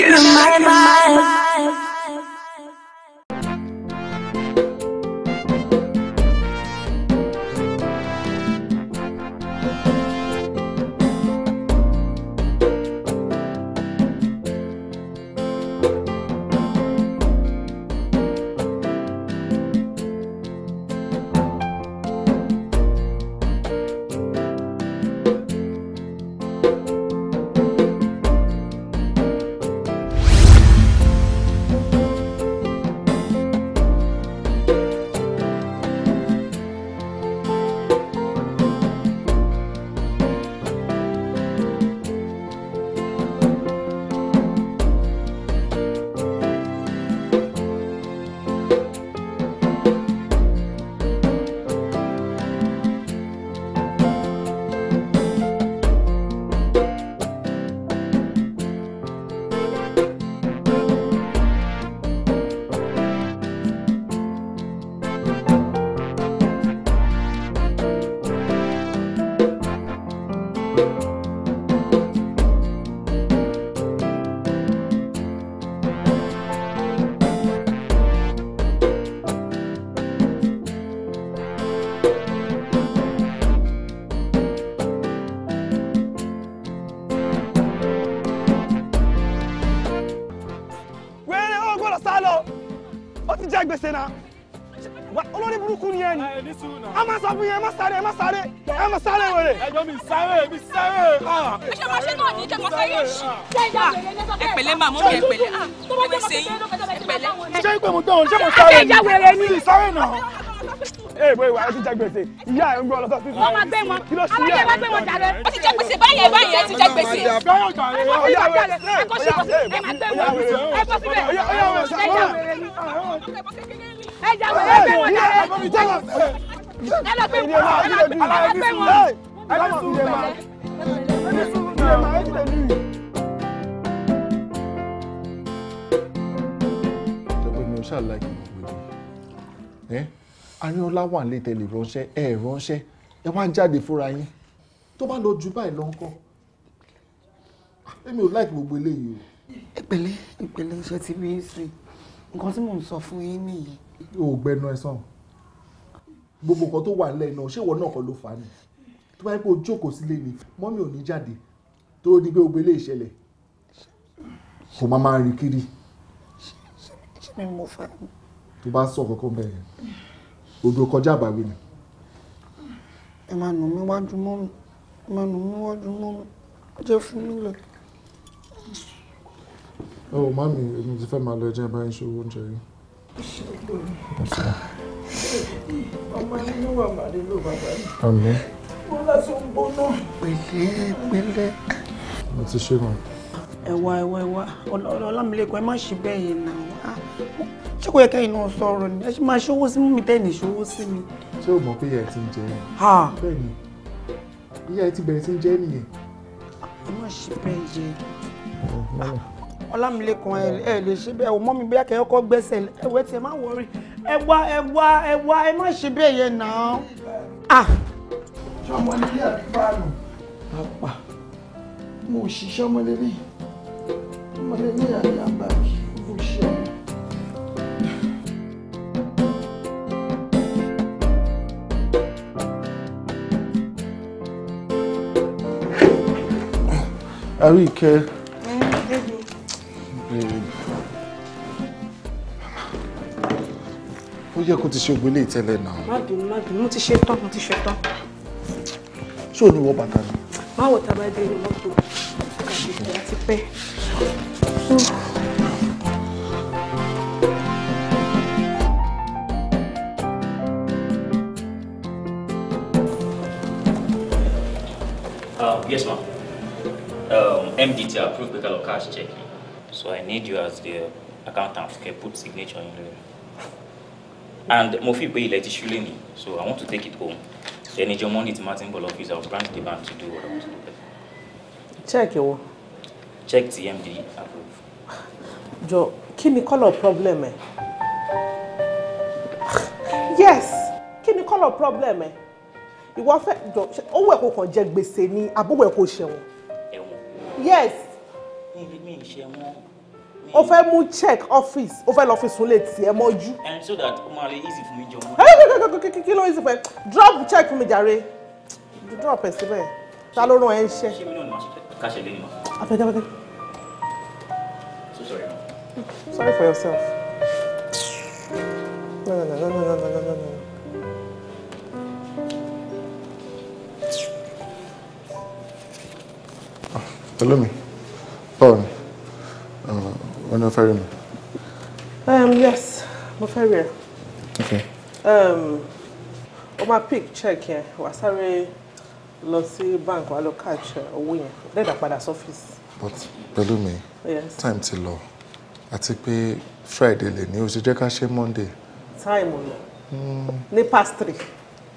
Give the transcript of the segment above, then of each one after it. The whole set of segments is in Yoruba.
Yes. jẹ gbèsè ìyá ẹ̀ ń gbọ́ lọ́sọ̀ sí. wọ́n máa gbé wọn alájẹ máa gbé wọn jàre. ó ti jẹ gbèsè báyìí ẹ̀ báyìí ẹ̀ ti jẹ gbèsè. ẹ kọ́ sí ẹ máa gbé wọn ẹ kọ́ síbẹ̀ ẹ jà wẹ̀rẹ̀ ẹ gbé wọn jàre. ẹ lọ gbé wọn ẹ lọ gbé wọn. Arínọlá wà lè tẹ̀lé ránṣẹ́ ẹ ránṣẹ́ ẹ wá jáde fúnra yín tó bá lọ jù báyìí lọ ń kọ́ èmi ò láìpẹ́ gbogbo eléyìí o. ìpele ìpele iṣẹ́ ti bí sí nǹkan tí mò ń sọ fún yín nìyí. o ò gbẹnu ẹ sàn gbogbo nǹkan tó wà nílẹ̀ náà ṣé ìwọ náà kọ́ ló fà á ni tó bá yẹ pé o jókòó sílé ni mọ́mí ò ní jáde tó di pé gbogbo eléyìí ṣẹlẹ̀ kò máa máa rìn kiri. ṣé mi mo fà á. tó bá sọ kankan bẹ́ẹ̀ odò kọjá àbáwí ni. ẹ máa nù mí wájú mọ́ mi ẹ máa nù mí wájú mọ́ mi jẹ́ fún mi lẹ̀. ẹ ò má mi èmi ti fẹ́ máa lọ ẹjẹ́ báyìí ṣòwò oúnjẹ yìí. ọmọ inú wà màdé ló bàbá mi. àmín. mo lásán ń bọ́ náà. pẹ̀lẹ́ pẹ̀lẹ́. mo ti ṣe wọn. ẹ wá ẹ wá ẹ má ṣe bẹ́ẹ̀ yẹn náà ṣé kò yẹ kẹ́yìn náà sọ̀rọ̀ ni ẹ ṣe máa ṣówó sí mi tẹ́ ní ṣówó sí mi. ṣé o mọ̀ pé ìyá ẹ ti ń jẹ yẹn. bẹ́ẹ̀ ni ìyá ẹ ti bẹ̀rẹ̀ sí ń jẹ nìyẹn. ẹ má ṣe bẹ́ẹ̀ jẹ. Ọlámilékan ẹ lè ṣe bẹ́ẹ̀ o mọ́ mi bóyá kẹ́yọ́ kọ́ gbẹ́sẹ̀ ẹ̀wẹ́ tiẹ̀ má wọrí ẹ wá ẹ wá ẹ wá ẹ má ṣe bẹ́ẹ̀ yẹn náà. ṣọmọ nílé àbí fáànù. apá mo ṣiṣẹ́ Àríkẹ́. Ó yẹ kó ti ṣe ògbélé ìtẹ́lẹ̀ náà. Má bínú, má bínú, mo ti ṣe tán, mo ti ṣe tán. Ṣé ò ní wọ bàtà ni? Má wọ tàbá dé ní mọ́tò, kàkìkì àti pẹ́. Uh, yes, ma'am um, MD to the of cash check. So I need you as the accountant to put signature in there. And mo fi let it ti me, so I want to take it home. Then your money ti Martin Ball office, I'll will branch the bank to do what I want to do. Check ìwọ. Check ti MD approve. can you call a problem ẹ? Yes, you call a problem ẹ? Ìwọ fẹ́ jọ owó ẹ̀ kò kàn jẹ gbèsè ni àbúwẹ̀ kò ṣẹ̀wọ̀n yes. mi ì ṣe wọn. o fẹ́ mú check office o fẹ́ lọ fi sùn lè tiẹ̀ mọ́jú. and so that o máa lè easy fún mi jọ mọ́. kí ló easy fún ẹ drop check fún mi jàre drop ẹ síbẹ̀ ta ló rán ẹ ń ṣe. ṣé mi náà ni màá ṣe káṣẹ lẹ́yìn náà. afẹ́tẹ́ sorry. sorry for yourself. no no no no no no no no. olómi paul ó uh, ní o fẹ́ Um, yes mo fẹ́ okay. Um, o máa pick check here was sáré lost sí bank wà lọ catch a owó yẹn lẹ́dà padà office. but pẹ̀lú mi yes. time ti lọ àti pé friday lè ní o ṣe jẹ́ monday. time lọ hmm. Ne past three.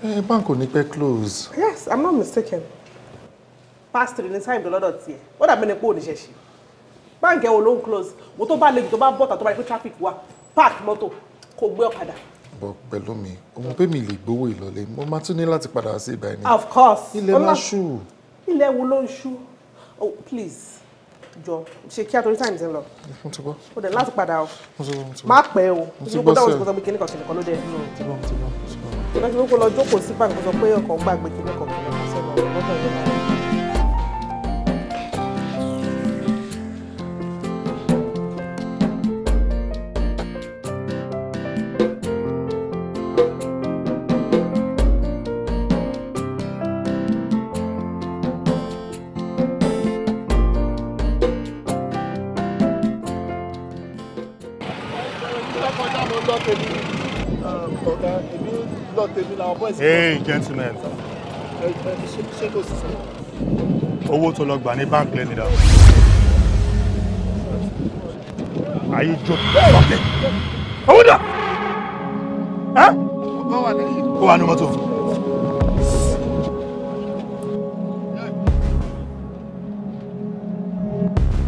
Eh, bank ò close. yes i'm not mistaken past three ní time lọ́dọ̀ tiẹ̀ ó dàbí ẹni pé ò ní ṣe ṣe báńkì ẹ̀wọ̀n ló ń close mo tó bá lejò tó bá bọ́ta tó bá rí pé traffic wà park mọ́tò kò gbé ọ̀kadà. bọ pẹ̀lú mi ọmọ pé mi lè gbowó ìlọlẹ mo máa tún ní láti padà sí ìbá ẹni. of course ilẹ̀ máa ṣú. ilẹ̀ wo ló ń ṣú oh please jọ ṣe kí àtúntò time times ń lọ. mo ti gbọ́. o dẹ̀ láti padà o. mo ti gbọ́ mo ti gbọ́. má pẹ́ o. mo ti gbọ́ sẹ́ẹ̀. mo kan kíní kan ló dé. mo ti gbọ́ mo ti gbọ́. ìgbà tí mo kò lọ jókòó sí báńkì sọ pé ọkọ̀ ń gbàgbé kíní kan kíní kan sẹ́nu ọ̀rọ̀ Hey gentleman. Owó tó lọ gbà ní báńkì lẹ́nu dà. Ayé jó lọ́tẹ̀. Owó dà. Ẹ́. Ó wà ní mọ́tò.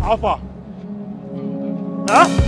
Alpha. Huh?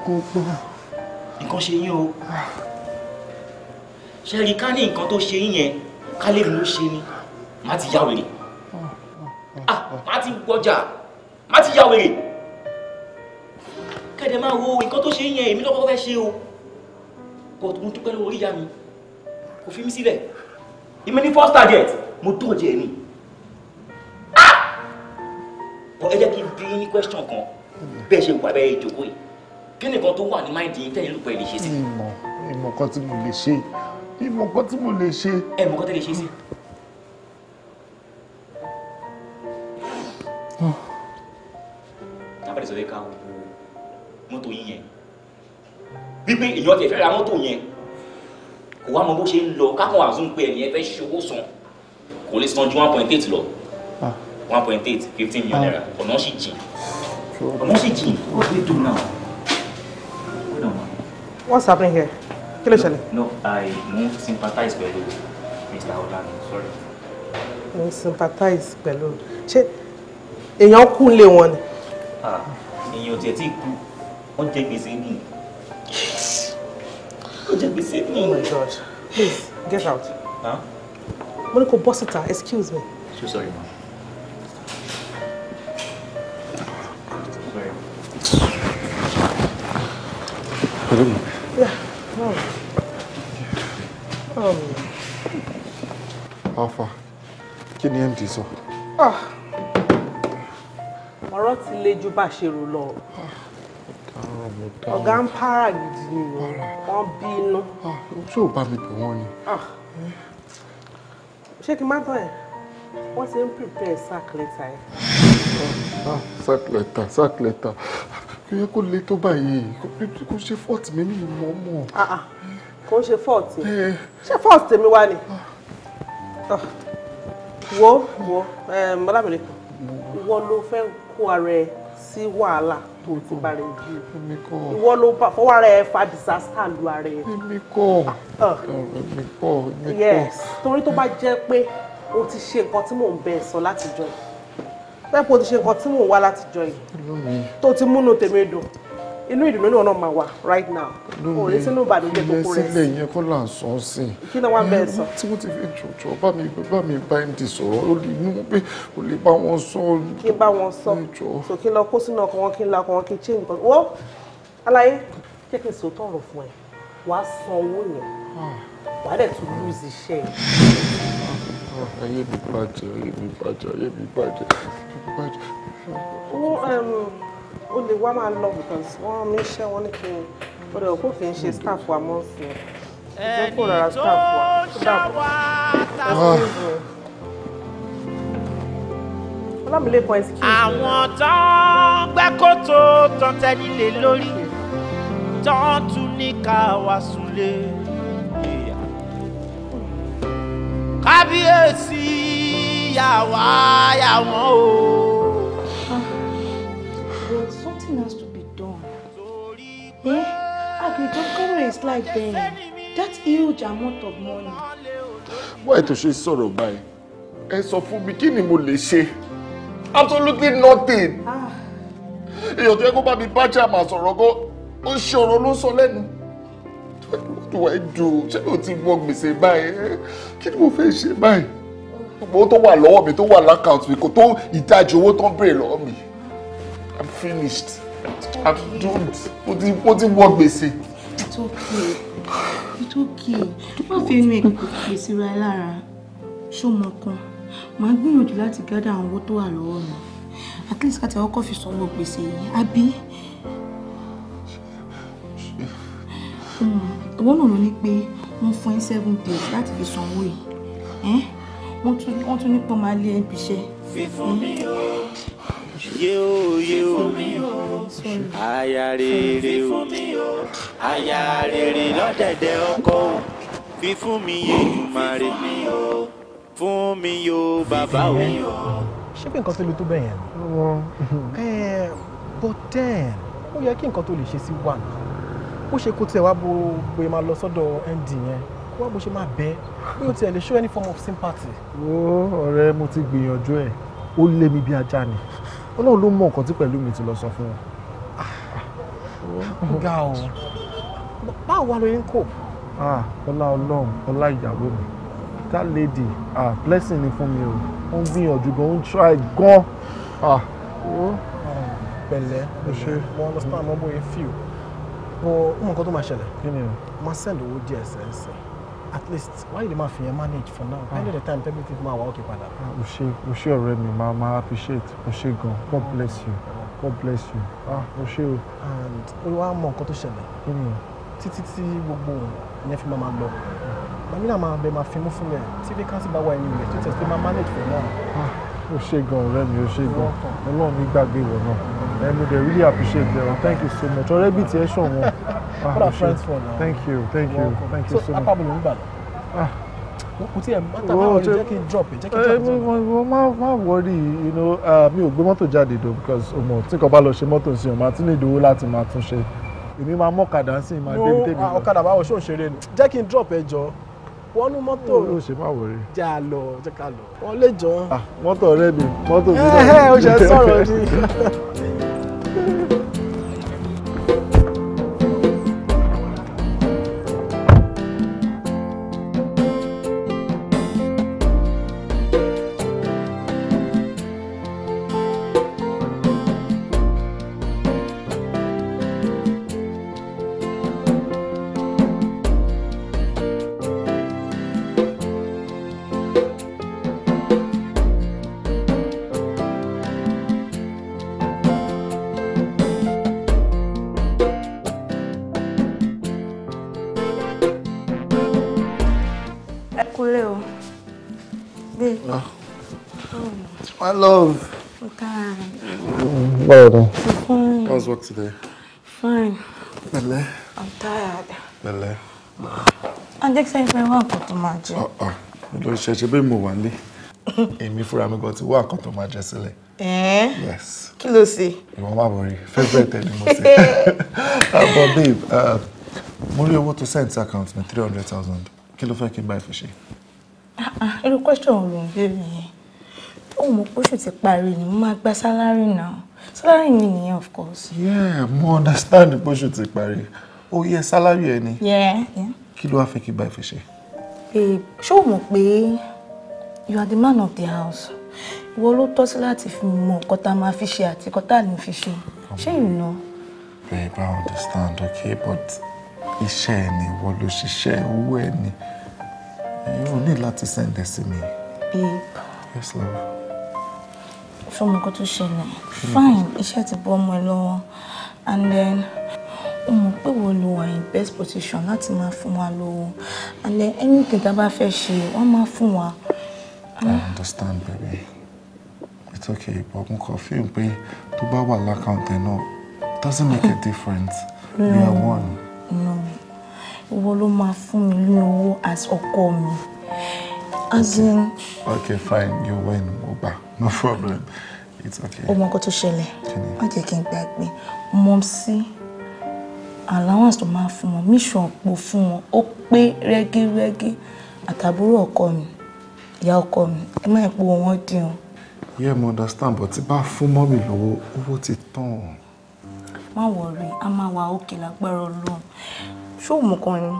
dákun gbà. nǹkan ṣe yín o ṣe rí ká ní nǹkan tó ṣe yín yẹn ká lè mú ṣe ni má ti yá wèrè ah, má ti gbọjà má ti yá wèrè kẹ́dẹ̀ máa wo nǹkan tó ṣe yín yẹn èmi lọ́kọ́ fẹ́ ṣe o kò tún dúpẹ́ lórí ìyá mi kò fi mí sílẹ̀ èmi ní first target mo tó jẹ ni ah! ẹ jẹ́ kí n bí question kan bẹ́ẹ̀ ṣe wà bẹ́ẹ̀ ìjókòó yìí kí nìkan tó wà ní máìdì yìí tẹ́yìn lùpẹ̀ lè ṣe sí. ìmọ̀ ìmọ̀ kan tí mo lè ṣe ìmọ̀ kan tí mo lè ṣe. ẹ mọ̀ kan tẹ́ lè ṣe sí. Hmm. tábàlì sọ pé ká wo mọ́tò yín yẹn wípé èèyàn tẹ̀ fẹ́ ra mọ́tò yẹn kò wá mọ bó ṣe ń lọ kákan àzún pé ẹnìyẹn fẹ́ ṣòwò san kò lè san ju one point eight lọ ah. one point eight fifteen million naira ah. ọ̀nà sì jìn ọ̀nà sì jìn ó lè dùn náà. What's happening here? Kí ló ṣẹlẹ̀? No, I mo sympathize below, Mr. Olani, sorry. Mo sympathize pẹ̀lú. Ṣé èèyàn kú lé wọn ni? Ah, èèyàn tiẹ̀ tí kú, wọ́n jẹ gbèsè ní. Wọ́n jẹ gbèsè ní. Oh my God, please get out. Huh? ní kò bọ́ síta, excuse me. So sorry ma. Sorry. Oh. Alfa, kí ni MD sọ? Ah. Ọ̀rọ̀ ti le ju bá ṣe rò lọ. Ah, Ọ̀gá ń para gidi ni wọ́n bínú. Ṣé ah, ò bá mi bẹ̀ wọ́n ni? Ṣé kí n má tọ̀ ẹ̀? Wọ́n ti ń prepare sack letter ẹ̀. Sack letter, sack letter. Kí ó yẹ kó le tó báyìí, kó ṣe fọ́ọ̀tì mi ní ìmọ̀ ọmọ kò ń ṣe fault ẹ ṣe fault tèmi wá ni ah. Ah. wo wo ọlámìlẹ́kùn ìwọ ló fẹ́ kó ara ẹ sí wàhálà tó ti bá rẹ jù ìwọ ló fọwọ́ ara ẹ fa disaster lu ara ẹ. èmi kọ́ ah. èmi kọ́ èmi kọ́. yes torí tó bá jẹ́ pé o ti ṣe nǹkan tí mò ń bẹ sọ látijọ́ yìí bẹ́ẹ̀ pé o ti ṣe nǹkan tí mò ń wá látijọ́ yìí tó ti múnú tèmi dùn inú ìdùnnú náà náà máa wà right now kò rí sínú ìbànújẹ́ tó kó rẹ sí. ilé yẹn kọ́ là ń sọ sí. kí ni wọ́n bẹ́ẹ̀ sọ. tí wọ́n ti fi jòjò bá mi bá mi bá ń di sọ̀rọ̀ ó lè inú pé ó lè bá wọn sọ. kí bá wọn sọ so kí lọ kó sínú ọkọ wọn kí n la ọkọ wọn kí n change nǹkan wọ́n aláyé jẹ́ kí n sọ tọrọ fún ẹ wàá san owó yẹn ah. wàá dẹ̀ tún lose iṣẹ́ yẹn. Ah, ayé mi bàjẹ́ ayé mi bàjẹ́ ayé mi bàjẹ́ ó lè wá máa lọ because wọ́n mi ṣẹ́ wọ́n ní kí n ó lè kó kì ṣe staff wa mọ́ sí i ẹni tó ṣàwátà ọlámìlẹ́kọ̀ọ́ excuse me. àwọn tó gbẹ́ kótó tó ń tẹ́lílé lórí tó tún ní ká wá súnlé. kábíyèsí yàwá yàwọ́n o. Eh? Agriculture is like then. That huge amount of money. Why tó she sọ̀rọ̀ báyìí? Ẹ sọ fún mi kí ni mo lè ṣe? Absolutely nothing. Ah. Èèyàn tó yẹ kó bá mi bá jà máa sọ̀rọ̀ gan, ó ṣe ọ̀rọ̀ ló sọ lẹ́nu. What do I do? Ṣé o ti wọ gbèsè báyìí? Kí ni mo fẹ́ ṣe báyìí? Owó tó wà lọ́wọ́ mi tó wà lákàntì mi kò tó ìdajì owó tó ń béèrè lọ́wọ́ mi. I'm finished. I don't. did what did what wọ say? It's okay. It's okay. What fi inú èkó gbèsè ra ẹ lára. Ṣé o mọ kan? Màá gbìyànjú láti to àwọn owó tó wà lọ́wọ́ mi. At least káti àwọn kọ́fì sanwó gbèsè yìí. Àbí? Hmm. Ìwọ náà ló ní pé wọ́n fún ẹ seven days láti fi sanwó yìí. Wọ́n Want to pọ́n máa lé ẹbí iṣẹ́. Fífún mi o yé o yé o aya rere o aya rere lọ́dẹ̀dẹ̀ ọkọ o fi fún mi yé jùmọ̀re fún mi yó bàbá o. ṣé pé nǹkan tó le tó bẹ́ẹ̀ yẹn ni. Mm-hmm. but then ó yẹ kí nǹkan tó lè ṣe sí wà náà ó ṣe kó tiẹ̀ wá bó bóyá máa lọ sọ́dọ̀ MD yẹn kó wá bó ṣe máa bẹ́ẹ̀ bí o tiẹ̀ lè show any form of sympathy. ó ọ̀rẹ́ mo ti gbìyànjú ẹ̀ ó lé mi bí ajá ni ọlọ́run ló mọ nǹkan tí pẹ̀lú mi ti lọ sọ fún wọn. Ah. ọ̀gá o báwo wà lóyún kò. Ah, ọlá ọlọ́run ọlá ìyàwó mi that lady ah blessing ni fún mi o ó ń gbìyànjú gan ó ń try gan. Ah. pẹ̀lẹ́ mo understand mo bóyá feel bó nǹkan tó máa ṣẹlẹ̀ máa send owó díẹ̀ sẹ́nsẹ́ at least why the máa fi yẹn manage for now Any the time everything máa wà okay padà. Ah, o ṣé o ṣé ọ̀rẹ́ mi Ma, ma appreciate o ṣé gan god bless you god bless you ah o ṣé o. and olúwa mọ nǹkan tó ṣẹlẹ̀ títí tí gbogbo yẹn fi máa lọ màmí náà Ma bẹ ma fi mú fún mi tí vacancy bá wà ẹni rẹ tó tẹ̀sí máa manage for now. ah o ṣé gan ọ̀rẹ́ mi o ṣé gan ọlọ́run mi gbàgbé ìwọ náà ẹnu dẹ̀ really appreciate ẹ o thank you so much ọ̀rẹ́ bíi tiẹ̀ ṣọ̀wọ́n ah, what are friends for now. thank you thank you thank you so, so ah, much. so apá bolo ń gbà lọ. Ah. kò tí ẹ mọ́tà máa wọlé jẹ́ kí n drop jẹ́ eh, wọ́n ah, because ọmọ tí kò bá lọ ṣe mọ́tò sí ọmọ àti ní ìdíwó láti máa tún ṣe èmi i máa dé débi lọ. drop ẹ jọ wọnú mọ́tò ó ṣe máa wọlé. jà lọ jẹ́ ká lọ wọ́n lè jọ. mọ́tò rẹ mi mọ́tò mi náà. Eh, eh, ó ṣe sọ̀rọ̀ ni. love. Okay. Well fine. How's work today? Fine. Pẹ̀lẹ́. I'm tired. Pẹ̀lẹ́. Adéksẹ́ ìfẹ́ wà kò tó máa jẹ. uh. ṣẹ̀ṣẹ̀ bí mo wà nílé. Èmi fúnra mi gan ti wá nǹkan tó máa jẹ sílẹ̀. Eh? Yes. Kilo ló ṣe? Ìwọ má worry, favourite ẹni mo ṣe. Ah, but babe, uh, mo rí want to send account mi three hundred thousand. Kí ló fẹ́ kí n bá ẹ fi ṣe? Ah, ah, question wo ló Oh, mọ̀ pé oṣù ti parí ni mo máa gba sálárì náà sálárì of course. yeah mo understand pé oṣù ti parí oh yeah salary ẹ ni. yeah. kí ló wá fẹ́ kí báyìí fi ṣe. babe you are the man of the house You ló tọ́ a lot if mọ nǹkan tá a máa fi ṣe got a ní fi ṣe ṣé you know. babe i understand okay but iṣẹ́ ẹ ni What ló ṣiṣẹ́ share ẹ ni you need to send this to me. babe. yes love ṣọmọ nǹkan tó ṣẹlẹ̀ fine iṣẹ́ ti bọ́ ọmọ ẹ lọ́wọ́ and then ó mọ̀ pé wo lo wà in best position láti máa fún wa lówó and then anything tá a bá fẹ́ ṣe wọ́n máa fún wa. I understand baby it's okay but mo kàn feel pé tó bá wà lákàntẹ náà doesn't make a difference no. we are one. no ìwọ ló máa fún mi ní owó as ọkọ mi. as in. okay fine you win mo gbà no problem it's okay. ó mọ nǹkan tó ṣẹlẹ̀ má jẹ́ kí n Mom, mọ́mísí allowance to máa fún wọn mission pọ̀ fún wọn ó pé rẹ́gírẹ́gí àtàbúrò ọkọ mi ìyá ọkọ mi ẹ má ẹ̀ pé wọn yeah mo understand but tí bá fún mọ́mì lówó owó ti tán o worry, wọrí a máa okay. òkè lágbára ọlọ́run ṣó mú kan ni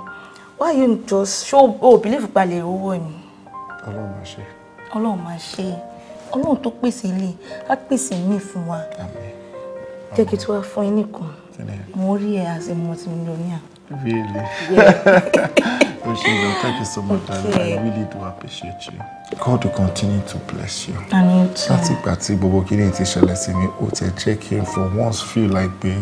why you just show? Oh, believe pa lè rówó ni. ọlọ́run máa ṣe. ọlọ́run máa ṣe ọlọ́run tó pèsè ilé á pèsè mí fún wa jẹ́ kí tí wàá fún yín nìkan mo rí ẹ as a multimillionaire. Really? Yeah. Oshino, thank you so much, Okay. I really do appreciate you. God will continue to bless you. And you too. Láti ìgbà tí gbogbo kíni ti ṣẹlẹ̀ sí mi, ó ti jẹ́ kí n for once feel like pé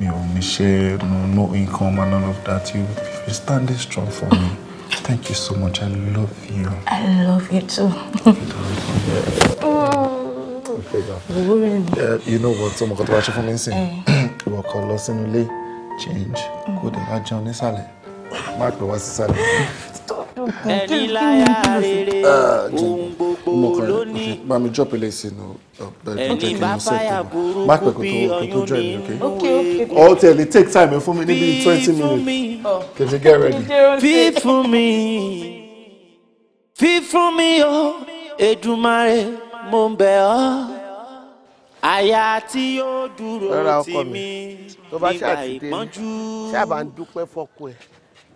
mi ò níṣẹ́, no no income and all of that. You, you've been strong for me. Thank you so much. I love you. I love you too. Uh, you know what? Ọmọ kan to watch ṣe fún mi nsìn. Eh. Ìwọ kan lọ sínú ilé change. Mm. Kó dẹ̀ wá jẹun nísàlẹ̀. Má pè wá Stop ẹni láyà rere ah, ohun gbogbo lónìí. Uh, ẹni bá fàyà burúkú bí ọyún ní ìwé. ọ̀ tẹ̀lé take time fún mi níbi twenty minutes kẹ̀sì get ready. fífún mi fífún mi o oh. Èdùmàrè mo ń bẹ̀ ọ́ àyà tí yóò dúró tì mí nígbà ìpọ́njú. ṣé àbá ń dúpẹ́ fọ́kù ẹ̀.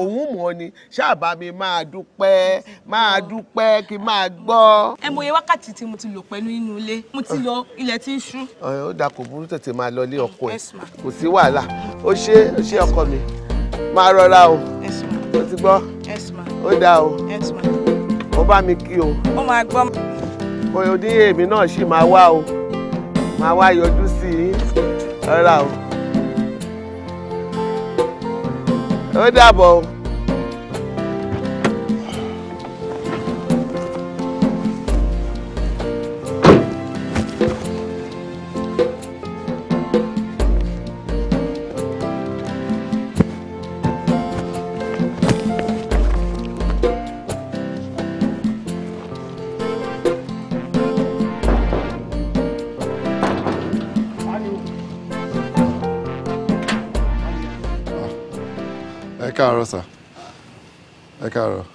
òun mọ̀ ni ṣáàbà mi máa dúpẹ́ máa dúpẹ́ kí n máa gbọ́. ẹ mọye wákàtí tí mo ti lò pẹ̀lú inú ilé mo ti lọ ilẹ̀ tí ń ṣú. ó dáa kò burú tètè máa lọ ilé ọkọ ẹ kò sí wàhálà ó ṣe ó ṣe ọkọ mi máa rọra o ó ti gbọ́ ó dáa o ó bá mi kí o. ó máa gbọ́. kò ní èmi náà ṣì máa wá o máa wá yọjú sí i rárá o. Oi, Dabo.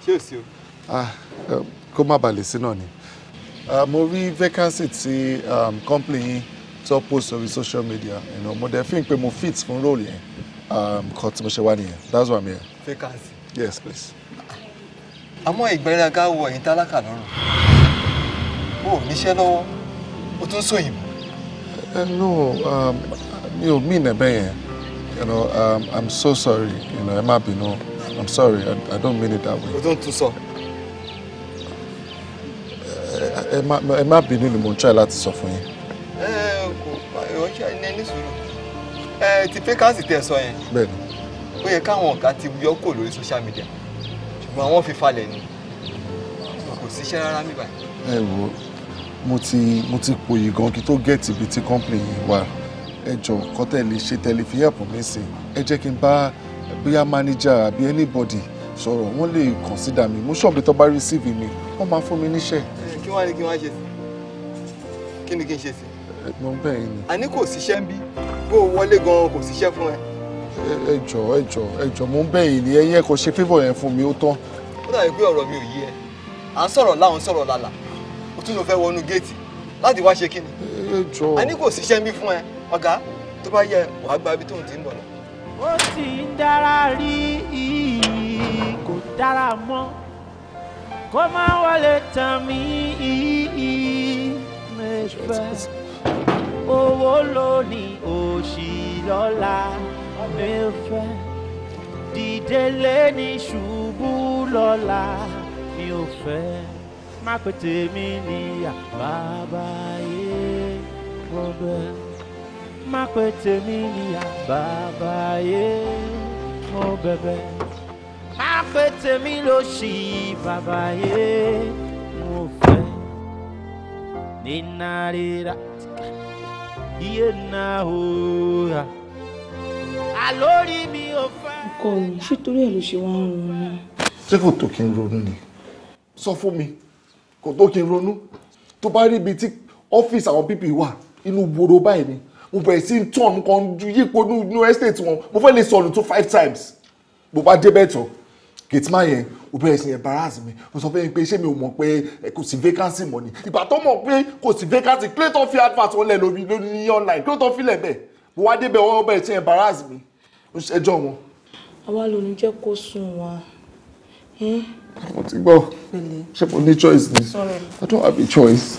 ṣé ò sí o. Ah, eh, kó má balẹ̀ sí náà ni ah, mo rí vacancy ti um, company yín tó post orí social media You mo dẹ̀ fi ń pé mo fit fún role yẹn kan um, tí mo ṣe wá nìyẹn that's why i'm here. vacancy. yes please. àmọ́ ìgbéraga wọ ẹ̀yìn tálákà lọ́rùn o ò níṣẹ́ lọ́wọ́ o tún sóyìnbó. Uh, eh, eh, no, um, you mean a bear. You know, um, I'm so sorry. You know, ẹ má bínú. I'm sorry, I, I don't mean it that way. O tó ń tún sọ. Ẹ má ẹ má bínú ni mo ń try láti sọ fún yín. Eh, ẹ kò pa ìwọ ṣe ní ẹni sùúrù. Ẹ eh, ti fẹ́kánsì tẹ̀ sọ yẹn. Bẹ́ẹ̀ni. Ó yẹ káwọn ọ̀gá ti yọ kò lórí social media. Ṣùgbọ́n àwọn fi falẹ̀ ni. Kò síṣẹ́ rárá mi báyìí. Ẹ wo mo ti mo ti pòyì gan kí tó gẹ̀ẹ́tì ibi tí company yìí wà ẹ jọ kọ́tẹ́ lè ṣe tẹlifíyàpù mi sí ẹ jẹ́ kí n bá bóyá manager àbí anybody sọ̀rọ̀ wọ́n lè consider mi mo ṣọ̀bí tó bá receive mi wọ́n máa fún mi níṣẹ́. Eh, kí wọ́n á ní kí wọ́n á ṣe sí kí ni kí n ṣe sí. Eh, mo bẹ́ẹ̀ ni. àní kò síṣẹ́ ń bí bó wọlé gan-an kò síṣẹ́ fún ẹ. Eh, ẹ jọ ẹ jọ ẹ jọ mo ń bẹ́ẹ̀ ni ẹyẹ kò ṣe favour yẹn fún mi ó tán. ó dàbí pé ọ̀rọ̀ mi ò yé ẹ à ń sọ̀rọ̀ láwọn sọ̀rọ̀ lálà ó tún lọ fẹ́ wọnú géètì láti wá ṣe kí ni. ẹ jọ àní kò síṣẹ́ ń bí fún ẹ ọ̀gá tó bá yẹ wàá gba ibi tóun ti ń bọ̀ náà ó sì ń dára rí kò dára mọ́ kó má wọlé tàn mí mẹ́fẹ́ owó lónìí òṣì lọ́la mẹ́fẹ́ dìde lé ní ṣubú lọ́la mi ò fẹ́ má pété mi ní àbábáyé rọ́bẹ́ má pè ya Baba ye, yé mo bẹ̀bẹ̀ má lo tèmi Baba ye, yé mo fẹ́ nínà rírà iye náà òòrà àlórí mi ò fẹ́. ọkọ mi ṣé torí ẹ ló ṣe wá ń ronú. ṣé kò tó kí n ronú ni sọ fún mi kò tó kí n ronú tó bá rí ibi tí ọ́fíìsì àwọn pípì wà inú gbòòrò báyìí ni mo bẹ̀rẹ̀ sí turn kan yípo nínú estate wọn mo fẹ́ lè sọnù tó five times mo bá débẹ̀ tán gate man yẹn o bẹ̀rẹ̀ sí embarrass mi mo sọ fún yín pé ṣé mi ò mọ̀ pé eh, kò sí vacancy mọ́ ni ìgbà tó mọ̀ pé kò sí vacancy clay fi advert wọn lẹ̀ lórí lórí online clay tó fi lẹ̀ bẹ́ẹ̀ mo wá débẹ̀ wọ́n bẹ̀rẹ̀ sí embarrass mi mo ṣe ẹjọ́ wọn. àwa ló ní jẹ́ kó sùn wá. mo ti gbọ́ ṣé mo ní choice ni I don't have a choice.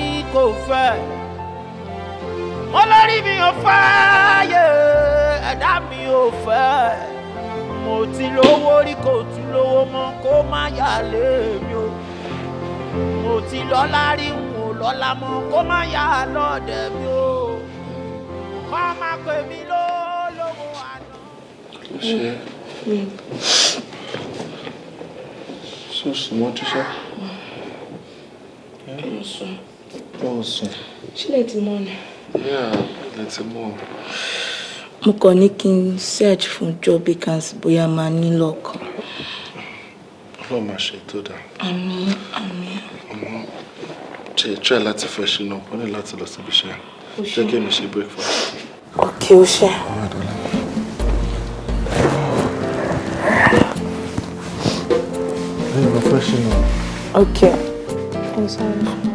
kò fẹ́ olórí mi ò fẹ́ yé ẹ̀dá mi ò fẹ́ mo ti lówó rí kò tún lówó mọ́ kó má yà lé mi o mo ti lọ́lá rí n lọ́lá mọ́ kó má yà lọ́dẹ̀ mi o kọ́ má pè mí lólówó àná. sọ sùn mọ́ tíṣà. ẹ ẹ sùn pọ̀ sùn. ṣílẹ̀ ti mọ́ ni. ilẹ̀ ti mọ́ o. mo kàn ní kí n search fún job vacancy bóyá máa ní lọ́kàn. ọlọ́run máa ṣe tó dáa. àmín àmín. ọmọ ṣe try láti fẹ́ ṣínà ó ní láti lọ síbi iṣẹ́ jẹ́ kí èmi ṣe breakfast. òkè ó ṣe. Okay. I'm sorry.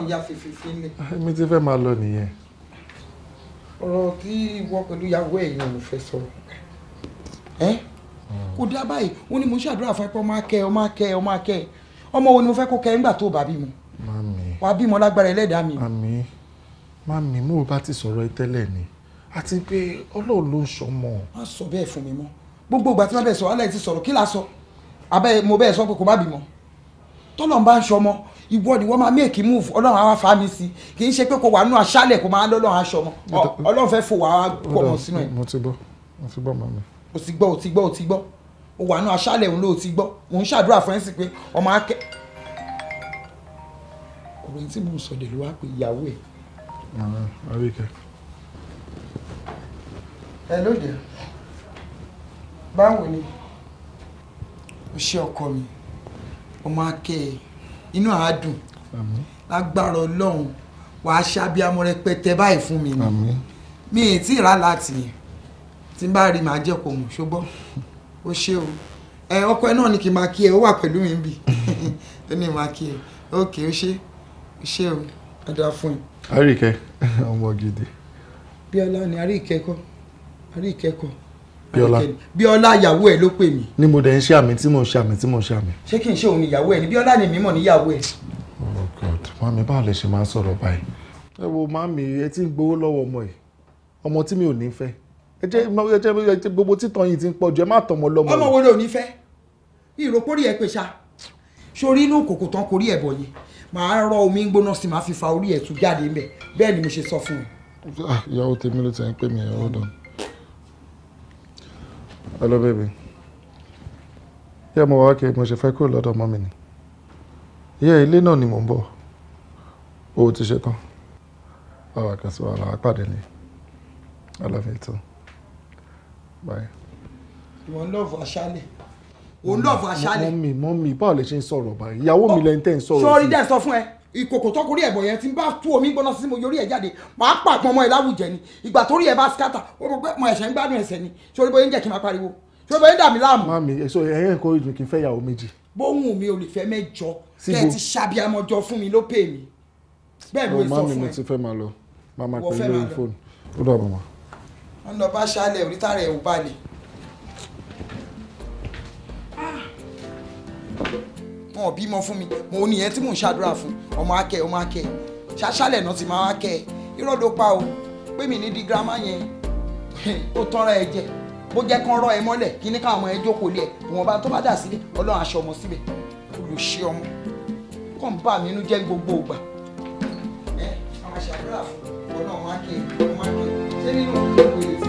kàn ya fífífí ni. èmi ti fẹ́ máa lọ nìyẹn. ọ̀rọ̀ tí ìwọ pẹ̀lú ìyàwó ẹ̀ yẹn mo fẹ́ sọ ẹ́ hmm. kò dá báyìí ó ní mo ṣàdúrà fún ẹ pé ọmọ akẹ́ ọmọ akẹ́ ọmọ akẹ́ ọmọ wo ni mo fẹ́ kó kẹ́ nígbà tó bá bímọ. mami wàá bímọ lágbára ẹlẹ́dàá mi. mami mami mo bá ti sọ̀rọ̀ ẹ tẹ́lẹ̀ ni àti pé ọlọ́run ló ń ṣọmọ. má sọ bẹ́ẹ̀ fún mi mọ́ gbogbo ìgbà tí wọ́n bẹ̀ sọ alẹ́ ti sọ̀rọ̀ kí la sọ abẹ́ mo bẹ́ẹ̀ sọ pé kò má bímọ tọ́lọ́n bá ń ṣọmọ ìwọ ni wọ́n máa make move ọlọ́run àwa fa mi sí kì í ṣe pé kò wà nù aṣálẹ̀ kò máa lọ́lọ́run aṣọmọ ọlọ́run fẹ́ fò wá pọ̀mọ̀ sínú ẹ̀. mo ti gbọ́ mo ti gbọ́ màmí. o ti gbọ́ o ti gbọ́ o ti gbọ́ o wà nù aṣálẹ̀ òun ló ti gbọ́ mò ń ṣàdúrà fún ẹ̀sìn pé ọmọ akẹ́. ọ̀rọ̀ tí mò ń sọ dèlú wá pé ìyàwó ẹ̀. àríkẹ́. ẹ lóde báwo ni o ṣe ọkọ mi ọmọ akẹ́ ẹ̀ inú àádùn lágbára ọlọ́run wàá ṣàbíamọ rẹpẹtẹ báyìí fún mi ni mi ì tí ì rà láti tí n bá rí màá jẹ́ kó mọ̀ ṣùgbọ́n ó ṣe o ẹ ọkọ ẹ náà ni kì í máa kí ẹ ó wà pẹ̀lú mi bì ó ní máa kí ẹ ókè ó ṣe ó ṣe o ẹ dáa fún ẹ. àríkẹ́ ọmọ gidi. bíọ́lá ni àríkẹ́ kọ́ àríkẹ́ kọ́ bíọ́lá bíọ́lá ìyàwó ẹ̀ ló pè mí. ni mo dẹ̀ ń ṣe àmì tí mò ń ṣe àmì tí mò ń ṣe àmì. ṣé kí n ṣe òun ìyàwó ẹ̀ ni bíọ́lá ni mímọ̀ níyàwó ẹ̀. oh god mami báwo lè ṣe máa ń sọ̀rọ̀ báyìí. ẹ wo mami ẹ ti ń gbowó lọ́wọ́ ọmọ ẹ̀ ọmọ tí mi ò ní fẹ́ ẹ jẹ́ ẹ jẹ́ gbogbo títàn yìí ti ń pọ̀jù ẹ má tọmọ lọ́mọ. ọmọ wo ló ní fẹ́ ìròpórí ẹ pé ṣá sórí inú kòkò tán kò rí ẹ̀ bọ̀ yìí màá rọ omi gbóná sí màá fi fa orí ẹ̀ tún jáde ńbẹ̀ bẹ́ẹ̀ ni mo ṣe sọ fún un. Ah, ìyàwó tèmi ló ti ń pè mí ẹ̀ hold on hello baby yẹ mo wá kí mo ṣe fẹ́ kúrò lọ́dọ̀ mọ́mì ni yẹ ilé náà ni mò ń bọ̀ o ti ṣe tán ọ̀rọ̀ àkànṣe wàhálà àpàdé ni I love you too bye. ìwọ ń lọ́ọ̀fù aṣálẹ̀ òun lọ́ọ̀fù aṣálẹ̀. mọ́mì mọ́mì báwo lè ṣe ń sọ̀rọ̀ báyìí ìyàwó mi lẹ́ni tẹ́ ń sọ̀rọ̀ sí. sọ́ọ́rí dẹ́ sọ fún ẹ ìkòkò tọkùnrin ẹ̀bọ̀ yẹn ti ń bá tú omi gbóná sí mo yorí ẹ̀ jáde màá pàgbọ́n ọmọ ẹ̀ láwùjẹ ni ìgbà torí ẹ̀ bá skata ó mọ̀ pé mo ẹ̀ṣẹ̀ ń gbádùn ẹ̀ṣẹ̀ ni sórí bóyá ń jẹ́ kí n máa pariwo sórí bóyá ń dà mí láàmú. mami èso ẹ̀yẹ́ nǹkan ìdùn kì í fẹ́ ìyàwó méjì. bóhùn mi ò lè fẹ́ mẹ́jọ kẹ́ ẹ ti ṣàbíamọ́jọ fún mi ló pè mí bẹ́ẹ̀ ló sọ fún ẹ. mami mi ti fẹ́ máa lọ máa máa pẹ̀lú lórí fóònù ó dọ̀ mọ́. wọ́n lọ bá ṣálẹ̀ wọn ò bímọ fún mi mo ní ìyẹn tí mò ń ṣàdúrà fún ọmọ akẹ ọmọ akẹ ṣáṣálẹ̀ náà ti máa wá kẹ irọ́ ló pa o pé mi ní di girama yẹn ó tọ́ra ẹ jẹ bó jẹ́ kán rọ́ ẹ mọ́lẹ̀ kí ní káwọn ọmọ ẹ jókòó lé ẹ ìwọ̀n bá tó bá dà sílé ọlọ́run aṣọ ọmọ síbẹ̀ olùṣe ọmọ kàn bá mi inú jẹ́ gbogbo ìgbà ẹ àwọn aṣàdúrà fún ọ náà wọn á ṣé nínú ìwé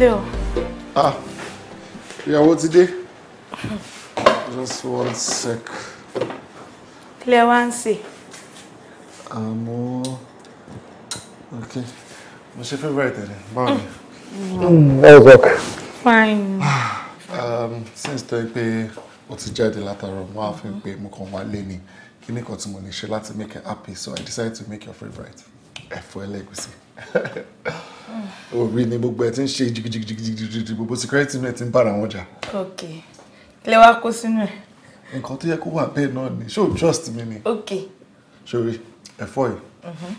wọlé o. ah ìyàwó ti dé just one sec. kílẹ̀ wá ń sè. àmọ́ ok mo ṣe favourite rẹ̀ báwo ni. ẹ mm. mm, work. fine. um, since tó ń pè ó ti jáde látàárọ̀ mo á fi pé mo kàn wá lé ní kíní kan tí mo lè ṣe láti make her happy so I decided to make your favourite ẹ̀fọ́ ẹlẹ́gùsí òbí ni gbogbo ẹ̀ ti ń ṣe jìgìjìgìjìgìjì gbogbo security men ti ń bára wọn jà. ok kílẹ̀ wá kó sínú ẹ̀. nǹkan tó yẹ kó wà bẹ́ẹ̀ náà ni ṣó trust mi ni. ok. sori ẹ̀fọ́ yìí mhm.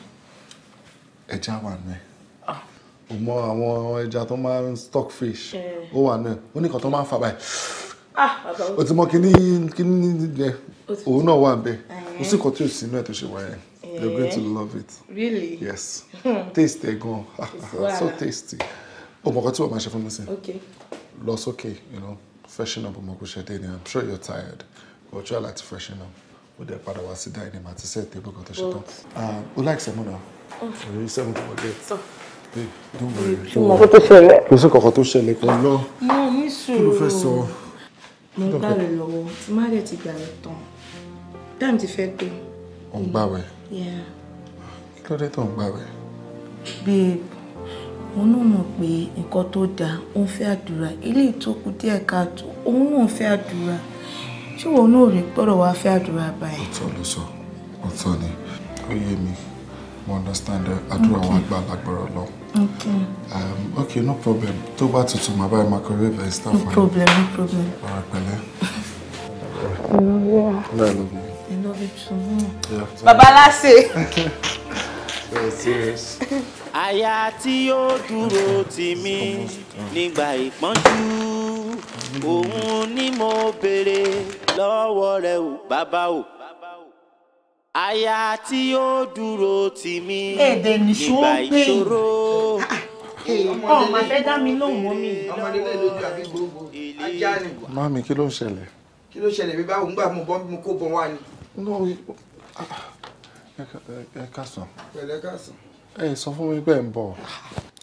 ẹja wà nù ah. o mọ àwọn ẹja tó máa ń stockfish ó wà nù ó ní nǹkan tó máa ń fà báyìí ah, o ti mọ kíní kíní jẹ òun náà wà nbẹ o sì kọ tí o sí inú ẹ tó ṣe wáyé. Yeah. You're going to love it. Really? Yes. Taste ẹ̀ gan. so tasty. Oh, kan tí wọ́n máa ṣe fún mi sí. Okay. Lọ sókè, you know, freshen up ọmọ I'm sure you're tired. But try láti freshen up. Ó dẹ̀ padà wá sí dining àti set table kan tó ṣe tán. Ah, o like sẹ́mu náà? Orí sẹ́mu kò wọlé. Don't worry. Kí ni kò tó ṣẹlẹ̀? Kò sí kankan tó ṣẹlẹ̀ kan lọ. Mo ní sùúrù. Kí ló fẹ́ sọ? Mo ń gbàwẹ̀ lọ́wọ́. Tí má dẹ̀ ti gbàwẹ̀ tán. Dáàmì ti fẹ́ tó. Ò ń gbàwẹ̀. Yeah. Kí ló dé tó ń gbàwẹ̀? Babe, mo náà mọ̀ pé nǹkan tó dáa, ó ń fẹ́ àdúrà. Ilé ìtókù díẹ̀ káàtó, òun náà ń fẹ́ àdúrà. Ṣé ìwọ náà rí gbọ́dọ̀ wá fẹ́ àdúrà báyìí? Ọ̀tọ̀ ló sọ, ọ̀tọ̀ ni. Ó yé mi, mo understand that àdúrà wọn gbà lágbára lọ. Okay. Um, okay, no problem. Tó bá tuntun, màá báyìí máa kọrí ẹ̀bẹ̀ ìsítà fún mi. No problem, no problem. Ọ̀rọ̀ pẹ̀lẹ́. Ìrọ̀lẹ́. Bẹ́ẹ̀ ló bí love you too much. Baba Lase. so serious. Aya tí ó dúró tì mí nígbà ìpọ́njú. Òun ni mo béèrè lọ́wọ́ rẹ̀ o, bàbá o. Aya tí ó dúró tì mí nígbà ìṣòro. Ọmọ abẹ́ dá mi lóhùn omi. Ọmọdé lè lójú àbí gbogbo. Ajá ni. Máàmi kí ló ń ṣẹlẹ̀? Kí ló ṣẹlẹ̀ bí báwo ń gbà mú bọ́ mú kó bọ́ ni? No, ah, ẹ kásán. Pẹ̀lẹ́ kásán. Ẹ sọ fún mi pé ẹ ń bọ̀.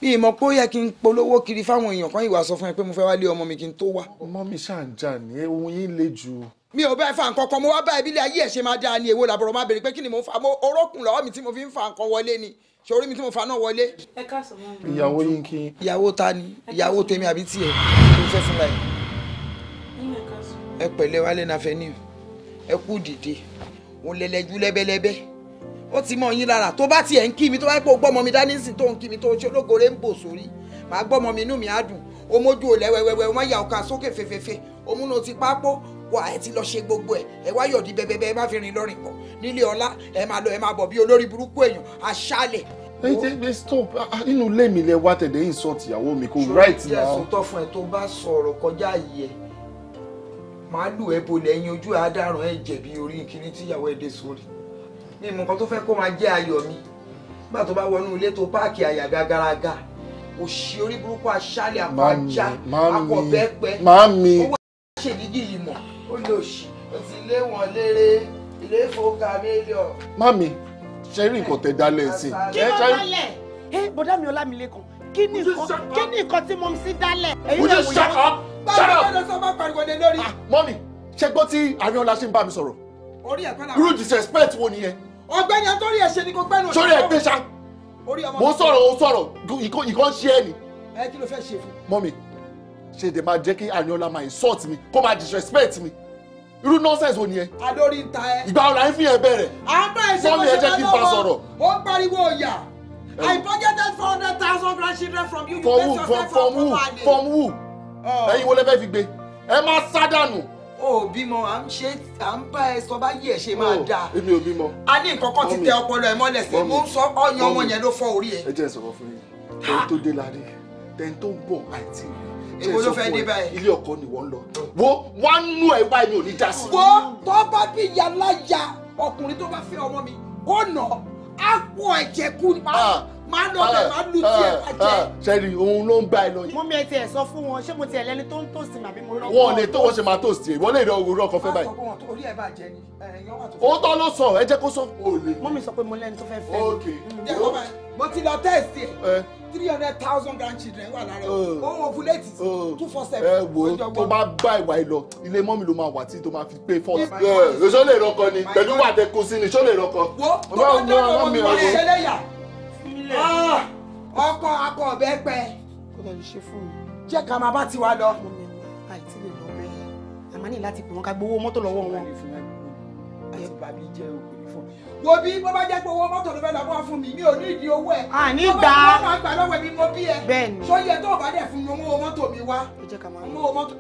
Mi ìmọ̀ pé ó yẹ kí n polówó kiri fáwọn èèyàn kan ìwà sọ fún ẹ pé mo fẹ́ wá lé ọmọ mi kí n tó wá. Ọmọ mi ṣáà ń jà ní ohun yín le jù. Mi ò bá ẹ fa nǹkan kan, mo wá bá ẹbí ilé ayé ẹ̀ ṣe máa dáa ni èwo làbọ̀rọ̀ máa bèrè pé kí ni mo fa mo orókùn lọ́wọ́ mi tí mo fi ń fa nǹkan wọlé ni ṣe orí mi tí mo fa náà wọlé. Ẹ kásán mọ́ mi. Ìyàwó yín kí. Ìyàwó ta ni? Ìyàwó tèmi àbí tiẹ̀? Mo fẹ́ fúnra ẹ̀. Ẹ pẹ̀lẹ́ wálé na fẹ́ níyì ẹ dìde òun lẹlẹjú lẹbẹlẹbẹ ó ti mọ yín lára tó bá tiẹ̀ ń kí mi tó bá yẹ kó gbọ́mọ mi dání sí tó ń kí mi tó ṣe ológore ń bò sórí màá gbọ́mọ mi inú mi á dùn ó mójú ò lẹ́wẹ́wẹ́wẹ́ wọ́n yà ọ̀ka sókè fefefe òmùnà ti pápó wà ẹ ti lọ ṣe gbogbo ẹ ẹ wá yọ̀dí bẹ́ẹ̀bẹ́ẹ́ ẹ má fi rìn lọ́rìn pọ̀ nílé ọlá ẹ máa lọ ẹ máa bọ̀ bí olórí burúkú èèyàn aṣálẹ̀. stop inú ilé mi lẹ wá tẹ̀lé insult ìyàwó mi kò right now. jẹ́ sọ́tọ̀ fún ẹ tó bá sọ̀rọ̀ kọjá yìí ẹ màálù ẹ bolẹ̀ ẹyin ojú àádárùn ẹ jẹ̀bi orí kiri tíyàwó ẹ dé sórí ní nǹkan tó fẹ́ kó máa jẹ́ ayọ̀ mi nígbà tó bá wọnú ilé tó páàkì àyà gàgàràgà òṣì orí burúkú aṣálẹ̀ àpò ajá àpò bẹ́pẹ́ yìí mọ̀ ó lè òṣì ó ti lé wọn léré ilé ìfowópamẹ́lẹ̀. mami ṣe rí nǹkan tẹ dálẹ̀ sí. kí ló dálẹ̀ ẹ eh, bọ̀dá mi Ọlámilékan kí ni nǹkan tí mo ń sí dálẹ̀. would you Shut up! Ah, Mọ́mí, ṣé gbọ́ tí Ariola ṣe ń bá mi sọ̀rọ̀? Orí Irú disrespect wo nìyẹn? Ọ̀gbẹ́ni Atórí ẹ̀ṣẹ̀ ni kò gbẹ́nu. Sórí ẹ̀ gbé ṣá. Orí ọmọ. Mo sọ̀rọ̀ o sọ̀rọ̀ ìkan ṣe ẹ ni. Ẹ kí ló fẹ́ ṣe fún? Mọ́mí, ṣe dè máa jẹ́ kí Ariola máa insult mi kó máa disrespect mi irú nonsense wo ni ẹ. adori ta ẹ. ìgbà ọ̀la ń fi yẹn bẹ̀rẹ̀. a ń bá ìṣe wọn ṣe máa lọ́wọ́ ó ń pariwo ọ̀yà. I budgeted four hundred thousand grandchildren from you. you from who from who from who ẹ̀yin wo lẹ fẹ́ fi gbé ẹ má sádànù. o bímọ à ń ṣe à ń bá ẹ sọ bá yí ẹ ṣe máa dáa. èmi ò bímọ. a ní nǹkan kan ti tẹ ọpọlọ ẹ mọ́lẹ̀ sí mo ń sọ ọyàn ọmọ yẹn ló fọ orí ẹ. ẹ jẹ́ ìsọ̀rọ̀ fún yín tẹ́ni tó dé láre tẹ́ni tó ń bọ̀ àìtí rẹ̀ èwo ló fẹ́ dé báyìí. ilé ọkọ ni wọ́n lọ. wo wá nú ẹ báyìí mi ò ní dá sí. wo tó bá bí yàrá ya ọkùnrin tó bá fẹ́ ọmọ mi ó nà máa lọ bẹ máa lu tiẹ̀ máa jẹ. sẹ́ni òun ló ń gbà ẹ lọ yìí. mú mi ẹ tiẹ̀ sọ fún wọn ṣé mo tiẹ̀ lẹ́ni tó ń tòsí màbí mo rọ́ọ̀kọ́. wọn ò lè tó wọn ṣe máa tòsí ìwọ lè rí òwúrọ̀ kan fẹ́ báyìí. òótọ́ ló sọ ẹ jẹ́ kó sọ. mọ́ mi sọ pé mo lẹ́ni tó fẹ́ fẹ́. Mm, mo ti lọ tẹ́ẹ̀sì ẹ̀ three hundred thousand grandchildren wà lára ohun ovulate two four seven. ẹ wo tó bá bá ìwà ẹ lọ ilé mọ́mí ló máa wà tí tó máa fi pay for. ṣó lè rọkọ ni pẹ̀lú wàtẹ́kùsí ni ṣó lè rọkọ. wo tó bá dọ́dọ̀ wọn mi ò ṣẹlẹ̀ yà. Ah! ọkọ akọ ọbẹ pẹ. kó lọ lè ṣe fún mi. jẹ́ ká máa bá tiwa lọ. mo ní àìtí lè lọ bẹ́ẹ̀ àmọ́ ní láti pè wọ́n ká gbowó mọ́tò lọ́wọ́ wọn. àti bàbí jẹ́ òkú wo bí bó bá jẹ́ pé mọ́tò ló fẹ́ lọ fún mi mi ò ní ìdí owó ẹ̀. àní gbà á bó bá gbà lọ́wọ́ mi mo bí ẹ. bẹ́ẹ̀ni sọ yẹ tó o bá dẹ̀ fún mi owó mọ́tò mi wá. ó jẹ́ ká máa owó mọ́tò.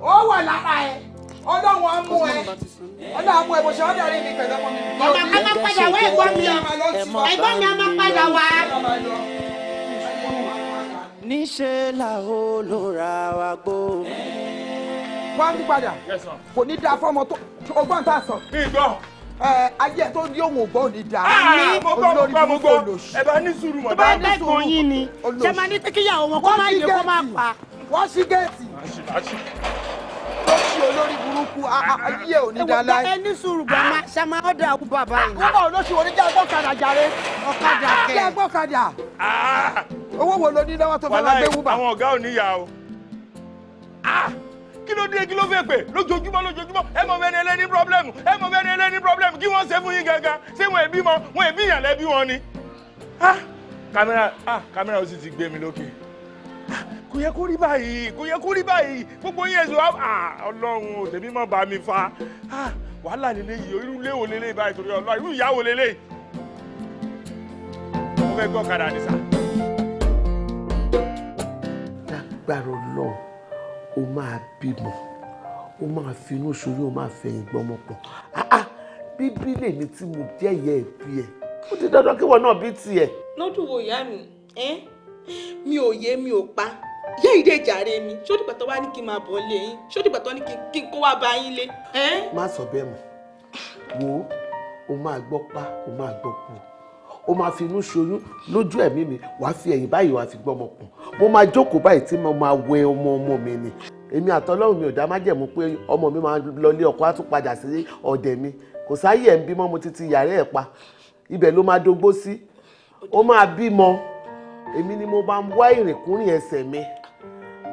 ó wà lára ẹ ọlọ́run á mú ẹ ọlọ́run á mú ẹ bó ṣe ọ̀dà rí mi pẹ̀lú ọmọ mi. ọmọ a máa padà wá ẹ̀gbọ́n mi ẹ̀gbọ́n mi a máa padà wá. níṣẹ́ làwọn olóra wa gbó. wá ń padà kò ní dáa fọmọ tó ọgbọ́n tá a sọ. ìgbọ́ ayé tó ní òun ògbọ́n ní da. Ah, mo gbọ́ mo gbọ́ mo gbọ́ ẹ bá ní sùúrù mọ̀ dáa. ẹ bá dẹ́kun yín ni jẹ́ máa ní kíyàwó wọn kó máa yẹ kó máa pa. wọ́n ṣí géètì olóṣì olórí burúkú ayé òní dálá. ẹ ní sùúrù bàmá ṣàmà ọ̀dà ọ̀hún bàbá yìí. kúbọ̀ olóṣì oníjà gbọ́kadà jàre. ọ̀kadà ah, kẹ́ ẹ gbọ́kadà. Ah. owó wo lo ní lọ́wọ́ tó fẹ́ máa gbé wúbà. àwọn ọ̀gá ò níyà o ah, kí ló dé kí ló fẹ́ pè lójoojúmọ́ lójoojúmọ́ ẹ mọ̀ bẹ́ẹ̀ ni ẹlẹ́ni pírọ́blẹ́mù ẹ mọ̀ bẹ́ẹ̀ ni ẹlẹ́ni pírọ́blẹ́mù kí wọ́n ṣe fún yín gangan ṣé wọn ẹbí mọ wọn ẹbí ìyànlẹ́bí wọn ni. kámẹ́rà kámẹ́rà ó sì ti gbé mi lókè kò yẹ kó rí báyìí kò yẹ kó rí báyìí gbogbo yẹn sọ ah, ọlọ́run ò tèmi mọ̀ bá mi fa ah, wàhálà lélẹ́yìí irú ilé wo lélẹ́yìí báyìí torí ọlọ́run irú ìyá wo lélẹ́yìí mo fẹ́ gbọ́ kadà ní lágbára ọlọ́run o máa bímọ o máa finú sórí o máa fẹ̀yìn gbọ́mọ pọ̀ ah, bíbí lèmi tí mo jẹ́ ìyá ẹ̀ bí ẹ̀ ó ti dandan kí wọn náà bí tiẹ̀. lọ́dún wo ìyá mi ẹ́ mi ò yé mi ò pa yé ìdè ìjàre mi ṣó dìgbà tó wá ní kí n máa bọ̀ lé yín ṣó dìgbà tó ní kí n kó wá bá yín lé. má sọ bẹ́ẹ̀ mọ̀ wo o máa gbọ́ pa o máa gbọ́ kù o máa fi inú ṣoyún lójú ẹ̀mí mi wàá fi ẹ̀yìn báyìí wàá fi gbọ́ ọmọ kù mo máa jókòó báyìí tí mo máa wẹ ọmọ ọmọ mi ni èmi àtọ́lọ́run mi ò dá májẹ̀mú pé ọmọ mi máa lọ lé ọkọ á tún padà sí ọ̀dẹ̀ mi kò sáyé ẹ̀ ń bímọ mo ti ti yàrá ẹ̀ pa ibẹ̀ ló máa dogbó sí ó máa bímọ èmi ni mo máa ń wá ìrìnkúrìn ẹsẹ̀ mi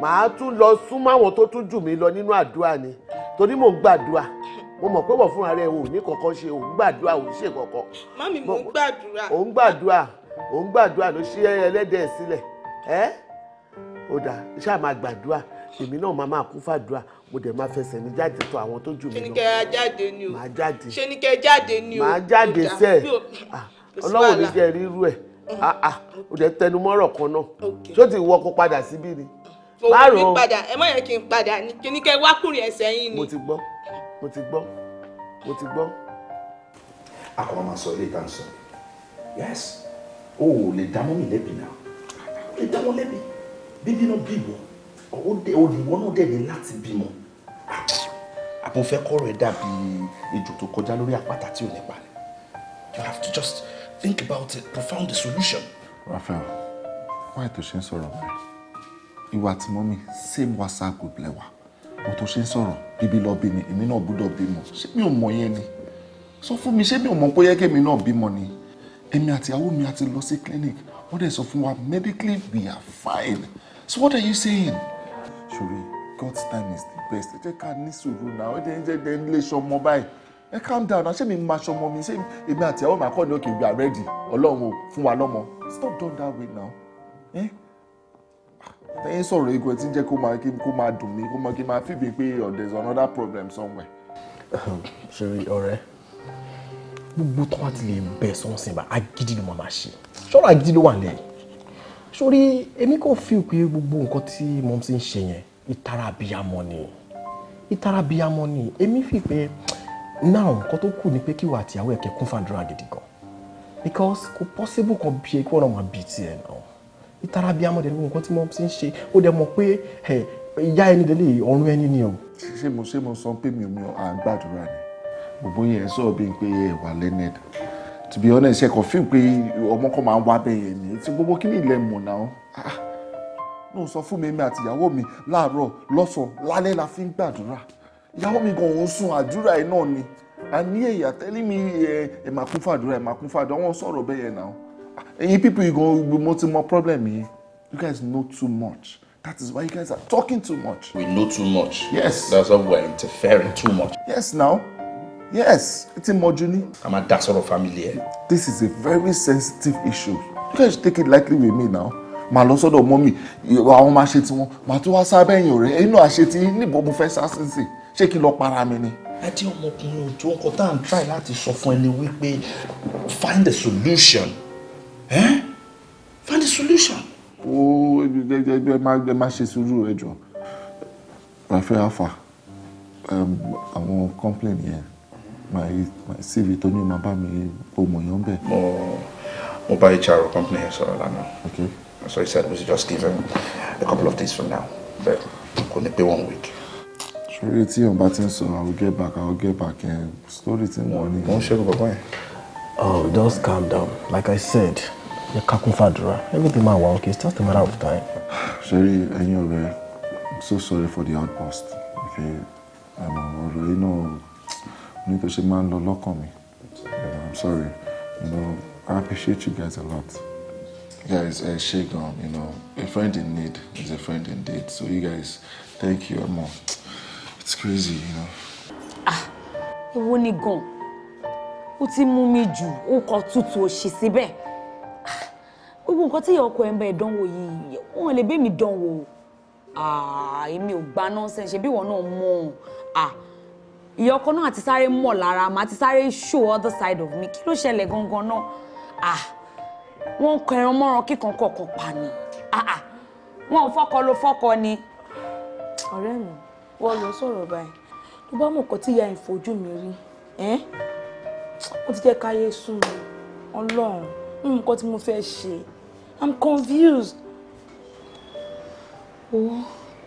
màá tún lọ súnmọ́ àwọn tó tún jù mí lọ nínú àdúrà ni torí mò ń gbàdúrà mo mọ̀ pé wọ̀ fúnra rẹ̀ ò ní kankan ṣe ò ń gbàdúrà ò ń ṣe kankan. mami mo ń gbàdúrà. ò ń gbàdúrà ò ń gbàdúrà ló ṣí ẹlẹ́dẹ̀ sílẹ̀ ẹ́ ó dà ṣáà máa gbàdúrà èmi náà máa máa kún fàdúrà mo dẹ̀ máa fẹsẹ̀ ní jáde tó àwọn tó jù mí lọ. ṣé ní kẹ́ jáde ni o máa jáde ṣé ní jáde ni o ọlọ́wọ́ mi jẹ́ ah, rírú ẹ̀ ó eh. ah, ah, dẹ̀ tẹnu mọ́rọ̀ kan náà ṣó ti wọ kó padà síbí ni. owó mi padà ẹ mọ̀ yẹn kí n padà kí ni kẹ́ wá kúrò ẹsẹ̀ yín ni. mo ti gbọ́ mo ti gbọ́ mo ti gbọ́. àkọ́ máa sọ ilé ìtàn sọ yes o ò lè dá mọ́mì lẹ́bi náà o lè dá wọn lẹ́bi bíbí náà bí wọn olùwọ́ náà dẹ̀ ní láti bímọ àbò fẹ́ kọ́rọ̀ ẹ dàbí ejò tó kọjá lórí àpáta tí ò nípa ni you have to just Think about it, profound the solution. Raphael, why tó ṣe ń sọ̀rọ̀ báyìí? Ìwà àti same WhatsApp group lẹ́wà. Mo tó ṣe ń sọ̀rọ̀ bíbí lọ bí ni èmi náà gbọ́dọ̀ bímọ. Ṣé mi ò mọ yẹn ni? So fún mi ṣé mi ò mọ pé yẹ kémi náà bímọ ni? Èmi ati, ìyàwó mi àti lọ sí clinic. Wọ́n dẹ̀ sọ fún wa medically we are fine. So what are you saying? Shuri, God's time is the best. Ẹ jẹ́ ká ní now. náà. Ẹ jẹ́ ń jẹ́ ń lè ẹ calm down ṣé mi máa ṣọmọ mi ṣé èmi àti ẹ̀wọ̀n máa kọ́ ni okay we are ọlọ́run o fún wa lọ́mọ stop doing that way now. tẹ́yìn sọ̀rọ̀ egun ẹ̀ tí ń jẹ́ kó máa kó máa dùn mí kó máa kí n máa fìbí pé oh, there is another problem somewhere. ṣeré ọ̀rẹ́ gbogbo tó wá ti lè bẹ̀ sọ́nsìn bá agídí ló máa ṣe ṣọ́ra agídí ló wà lẹ́yìn sórí èmi kò fi pé gbogbo nǹkan tí mọ́mísí ń ṣe yẹn ìtara abiyamọ ni ìtara abiyamọ ni èmi fi pé. Pe now nǹkan tó kù ni pé kí wà àti ìyàwó ẹ̀kẹ́ kún fàdúrà gidi gan because kò possible kan bí ikú ọ̀nà máa bì tiẹ̀ náà ìtara bí amọ̀dé ní nǹkan tí mo ti ń ṣe ó dẹ̀ mọ̀ pé ìyá ẹni délé ọ̀run ẹni ni o. ṣé mo ṣé mo sọ pé mi ò mi à ń gbàdúrà ni gbogbo yẹn sọ bí pé ẹ wà lẹ́nẹ̀dá to be honest ẹ kàn fi pé ọmọ kan máa ń wá bẹ́ẹ̀ yẹn ni tí gbogbo kí ni ilẹ̀ mọ̀ náà ló ń sọ fún mi èmi àtìyàwó mi láàárọ̀ lọ́sàn lálẹ́ la fi ń gbàdúrà ìyàwó mi gan òun sùn àdúrà ẹ̀ náà ni àní ẹ̀yà tẹ́lí mi ẹ̀ máa kún fàdúrà ẹ̀ máa kún fàdúrà wọ́n sọ̀rọ̀ bẹ́ẹ̀ yẹn náà ẹ̀yin pípọ̀ ìgbọ̀n mo ti mọ problem yìí you guys know too much that is why you guys are talking too much. we know too much. yes that's why we are interfering too much. yes now yes it's imojuni. a máa dá sọ̀rọ̀ family ẹ̀. this is a very sensitive issue you guys take it lightly with me now màá lọ sọ́dọ̀ mọ́mì àwọn máa ṣe tiwọn màá tún wá sábẹ́ ẹ̀yìn ọ̀rẹ́ ẹ̀yìn náà níbo mo fẹ́ sá sí sí i ṣé kí lọ para mi ni. àti ọmọkùnrin òjò nǹkan tá à ń try láti sọ fún ẹni wípé find a solution eh? find a solution. ó ẹ má ẹ má ṣe sùúrù ẹ jọ rafael alfa àwọn complain yẹn my cv tó ní ma bá mi ọmọ yẹn bẹ. mo mo bá hr company yẹn sọ̀rọ̀ lánàá. okay. so he said we should just give him a couple of days from now. bẹ́ẹ̀ kò ní pé one week sórí tí òun bá ti ń sọ àwọn get back àwọn get back ẹ̀ eh? story ti ń wọ̀ ni. wọ́n ṣẹ́gun bàbá yẹn. oh just calm down like i said ẹ kákún fàdúrà everything máa wà okay it's just a matter of time. sori ẹ̀yin ọ̀rẹ́ i'm so sorry for the outburst okay ọ̀rọ̀ yìí náà ní tó ṣe máa ń lọ lọ́kàn mi i'm sorry you know i appreciate you guys a lot. guys uh, shake on you know a friend in need is a friend indeed so you guys thank you more It's crazy, you know. Ah, èwo ni gan. Ó ti mú mi jù, ó kọ tútù ó sì síbẹ̀. Ah, gbogbo nǹkan tí ọkọ ẹ̀ ń bá ìdánwò yìí, wọ́n lè bẹ́ mi dánwò. Ah, èmi ò gba nonsense, ṣebí ìwọ náà mọ̀. Ah, ìyá ọkọ náà ti sáré mọ̀ Lara. màá ti sáré show other side of me. Kí ló ṣẹlẹ̀ gangan náà? Ah, wọ́n ń kọ ẹran mọ́ran kíkan kọ̀ọ̀kan pa ni. Ah ah, wọ́n ò fọ́kọ ló fọ́kọ ni. Ọ̀rẹ́ mi wọ́n lọ sọ̀rọ̀ báyìí tó bá mọ̀ kọ́ tí ìyá ẹ̀ mi rí ó ti jẹ́ káyé sùn mí ọlọ́run nǹkan tí mo fẹ́ ṣe i'm confused. owó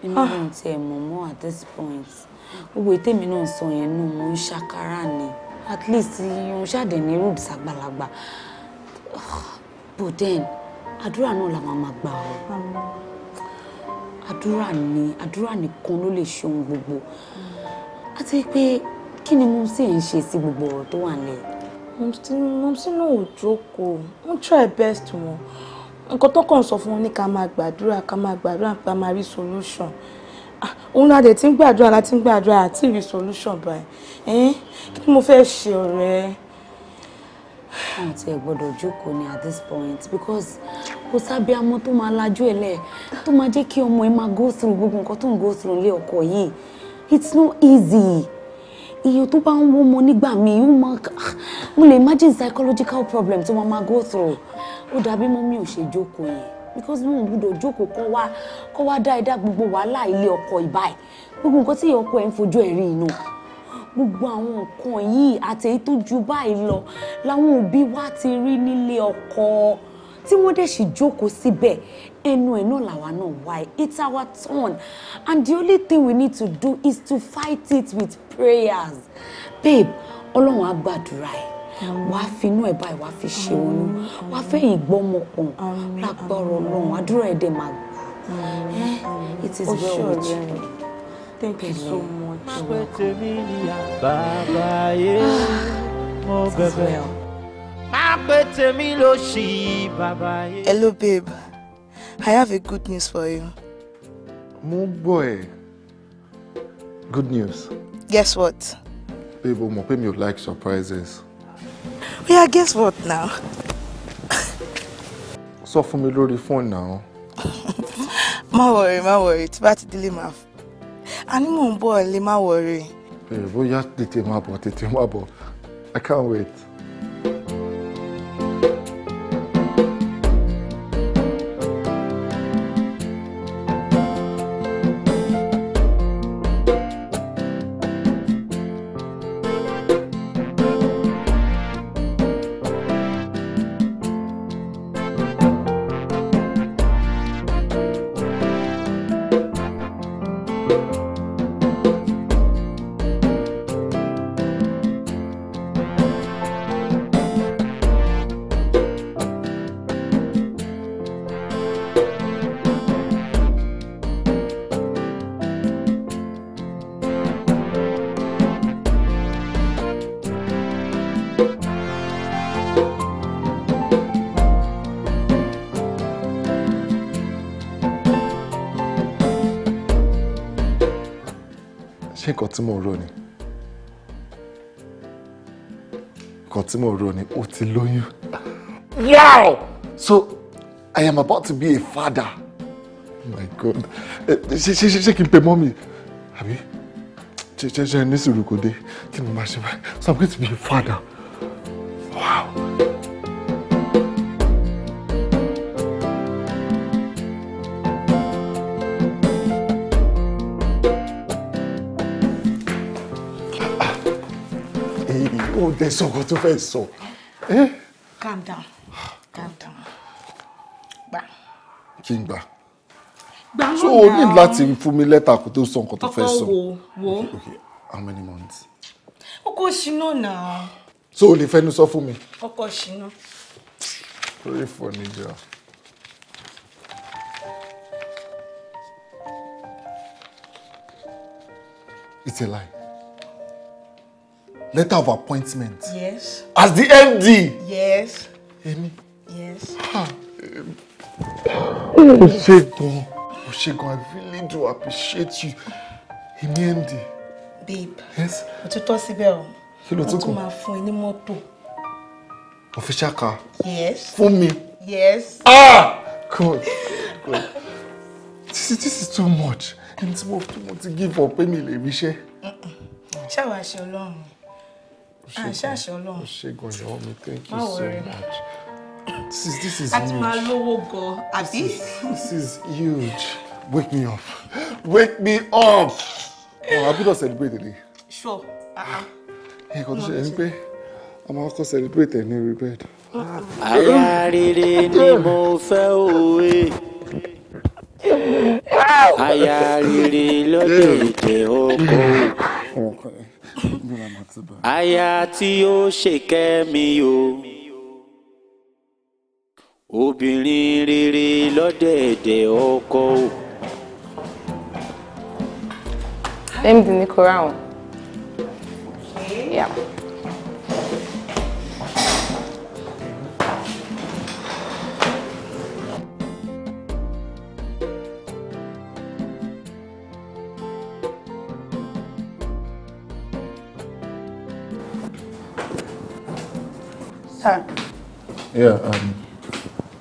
èmi náà ah. ti ẹ̀ mọ̀ mọ́ at this point gbogbo ètèmi náà sọ yẹn nù mo ń ṣàkárà ni at least yíyan ṣàdé ní rúbs àgbàlagbà but then àdúrà náà la máa máa gbà ọ́ àdúrà ni àdúrà nìkan ló lè ṣe ohun gbogbo àti pé kí ni mo sì ń ṣe sí gbogbo ọ̀rọ̀ tó wà nílẹ̀. mo sì náà ò jókòó mo try best wọn nǹkan tó kàn sọ fún wọn ni ká máa gbàdúrà ká máa gbàdúrà ká máa rí solution ah, òun la dẹ̀ ti ń gbàdúrà láti ń gbàdúrà àti rí solution báyìí kí ni mo fẹ́ ṣe ọ̀rẹ́ ẹ àwọn tí ẹ gbọ́dọ̀ jókòó ni at this point because kò sábẹ́ amọ́ tó máa lajú ẹ̀ lẹ̀ tó máa jẹ́ kí ọmọ ẹ máa go through gbogbo nǹkan tó ń go through ilé ọkọ yìí it's not easy iye tó bá ń wó mo nígbà míì ó máa ah, mo lè imagine psychological problem tó máa máa go through ó dàbí mọ́ mi ò ṣe jókòó yìí because mo gbọ́dọ̀ jókòó kọ́ wá kọ́ wá dá ẹ̀dá gbogbo wàhálà ilé ọkọ ìbáyìí gbogbo nǹkan tí ọkọ ẹ̀ ń fojú ẹ̀ rí inú gbogbo àwọn nǹkan yìí àtẹ̀yí tó ju báyìí lọ làwọn òbí wa ti rí nílé ọkọ tí wọ́n dẹ̀ sì jókòó síbẹ̀ ẹnu ẹ̀ náà làwa náà wá ẹ̀ it's our turn and the only thing we need to do is to fight it with prayers babe ọlọ́run á gbàdúrà ẹ̀ wàá finú ẹ̀ báyìí wàá fi ṣe òun wàá fẹ́ ìgbọ́mọ kan lágbára ọlọ́run àdúrà ẹ̀ dẹ̀ máa gbà ẹ́ eh, it is well with you. Thank you so much. Ah, pẹ́ tèmi Hello babe, I have a good news for you. Mo boy, Good news. Guess what? Babe, o pay me mi like surprises. Oh, yeah, guess what now? So, for me, lórí fóònù náà. Má worry, má worry, tí bá ti délé máa fún a ní mò ń bọ̀ lè má wọrí. Eh, bóyá tètè máa bọ̀ tètè máa bọ̀ I can't wait. tí mo rò ni ó ti lóyún. wow so i am about to be a father oh my god ṣe eh, ṣe ṣe ṣe kí n pe mọ́mì àbí ṣe ṣe ṣe ní sùúrù kò dé kí ni máa ṣe báyìí so i'm going to be a father wow. o dẹ̀ sọ nǹkan tó fẹ́ sọ. calm down calm down gbà. kí n gbà. gbà wọn náà so o ní láti fún mi lẹ́tà kó tó sọ nǹkan tó fẹ́ sọ. ọkọ wo wo. okay okay how many months. ọkọ ṣìnà náà. so o lè fẹnu sọ fún mi. ọkọ ṣìnà. very funny girl. It's a lie letter of appointment. Yes. As the MD. Yes. Amy. Yes. Osegun, Osegun, I really do appreciate you. Amy MD. Babe. Yes. Òtítọ́ síbẹ̀ o. Kí ló tún kù? Wọ́n tún máa Official car. Yes. Fún me. Yes. Ah! God. God. This, this is too much. Ẹni tí mo fi mo ti give up pé mi lè Shall Ṣáwa show long? Ah, àṣàṣọ Ọlọ́run ṣẹ́gun ìyàwó thank you so much sis this is huge this is huge wake me up wake me up oh abi don celebrate today. sure. nǹkan tó ṣe é ń pé a máa kọ́ celebrate ẹ̀ ní orí bed. aya rere ni mo fẹ́ òwe aya rere ló lè jẹ́ aya tí ó ṣèkẹ́ mi o obìnrin rere lọ́dẹ̀ẹ̀dẹ̀ ọkọ o. md ní kóra wọn. Yeah. Sir. Yeah, um,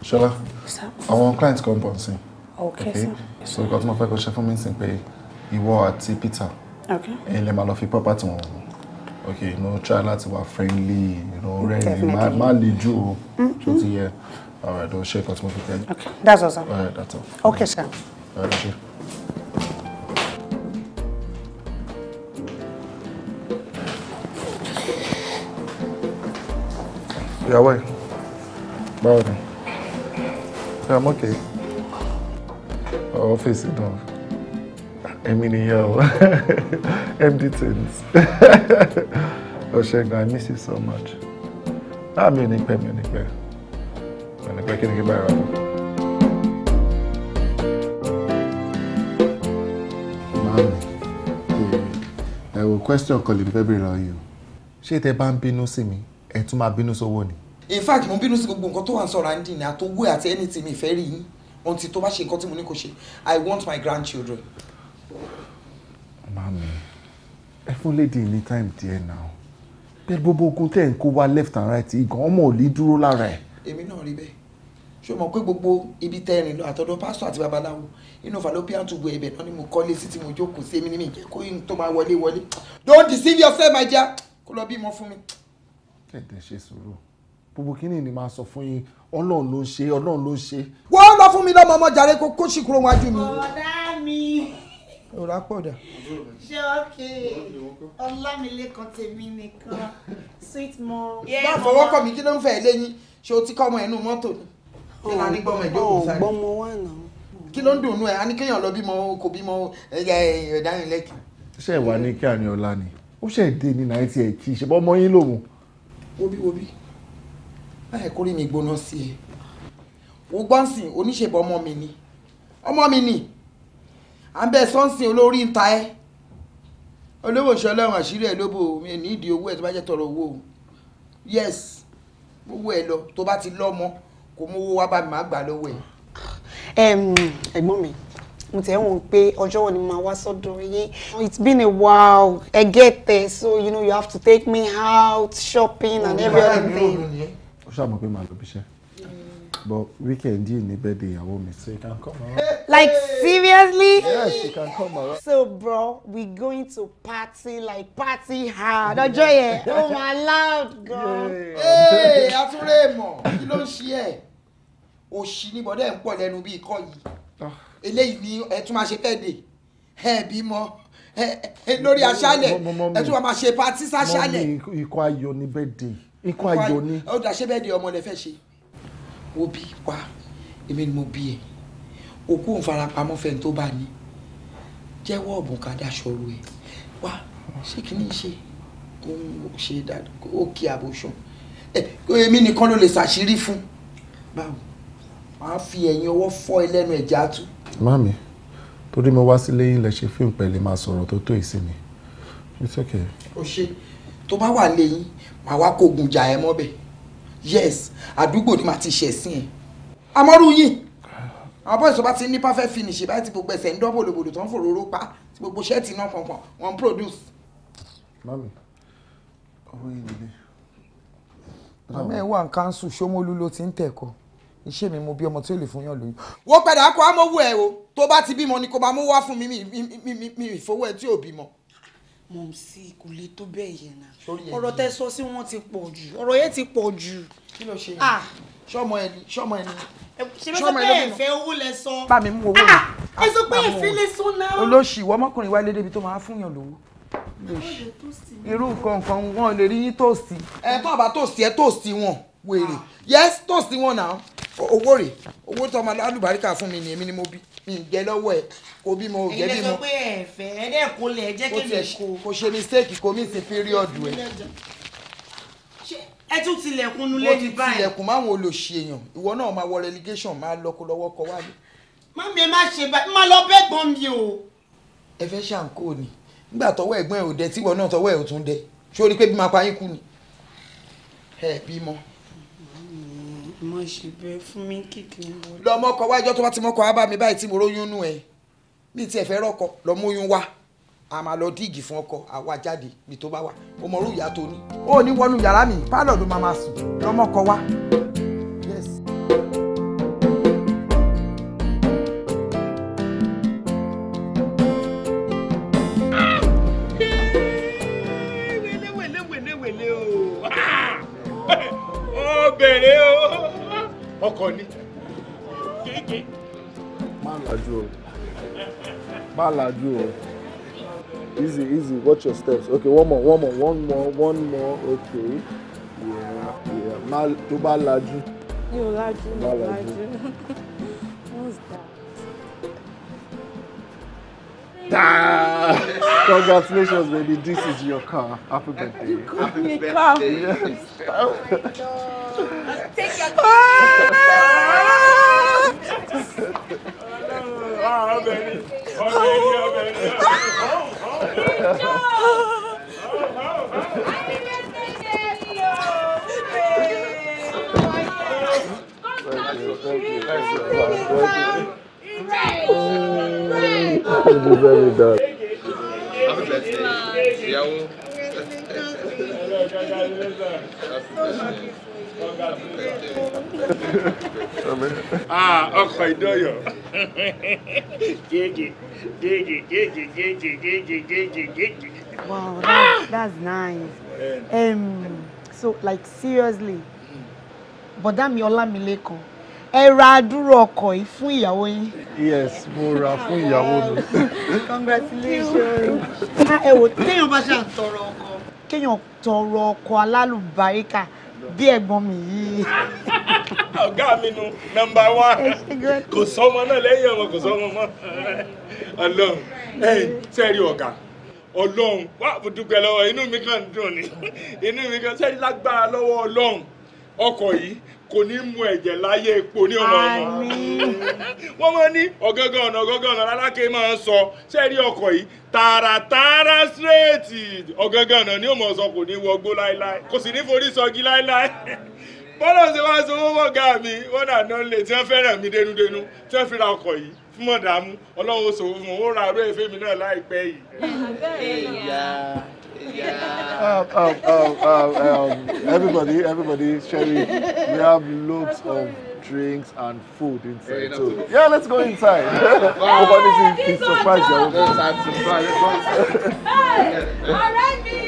Shola. Sir. Àwọn client kan bọ̀ Okay, okay, sir. So, got my mo fẹ́ for ṣe fún he sìn pé ìwọ àti Okay. and lè máa lọ fi property Okay, you know, try not to be friendly, you know, rẹ́rìn, má le jù o. Mm-hmm. Ṣé o ti yẹ? All right, o ṣe nǹkan tí Okay, that's all, sir. All right, that's all. Okay, sir. All right, sure. ìyàwó ẹ̀ báwo ni ṣé àmọ́ kè é ọ́fíìsì náà èmi nìyẹn o md tins ọ̀ṣẹ́gun i miss you so much náà ah, mi ò ní pẹ́ mi ò ní pẹ́ mi ò ní pẹ́ kí ni kí báyìí wà eh, eh, question kan lè fẹ́ bèrè lọ́yìn o ṣé tẹ bá ń bínú sí mi ẹ tún máa bínú sówó ni. in fact mo bínú sí gbogbo nǹkan tó wà ń sọ̀rọ̀ àǹdí ni àtòwé àti anything mi ìfẹ́ rí yín until tó bá ṣe nǹkan tí mo ní kò ṣe i want my grandchildren. mami ẹ fún lady ní time díẹ̀ náà pẹ̀lú gbogbo ogun tẹ̀ ń kó wa left and right ìgàn ọmọ ò lè dúró lára ẹ̀. èmi náà rí bẹ́ẹ̀ ṣé o mọ̀ pé gbogbo ibi tẹ́rin lọ àtọ̀dọ̀ pásítọ̀ àti babaláwo inú fallopian tube ẹ̀bẹ̀ náà ni mo kọ́lé sí tí mo jókòó sí èmi ní mi jẹ́ kó tó máa wọlé wọlé don't deceive yourself my dear kó lọ bímọ fún mi kẹ̀tẹ̀ ṣe sùúrù gbogbo kínní ni máa sọ fún yín ọlọ́run ló ń ṣe ọlọ́run ló ń ṣe. wọ́n lọ fún mi lọ́mọ ọmọ jàre kó kó sì kúrò wájú mi. ọ̀dà mi. òrà pọ̀ dà. ṣọ́ọ̀kì ọlámilékan tèmi nìkan sweet mom. má fọwọ́ kọ̀ mí kí ló ń fẹ́ ẹ lẹ́yìn ṣé o ti kọ́ ọmọ ẹnu mọ́tò ni kí ló ní oh, gbọ́mọ ẹ̀jọ́ òun sáré. ọgbọ́n mo wà náà. kí ló ń dùn ún ẹ a ní kéèyàn lọ bímọ kò bímọ ẹ̀dá yẹn lẹ́kì. ṣé ẹ wà ní kí àárín ọlá ni ó ṣe dé ní náà ẹ ti ẹ kì í ṣe bọ́ ọmọ yín lòun wobi wobi báyìí kórè mi gbóná sí ẹ wò gbọ́nsìn oníṣègbè ọmọ mi ni ọmọ mi ni à ń bẹ sọ́nsìn olórí ń ta ẹ́ olówó ìṣọ́ ọlọ́run àṣírí ẹ̀ lóbo mi ní ìdí owó ẹ̀ tó bá jẹ́ tọrọ owó yes owó ẹ lọ tó bá ti lọ́mọ kò mówó wá bá mi má gbà lọ́wọ́ ẹ̀. ẹ̀gbọ́n mi mo tẹ̀ wọ́n pé ọjọ́ wo ni màá wá sọ́dọ̀ yín it's been a while ẹ get there so you know you have to take me out shopping and every other thing. ó ṣàmọ̀ pé màá lọ bí iṣẹ́ but weekend yìí ni birthday ìyàwó mi. so you can come around. like seriously. yes you can come around. so bro we going to party like party hard ọjọ́ yẹn oh my loud girl. ee atúrẹ́ mọ̀ kí ló ń ṣe ẹ̀ òṣì ni bọ́dẹ̀ ń pọ̀ lẹ́nu bí ikọ́ yìí. Ah eléyìí ni ẹ tún máa ṣe tẹ̀lé ẹ bímọ lórí aṣálẹ̀ ẹ tún máa ṣe patí sáṣálẹ̀. mọ́mí ikọ̀ ayọ̀ ni bẹ́ẹ̀dẹ̀ ikọ̀ ayọ̀ ni. ó dà ṣé bẹ́ẹ̀dẹ̀ ọmọ lẹ fẹ́ ṣe wo bí wa èmi ni mo bí ẹ òkú òǹfarapamọ́ fẹ́ni tó bá ní jẹ́wọ́ ọ̀bùn ká daṣọ ru ẹ wá ṣé kí ni ṣe òun ṣe ó kí àbòsùn èmi nìkan ló lè ṣàṣírí fún báwo màá fi ẹ̀yìn ọwọ́ fọ́ ẹ lẹ́nu ẹ̀já tú. mami torí mo wá sílé yín lẹ ṣe fíìmù pẹ̀lú máa sọ̀rọ̀ tó tó ìsinmi it's okay. o ṣe tó bá wà lẹ́yìn màá wá kógun jà ẹ mọ́bẹ̀ yes àdúgbò ni màá ti ṣẹ̀sìn ẹ̀ amọ́rú yìí àwọn bọ́ọ̀sì tó bá ti ní perfect finish báyìí ti gbogbo ẹsẹ̀ ń dán bòlòbòlò tó ń fòróró pa tí gbogbo ṣẹ́ẹ̀tì náà pọ̀npọ̀n wọ́n ń produce. mami ọwọ́ yìí nílé. àmọ́ ẹ̀ wà ń kánṣu Ṣómólú ló ti ń tẹ̀kọ́ iṣẹ́ mi mo bí ọmọ tí ó lè fún yàn lóyún. wo padà kó amówó ẹ o tó bá ti bímọ ni kò bá mú wá fún mi mi ìfowó ẹ tí ò bímọ. mo ń sí kò lè tó bẹ́ẹ̀ yẹn náà ọ̀rọ̀ tẹ́ sọ sí wọn ti pọ̀ jù ọ̀rọ̀ yẹn ti pọ̀ jù. kí ló ṣe yẹn ah. ṣọmọ ẹ ni ṣọmọ ẹ ni. ṣe bẹ́ẹ̀ pé ẹ̀fẹ́ owó lẹ sọ. bá mi mú owó ah! mi. ẹ sọ pé ẹ̀fẹ́ lè sọ náà. olóṣì ìwọ ọmọkùnrin wa lédè ibi tó máa fún yàn lówó irú nǹkan nǹkan wọn lè rí yín tòsí. ẹ tó àbá tòsí ẹ tòsí wọn wèrè ah. yẹ tòsí wọn náà owó rẹ̀ owó tọmọ alálùbáríkà fún mi ni èmi ni mo bí mi ì jẹ lọ́wọ́ ẹ̀ kò bí mo jẹ́ bí mo. èyí lè sọ pé ẹ̀fẹ̀ ẹ̀ẹ́dẹ́kunlẹ̀ jẹ́ kí mi kó. kò ṣe mistake kò mí sí píríọ̀dù ẹ̀ ẹ tún tilẹ̀kùn nulẹ̀ ní báyìí. ó ti tilẹ̀kùn máwọn olóṣì èèyàn ìwọ náà máa wọ relegation máa lọ kó lọ́wọ́ kọ wálé. mami ẹ má ṣe báyìí má lọ bẹ́ẹ̀ gbọ́n mi o. ẹ fẹ́ ṣàǹkó ni nígbà tọwọ́ ẹ̀gbọ́n ẹ̀ ò dẹ tíwọ náà tọwọ́ ẹ̀ o rí i pé bí máa pa yín kú ni má ṣe bẹ́ẹ̀ fún mi kìkì ń wọlé. lọmọ ọkọ wájú tó bá ti mọkọ abá mi báyìí tí mo róyún nù ẹ mi tiẹ̀ fẹ́ rọ́kọ lọmọ oyún wa a máa lọ díìgì fún ọkọ àwa jáde bí tó bá wà ọmọ orú ìyá tó ní. ó ní wọnú yàrá mi pálọ̀ ló máa máa sùn lọmọ ọkọ wa. yes. ọkọ ni. má o má o easy easy watch your steps okay one more one more one more one more okay yeah yeah Mal, tó bá lajú. mi ò lajú Ah! Congratulations, baby. This is your car. Happy birthday. You got me a car. Yes. Oh my God. Take your car. Oh, baby. Oh, baby. Oh, baby. Oh, oh. No. Oh, oh, oh. Thank you. Thank you. Thank you. Thank you. Ó ti bẹ́ mi dà. Ọkọ̀ ìdọ́yọ̀. Wow, that's, that's nice. Um, so, like, seriously, bọ̀dá mi Ọlámilékan. ẹ ra àdúrò ọkọ yìí fún ìyàwó yín. yes mo ra fún ìyàwó mi. congratulations. Ah, ẹ wò téèyàn bá ṣe àtọrọ ọkọ. kéèyàn tọrọ ọkọ alálùbáríkà bí egbon mi yìí. ọ̀gá mi nu nọ́mbà kò sọmọ náà lẹ́yìn ọmọ kò sọ́mọ mọ́ ọlọ́run sẹ́ẹ̀rí ọ̀gá Ọlọrun wà á dúpẹ́ lọ́wọ́ inú mi kàn dùn ni inú mi kàn sẹ́ẹ̀rí lágbára lọ́wọ́ kò ní mu ẹ̀jẹ̀ láyé epo ní ọmọ ọmọ wọ́n máa ní ọ̀gángan ọ̀nà ọ̀gángan ọ̀nà aláké máa ń sọ sẹ́ẹ̀rí ọkọ̀ yìí tààràtààrà síréètì ọ̀gángan ọ̀nà ní ọmọ sọ kò ní wọgbó láéláé kò sì ní forí sọgi láéláé bọ́lá ṣe wá sọ owó ọ̀gá mi wọ́n dà náà lè tí wọ́n fẹ́ràn mi dénúdénú tí wọ́n fi ọkọ̀ yìí fún mọ̀dàmú ọlọ́run sọ fún wọn ó ra aró ẹ̀fẹ́ mi náà láìpẹ́ yìí. Yeah. Um um, um, um, um, everybody, everybody, Sherry, we have loads of drinks and food inside. Yeah, so, yeah let's go inside. Everybody is, is surprised. Go, Surprise. I'm surprised. Hey, already.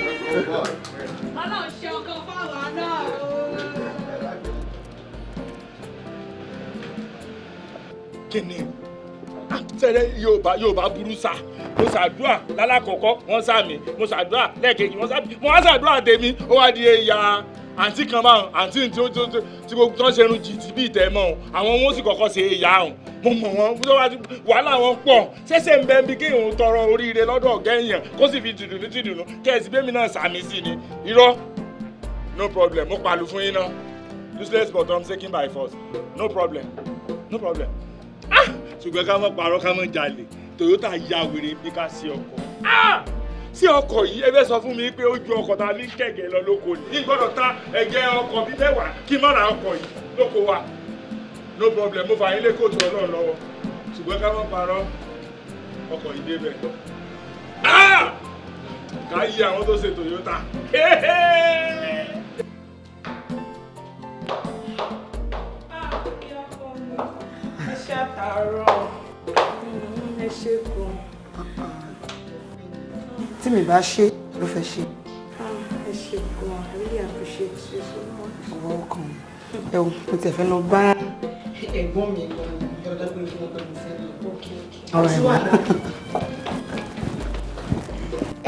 Ọlọ́run ṣe ọkọ fáwọn náà o. Kí ni? you ah, Yorùbá you burú sáà mo ṣàdúrà lálàkọ̀kọ́ wọ́n sàmì mo ṣàdúrà lẹ́ẹ̀kejì wọ́n sàmì mo wá ṣàdúrà tèmi ó wá di ẹ̀yà àǹtí kan máa àǹtí tí tí gbogbo tó ń ṣe irun jìtì bíi tẹ̀ àwọn wọn sì kọ́kọ́ ṣe ìyá ọ̀hún mo mọ̀ wọn wàhálà wọn pọ̀ ṣẹ̀ṣẹ̀ ń bẹ ń bí kéèyàn tọrọ oríire lọ́dọ̀ ọ̀gá èèyàn kó sì fi tìdùnú tìdùnú kẹ́ẹ̀sì bẹ́ẹ̀ náà sàmì sí ni irọ́ no problem mo pàlù fún yín náà useless but i'm taking by force no problem no problem ah ṣùgbọ́n ká mọ̀ parọ́ ká mọ̀ jalè Toyota ya wèrè bí ká sí ọkọ̀ sí ah! ọkọ̀ yìí ẹ fẹ́ sọ fún mi pé ó ju ọkọ̀ ta ní kẹ̀kẹ́ lọ lóko ni ní gbọ́dọ̀ ta ẹ̀jẹ̀ ọkọ̀ bíi mẹ́wàá kí n má ra ọkọ̀ yìí lóko wa no problem mo fà yín lé kóòtù ọlọ́run lọ́wọ́ ṣùgbọ́n ká má parọ́ ọkọ̀ yìí débẹ̀ ah! ká yí àwọn tó ṣe Toyota. Ah, ṣàtàrọ̀ ṣe gan. tí mi bá ṣe ló fẹ́ ṣe. Ah, ẹ ṣe gan I really appreciate you so much. ọwọ́ kan ẹ ò mo tẹ̀ fẹ́ lọ bá ẹ̀gbọ́n mi gan ni ọ̀dọ́ pé mi sẹ́yìn ókè ókè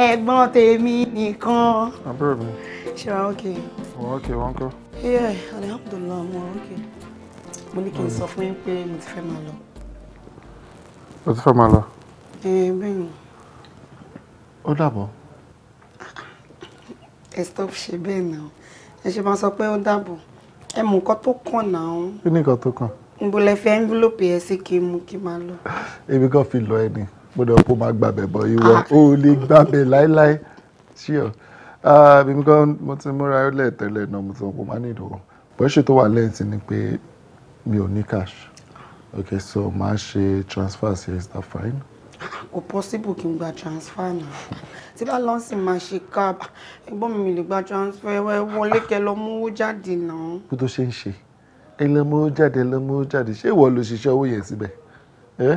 ẹ̀gbọ́n tèmi nìkan. àbúrò mi. ṣe wa ókè. wà á ókè wọn kọ. iye alhamdulilayi mo ókè mo ní kí n sọ fún yín pé mo ti fẹ́ máa lọ o ti fẹ́ máa lọ. ẹ bẹ́ẹ̀ ni. ó dàbọ̀. ẹ stop ṣe bẹ́ẹ̀ náà ẹ ṣe máa sọ pé ó dàbọ̀ ẹ mú nǹkan tó kàn náà. kí ni nǹkan tó kàn. níbo lẹ fi envelope ẹ sí kí n mú kí n máa lọ. èmi kàn fi lọ ẹni mo dẹ̀ kó máa gbàbẹ̀ bọ̀ ìwọ o ah. ò lè gbàbẹ̀ láéláé ṣíọ èmi ah, kan mo ti múra lẹ́ẹ̀tẹ́lẹ̀ náà mo ti sọ pé mo máa ní ìdòwò bọ́ṣù tó wà lẹ́yìn sí ni pé mi ò ní cash okay so máa ṣe transfer sí is that fine. kò possible kí n gba transfer náà tí bá lọ́n sì máa ṣe cab ẹgbọ́n mi mi lè gba transfer wọlé kẹ lọ mówó jáde náà. kó tó ṣe ń ṣe ẹ lọ mówó jáde ẹ lọ mówó jáde ṣé ìwọ ló ṣiṣẹ́ owó yẹn síbẹ̀ ẹ́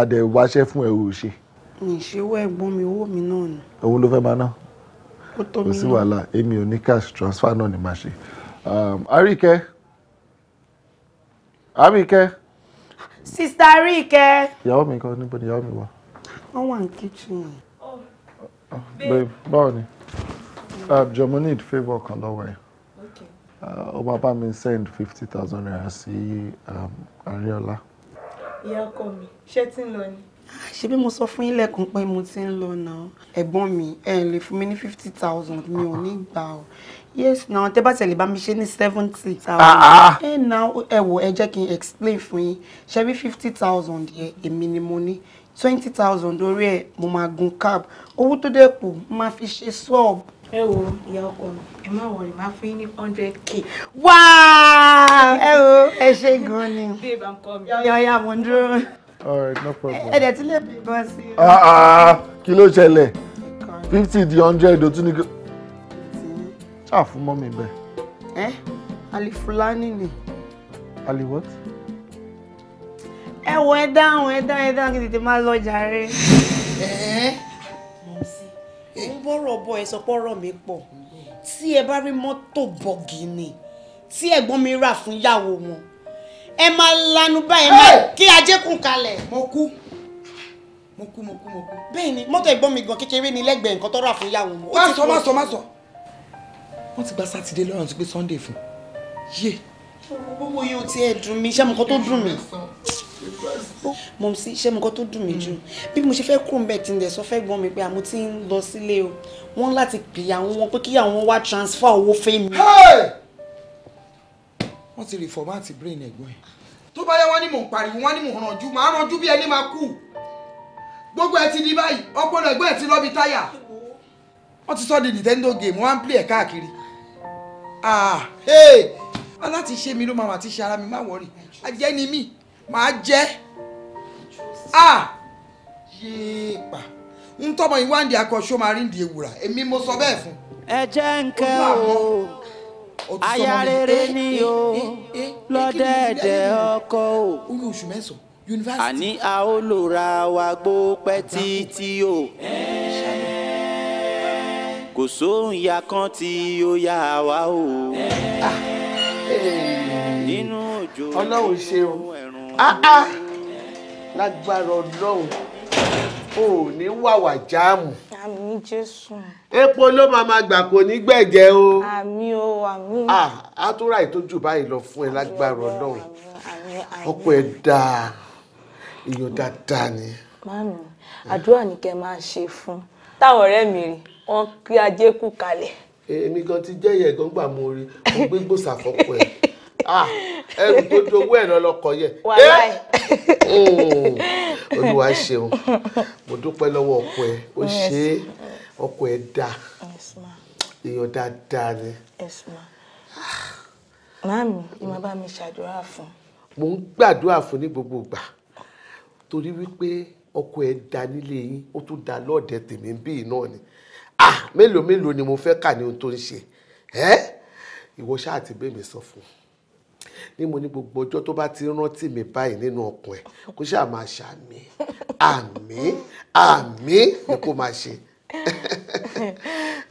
àdẹ̀wáṣẹ́ fún ẹ ò ṣe. mi ìṣèwọ́ ẹ̀gbọ́n mi owó mi náà ni. owó ló fẹ́ máa ná kò sí wàhálà èmi ò ní cash transfer náà ni màá ṣe. Um, àríkẹ́ àríkẹ́ sista Ríkẹ́. ìyàwó mi kan níbo ni ìyàwó mi wà. wọ́n wà ní Oh, babe báwo ni um, jọ mo need favor, kan lọ́wọ́ ẹ̀ ó uh, máa bá mi send fifty thousand naira Um, Ariola. ìyá ọkọ mi ṣé loan. She be ni ah, ṣe like mo sọ fún yín lẹ́ẹ̀kan pé mo ti ń lọ náà ẹ̀gbọ́n mi ẹ fifty thousand mi ò ní yes now na tẹ bá tẹlẹ bá mi ṣe ní seventy thousand ah, ah, ah. ẹ na ẹ wò ẹ jẹ́ explain fún yín ṣe bí fifty thousand yẹn èmi ni mo ní twenty thousand orí ẹ mo máa gun cab owó tó dẹ̀ kù máa fi ṣe sub. ẹ wo ìyá ọkọ mi ẹ má wọrí máa fún yín ní hundred k. wáá ẹ wo ẹ ṣe gan ni yọ̀ọ̀yà mo dúró. all right no problem. ẹ dẹ̀ tún lè bí bọ́ sí i. kí ló ṣẹlẹ̀ fifty di hundred o tún ní ṣáà fún mọ́mì bẹ́ẹ̀. ẹ alifulani ni. ali what. ẹ wọ ẹ dáhùn ẹ dáhùn ẹ dáhùn kí tètè máa lọ jàre. mo bọ́rọ̀ bọ́ ẹ sọ pé ọ̀rọ̀ mi pọ̀ tí ẹ bá rí mọ́tò bọ̀gìnì tí ẹ̀gbọ́n mi rà fún ìyàwó wọn ẹ máa lanu báyìí máa kí ajé kùn kalẹ̀. mo kú mo kú mo kú mo kú. bẹ́ẹ̀ ni mọ́tò ẹ̀gbọ́n mi gan kékeré ni lẹ́gbẹ̀ẹ́ nǹkan tó rà fún ìyàwó wọn. má sọ má sọ má sọ wọ́n ti gba sátidé lọ́rùn ti pé sunday fún yé. gbogbo yóò ti ẹ̀ dùn mí ṣé mo kọ́ tó dùn mí mọ̀mísí ṣé mo kọ́ tó dùn mí jù bí mo ṣe fẹ́ kúrò ń bẹ̀ tí ń dẹ̀ sọ fẹ́ gbọ́n mi pé àmọ́ tí ń lọ sílé o wọ́n láti pè àwọn wọn pé kí àwọn wá transfer owó fẹ́ mi. wọ́n ti rìfọ̀mátì brain ẹ̀gbọ́n ẹ̀. tó bá yẹ wọ́n ní mò ń pariwo wọ́n ní mò ń ranjú màá ranjú bí ẹni máa kú gbogbo ẹ ti di báyìí ọpọlọ ẹ̀gbọ́n ẹ ti lọ bí táyà wọ́n ti sọ di Nintendo game wọ́n á ń play ẹ̀ káàkiri aláti ah, ṣe mi ló máa ti ṣe ara mi má wọrí ajẹ́ ni mí màá jẹ́ ah, yéèpà ń tọ́mọ yìí wá ń di akọ̀ṣọ́ máa rí ń di ewùrà èmi mo sọ bẹ́ẹ̀ fún. ẹ ń kẹ́ o aya rere eh, ni eh, o eh, lọ́dẹ̀ẹ̀dẹ̀ ọkọ o. oyún oṣù mẹ́sàn-án yunifásitì. àní a ó lò ra wa gbó pẹ́ títí o. ẹ kò sóhun ya kan tí ó yá wa o. nínú òjò ọlọ́run ṣe o ah, ah. lágbára ọlọ́run ò ní wàwà jáàmù. àmín jésù. epo ló máa ma gbà kò ní gbẹ̀jẹ̀ o. àmín o àmín. Ah, a tún ra ìtọ́jú báyìí lọ fún ẹ lágbára ọlọ́run ọkọ ẹ dáa èèyàn dáadáa ni. màámi àdúrà ni kẹ́ máa ṣe fún táwọn ọ̀rẹ́ mi rí wọn kí ajé kú kalẹ̀. èmi gan ti jẹ́ ìyẹ̀ gan gbà mo rí mo gbé gbòòsà fọ́kọ ẹ̀ ẹrù tó dowó ẹ̀ náà lọkọ̀ yẹ. olúwa ṣeun mo dúpẹ́ lọ́wọ́ ọkọ ẹ ó ṣe é ọkọ ẹ dáa èèyàn dáadáa ni. Màámi, ẹ máa bá mi ṣàdúrà fún. Mo ń gbàdúrà fún ní gbogbo ìgbà torí wípé ọkọ ẹ da nílé yín ó tún da lọ́ọ̀dẹ tèmi ń bí iná ni ah mélòó mélòó ni mo fẹ́ kà ní ohun tó ń ṣe ẹ́ ìwọ ṣáà ti bẹ́ẹ̀ mi sọ fún un ní mo ní gbogbo ọjọ́ tó bá ti rántí mi báyìí nínú ọkàn ẹ̀ kó ṣáà máa ṣàmì àmì àmì ni kó máa ṣe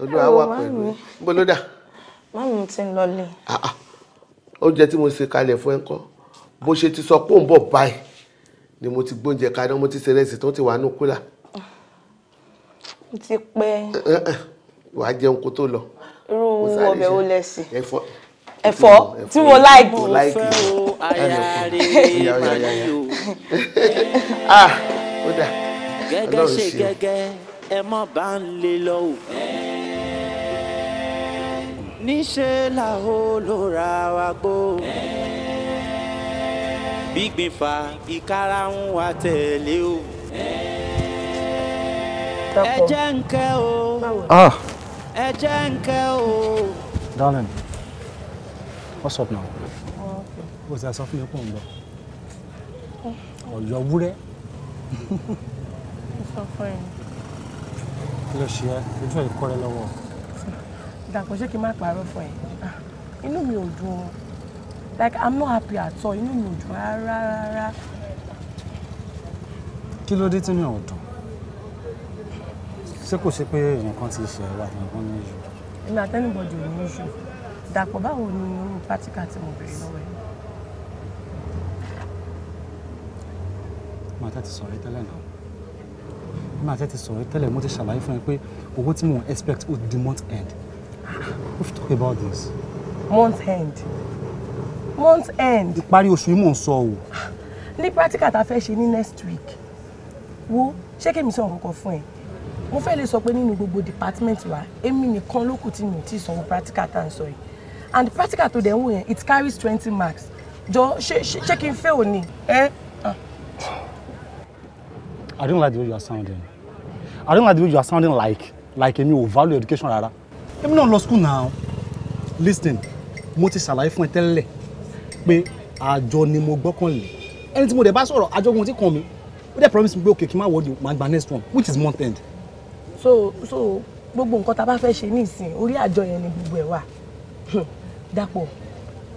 olúwa wà pẹ̀lú níbo ló dà. máàmì ti ń lọlé. Ah, ah. oúnjẹ tí mo ṣe kalẹ̀ fún ẹ kọ́ bó ṣe ti sọ pé òun bọ̀ báyìí ni mo ti gbóúnjẹ kaná mo ti ṣe rẹ́sì tó ti wà ní kúlà ó ti pẹ́. Eh, eh, wàá jẹun kó tó lọ. irú ọbẹ̀ wo lẹ sí. ẹ̀fọ́ ẹ̀fọ́ tí mo láìkì. mo fẹ́ o aya máa ní o. ah ó dà gẹ́gẹ́ ṣe gẹ́gẹ́ ẹ mọ́ bá ń lè lọ o. níṣẹ́ làwọn olóra wa gbó. gbígbìn fa ìkarahun wa tẹ̀lé o. Hey. Ah, darling what's up now o ti something fún mi Oh, you're lọ It's wúrẹ́. mo sọ fún You kí ló ṣe ẹ ojú ẹ kọ́ ẹ lọ́wọ́. dàpọ̀ ṣé kí n má pààrọ̀ fún ah, like i'm not happy at all You know me, dùn rárá rárá. kí ló dé tí mi ṣé kò ṣe pé nǹkan ti ṣe wà nǹkan ní ìṣù. èmi àtẹnubọdì ò ní ìṣù dàpọ̀ báwo ni irú pátíkà tí mo béèrè lọ́wọ́ ẹ̀. màtá ti sọ̀rọ̀ tẹ́lẹ̀ náà màá tẹ́ sọ̀rọ̀ tẹ́lẹ̀ mo ti ṣàlàyé fún ẹ pé owó tí mo expect ó di month end we've talked about this. month end month end. ìparí oṣù yìí mò ń sọ o. ní practical tá a fẹ́ ṣe ní next week wo ṣé kí èmi sọ nǹkan kan fún ẹ mo fẹ́ lè sọ pé nínú gbogbo department wa èmi nìkan ló kù tí mi ò tí ì sanwó practical tá à ń sọ yìí and the practical tó dẹ̀ ń yẹn it carries twenty marks jọ ṣé ṣé kí n fẹ́ òní. I don't like the way you are sounding I don't like the way you are sounding like like èmi ò value education rárá èmi náà lọ school now listen mo ti ṣàlàyé fún ẹ tẹ́lẹ̀ pé àjọ ni mo gbọ́kànlé ẹni tí mo dẹ̀ bá sọ̀rọ̀ àjọ wọn ti kàn mí ó dẹ̀ promise mi pé okay kí n má wọ́ọ̀dì màá gba next one which is month end so so gbogbo nǹkan tá a bá fẹ́ ṣe nísìn orí àjọ yẹn ni gbogbo ẹ̀ wà hmm, dàpọ̀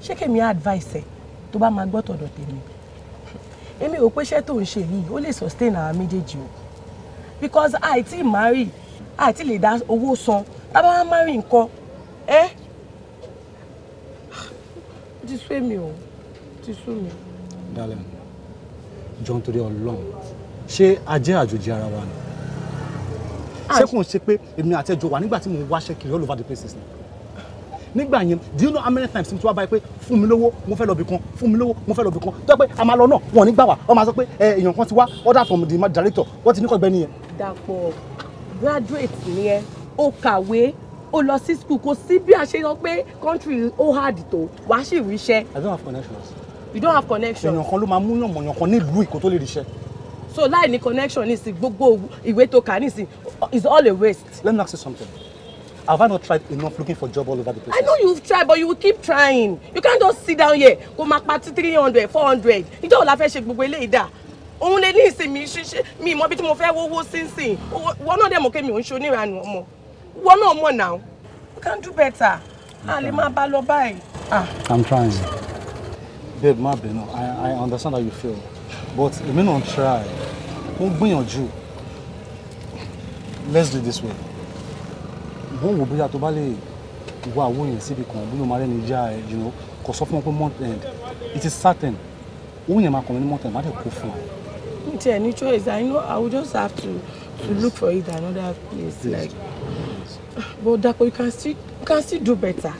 ṣé kèmi advice ẹ̀ tó bá máa gbọ́ tọ̀dọ̀ tèmi èmi ò pé iṣẹ́ tó ń ṣe yìí ó lè sustain àwọn méjèèjì o because àìtí marry àìtí lè dá owó san tá a bá wá marry nǹkan ẹ́ ti sú èmi o ti sú mi. darling john torí ọlọ́run ṣé a jẹ́ àjòjì ara wa ni Ah. ṣé kò ń ṣe pé èmi àtẹjọ wà nígbà tí mo wáṣẹ all over the places ni nígbà do you know how many times since we bá yẹ pé fún mi lówó mo fẹ́ lọ bì kan fún mi lówó mo fẹ́ lọ bì kan tó yẹ a máa lọ náà wọn ò ní gbà wá wọ́n máa sọ pé èèyàn kan ti wá order from the director wọ́n ti ní kọ́ gbẹ́ni yẹn. dàpọ̀ graduate ni ẹ o kàwé o lọ sí school kò sí bí a ṣe yọ pé country ó hard tó wàá sì ríṣẹ́. i don't have connections. you don't have connections. èèyàn kan ló máa mú yànmọ̀yàn kan nílùú ìkó tó lè ríṣẹ́ so láì ní connection nísìn gbogbo ìwé tó kà nísìn is all a waste. let me ask you something have I not tried enough looking for job all over the place. I know you've tried but you keep trying you can't just sit down here kó máa pati three hundred four hundred ìjọ́ òun la fẹ́ ṣe gbogbo eléyìí dà òun lè ní ìsinmi ṣíṣe mi ìmọ̀ bí tí mo fẹ́ wọ́wọ́ sínsìn wọn náà dẹ̀ mọ̀ kémi òun ṣe oníranù ọmọ wọn náà mọ̀ náà you can do better a lè máa bá lọ báyìí. Ah. I'm trying. Babe, má bínú, I, I understand how you feel but èmi náà try mo gbìyànjú let's do this way bó wo bóyá tó bá lè wá owó yẹn síbi kan bí mo máa rẹ́ni já ẹ you know kò sọ fún wọn pé month end it is certain owó yẹn máa kàn mí ní month end má dẹ̀ kó fún un. n tiẹ̀ ní choice i know i will just have to to look for it another place like but Dapo you can still you can still do better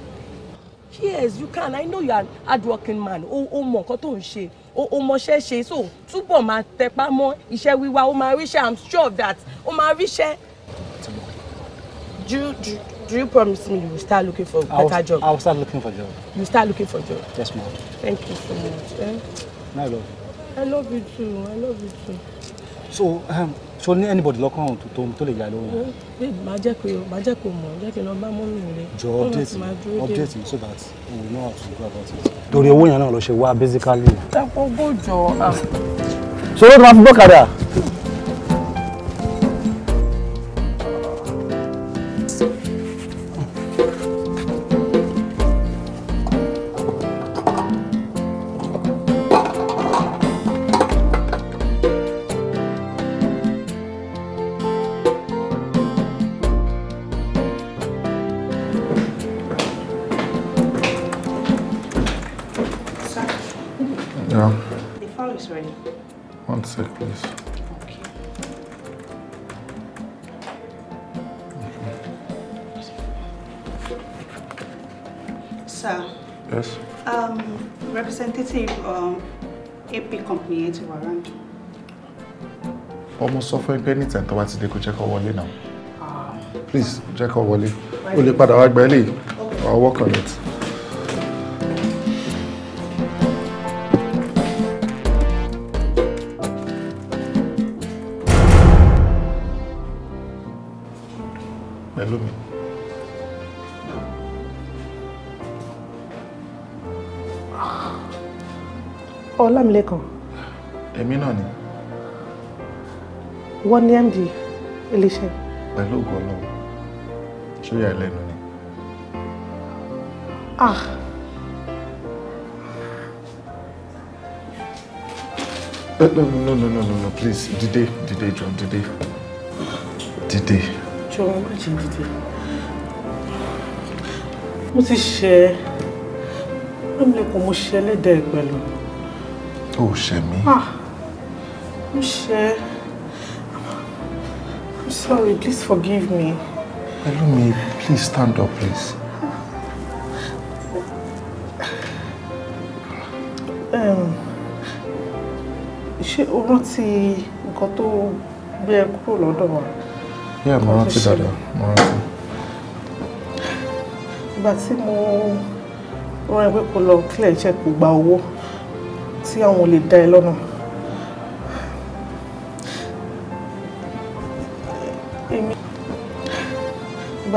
yes you can i know you are hardworking man o o mọ nǹkan tó ń ṣe o mọṣẹ́ ṣe so túbọ̀ máa tẹpá mọ́ iṣẹ́ wíwá o máa ríṣẹ́ i'm sure of that o máa ríṣẹ́. do you promise me you will start looking for a better I'll, job. i will start looking for job. you start looking for job. yes ma'am. thank you so much. Eh? i love you. i love you too i love you too so um, so ní anybody lọ́kàn tó tó lè yá lóhùn. babe máa jẹ́ kó máa jẹ́ kó mọ̀ jẹ́ kí n lọ bá mọ́mí mi rẹ̀. jọ update me update me so that we will know how to go about it. torí owó yẹn náà lọ ṣe wá basically. ẹ kó gbọ́jọ. Um. sọ ló ti máa fi gbọ́kadà. company yẹn ti wà ráńdù. ọmọ sọ fún ẹgbẹ́ níta tó bá ti dé kó jẹ́ kó wọlé náà ah. please jẹ́ wọlé o lè padà wá gbẹ́lẹ̀ I'll work on it. pẹ̀lú mi. Ah èmi náà ni. wọ́n ní md iléeṣẹ́. pẹ̀lú ògùn ọlọ́run ṣóyà ẹlẹ́nu ni. ah. Eh, no, no, no, no, no, no, no, please. Dìde, dìde, John, dìde. Dìde. John, má jẹ́ dìde. Mo ti ṣe Lámìlẹ́kùn mo ṣe ẹlẹ́dẹ̀ẹ́ pẹ̀lú. Ó ṣẹ̀ mí. Ah. Michelle, I'm sorry. Please forgive me. Pelumi, please stand up, please. Um, ṣé o rántí nǹkan tó gbé ẹ kúrò lọ́dọ̀ wa? Yeah, mo rántí dáadáa, But rántí. Ìgbà mo rán ẹ pé kó lọ clear check gba owó see I'm only dá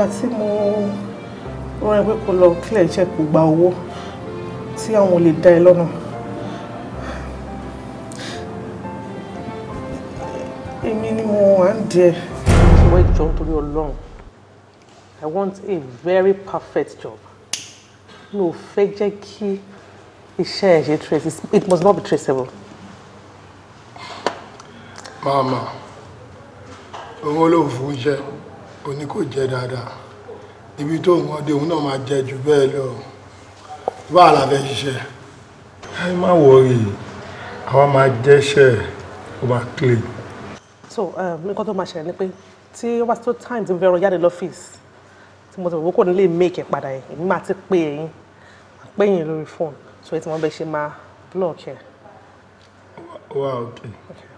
ìgbà tí mo rán ẹ pé kó lọ clear check kó gba owó tí àwọn olè dá ẹ lọ́nà. èmi ni mo wà ń di ẹ. ìwé ìjọ nítorí ọlọ́run I want a very perfect job. mi ò fẹ́ jẹ́ kí iṣẹ́ ẹ̀ ṣe trace it must not be traceable. Mama, owó ló fún iṣẹ́ o ní kò jẹ dáadáa ibi tó ń ọdẹ òun náà máa jẹ jù bẹ́ẹ̀ lọ bá àlàfẹ́ ṣiṣẹ́. ẹ má wọrí àwa máa jẹ́ṣẹ́ ó máa clean. so um, nǹkan tó máa ṣẹlẹ̀ ni pé tí ó bá tó time tí mo fẹ́ rọ jáde lọ́fíìsì tí mo ti wò kò ní lè make ẹ̀ padà yẹn èmi máa ti pè yín pè yín lórí fóònù so èyí tí wọ́n bẹ ṣe máa block ẹ̀. wa ok. okay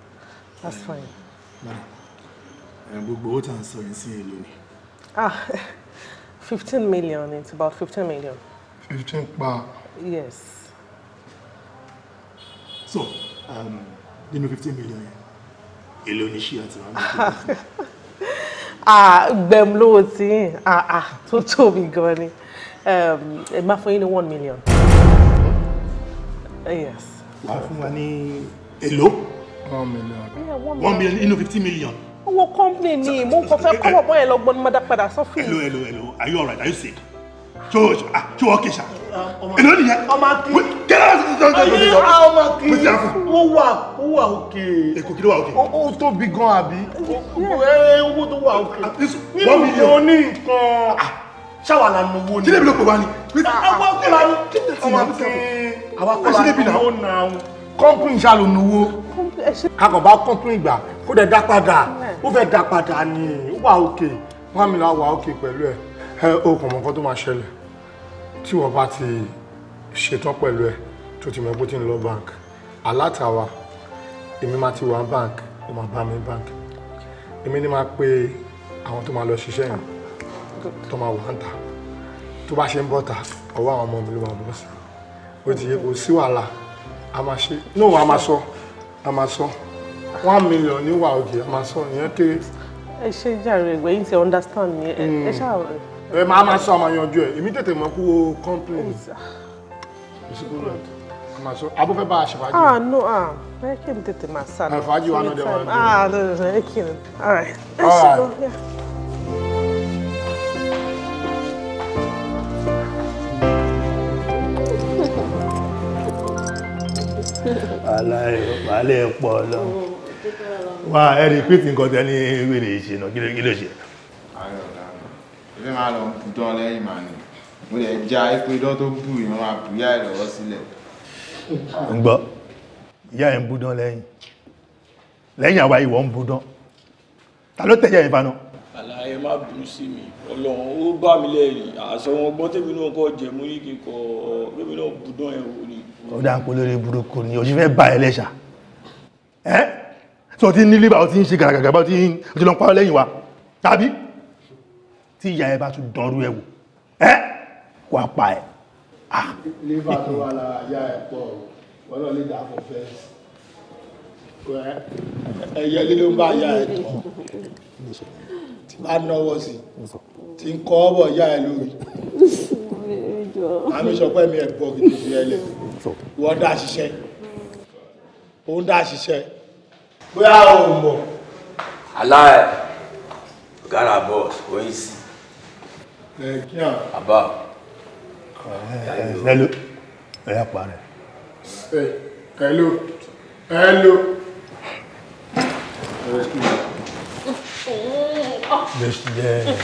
that's fine. Bye gbogbo owó tá à sọ yẹn sí èlò ni. ah fifteen million it's about fifteen million. fifteen pa. yes. so um, nínú fifteen million yẹn èlò ni ṣí àti wàá ah gbẹ̀m lówó tí ah ah tó tóbi gan ni um, ẹ máa fún yín ní one million. yes. wàá fún wa ní èlò. one million. one million nínú fifteen million owó company ni mo kàn fẹ́ kọ́wọ́ bọ́ yẹn lọ gbọ́n ní mọ́dá padà sọ́fìn. hello hello hello are you alright are you sick? tí o ah, kì í sa èlò nìyẹn ọmọ kì í kẹlẹ ọmọ kì í ọmọ kì í ó wà ó wà òkè èkó kí ló wà òkè. ó tóbi gan àbí owó tó wà òkè nínú ìyẹn oní nǹkan ah. ṣáwà la nu wo ni. sílẹ̀ bí ah, ló pè wá ni. àwa kọ́ la nu ọmọ kì í àwa kọ́ la nu wo náà. kọ́ńpìn ṣá ló nu wo kakọ̀ bá kọ́ńpìn gbà ó dẹ̀ dá padà ó fẹ́ dá padà ni ó wà òkè wọ́n mi là òkè pẹ̀lú ẹ̀ ẹ o kò mọ̀ nǹkan tó máa ṣẹlẹ̀ tí wọ́n bá ti ṣetán pẹ̀lú ẹ̀ tó ti mọ̀ bó ti ń lọ bank alátàwa èmi máa ti wà bank ó máa bá mi bank èmi ni máa pe àwọn tó máa lọ ṣiṣẹ́ yẹn tó máa wà ń ta tó bá ṣe ń bọ́ta ọwọ́ àwọn ọmọ mi ló máa bọ́ sí ó ti yẹ kó sí wàhálà a máa ṣe náà a máa sọ a máa sọ one million ní wà òkè a máa sọ ìyẹn kéré. ẹ ṣe jàre ẹgbẹ yìí ti understand ni ẹ hmm. ṣáà. ẹ máa máa sọ àmà yanjú ẹ èmi tètè mọ kú complain máa sọ abó fẹ́ bá a ṣèfàájì. ah no ah ẹ kí n tètè máa sá lọ. àfàájì wa náà dé wa ah no no ẹ kí ni. all right. all right. aláìwálé pọ̀ lọ wà ẹ rí pé tí nǹkan tẹ ní wèrè ìṣe náà kí ló ṣe. ayọ̀ ọ̀daràn lọ bùdán lẹ́yìn màá ni mo lè já ipò idán tó bù yẹn máa bù yá ìrọ̀wọ́ sílẹ̀. ń gbọ́ ìyá ẹ̀ ń bùdán lẹ́yìn lẹ́yìn àwa ìwọ ń bùdán ta ló tẹ̀yẹ̀ ìbánu. àlàyé má bínú sí mi ọlọ́run ó bá mi lẹ́yìn àṣọ wọn gbọ́ tèmi náà kọ́ jẹ mú ní kíkọ́ tèmi náà bùdán ẹ̀ wò ni. ó dáa ń polówó burúkú ni òṣìfẹ́ bá ẹ lẹ́ṣà tó ti ní líbà ó ti ń ṣe gàràgàrà ó ti lọ pàá lẹ́yìn wa tàbí tí ìyá ẹ bá tún dọ̀rú ẹ wò ẹ́ kó a pa ẹ̀. líbà tó wà lára ìyá ẹ pọ̀ wọ́n lọ lè dàpọ̀ fẹ́ ẹ̀yẹ lílo bá ìyá ẹ tọ̀ tí bá náwó sí tí ń kọ́ ọ̀bọ̀ ìyá ẹ lórí àmì ìṣọ̀pẹ́ mi ẹ̀ pọ̀ kìtìkì ẹ lẹ̀ dá ṣiṣẹ́ bóyá o mọ̀. aláì ọ̀gára boss oyin sí. ẹ kí à. bàbá. hello ẹ yà parẹ. hello hello. Bestie.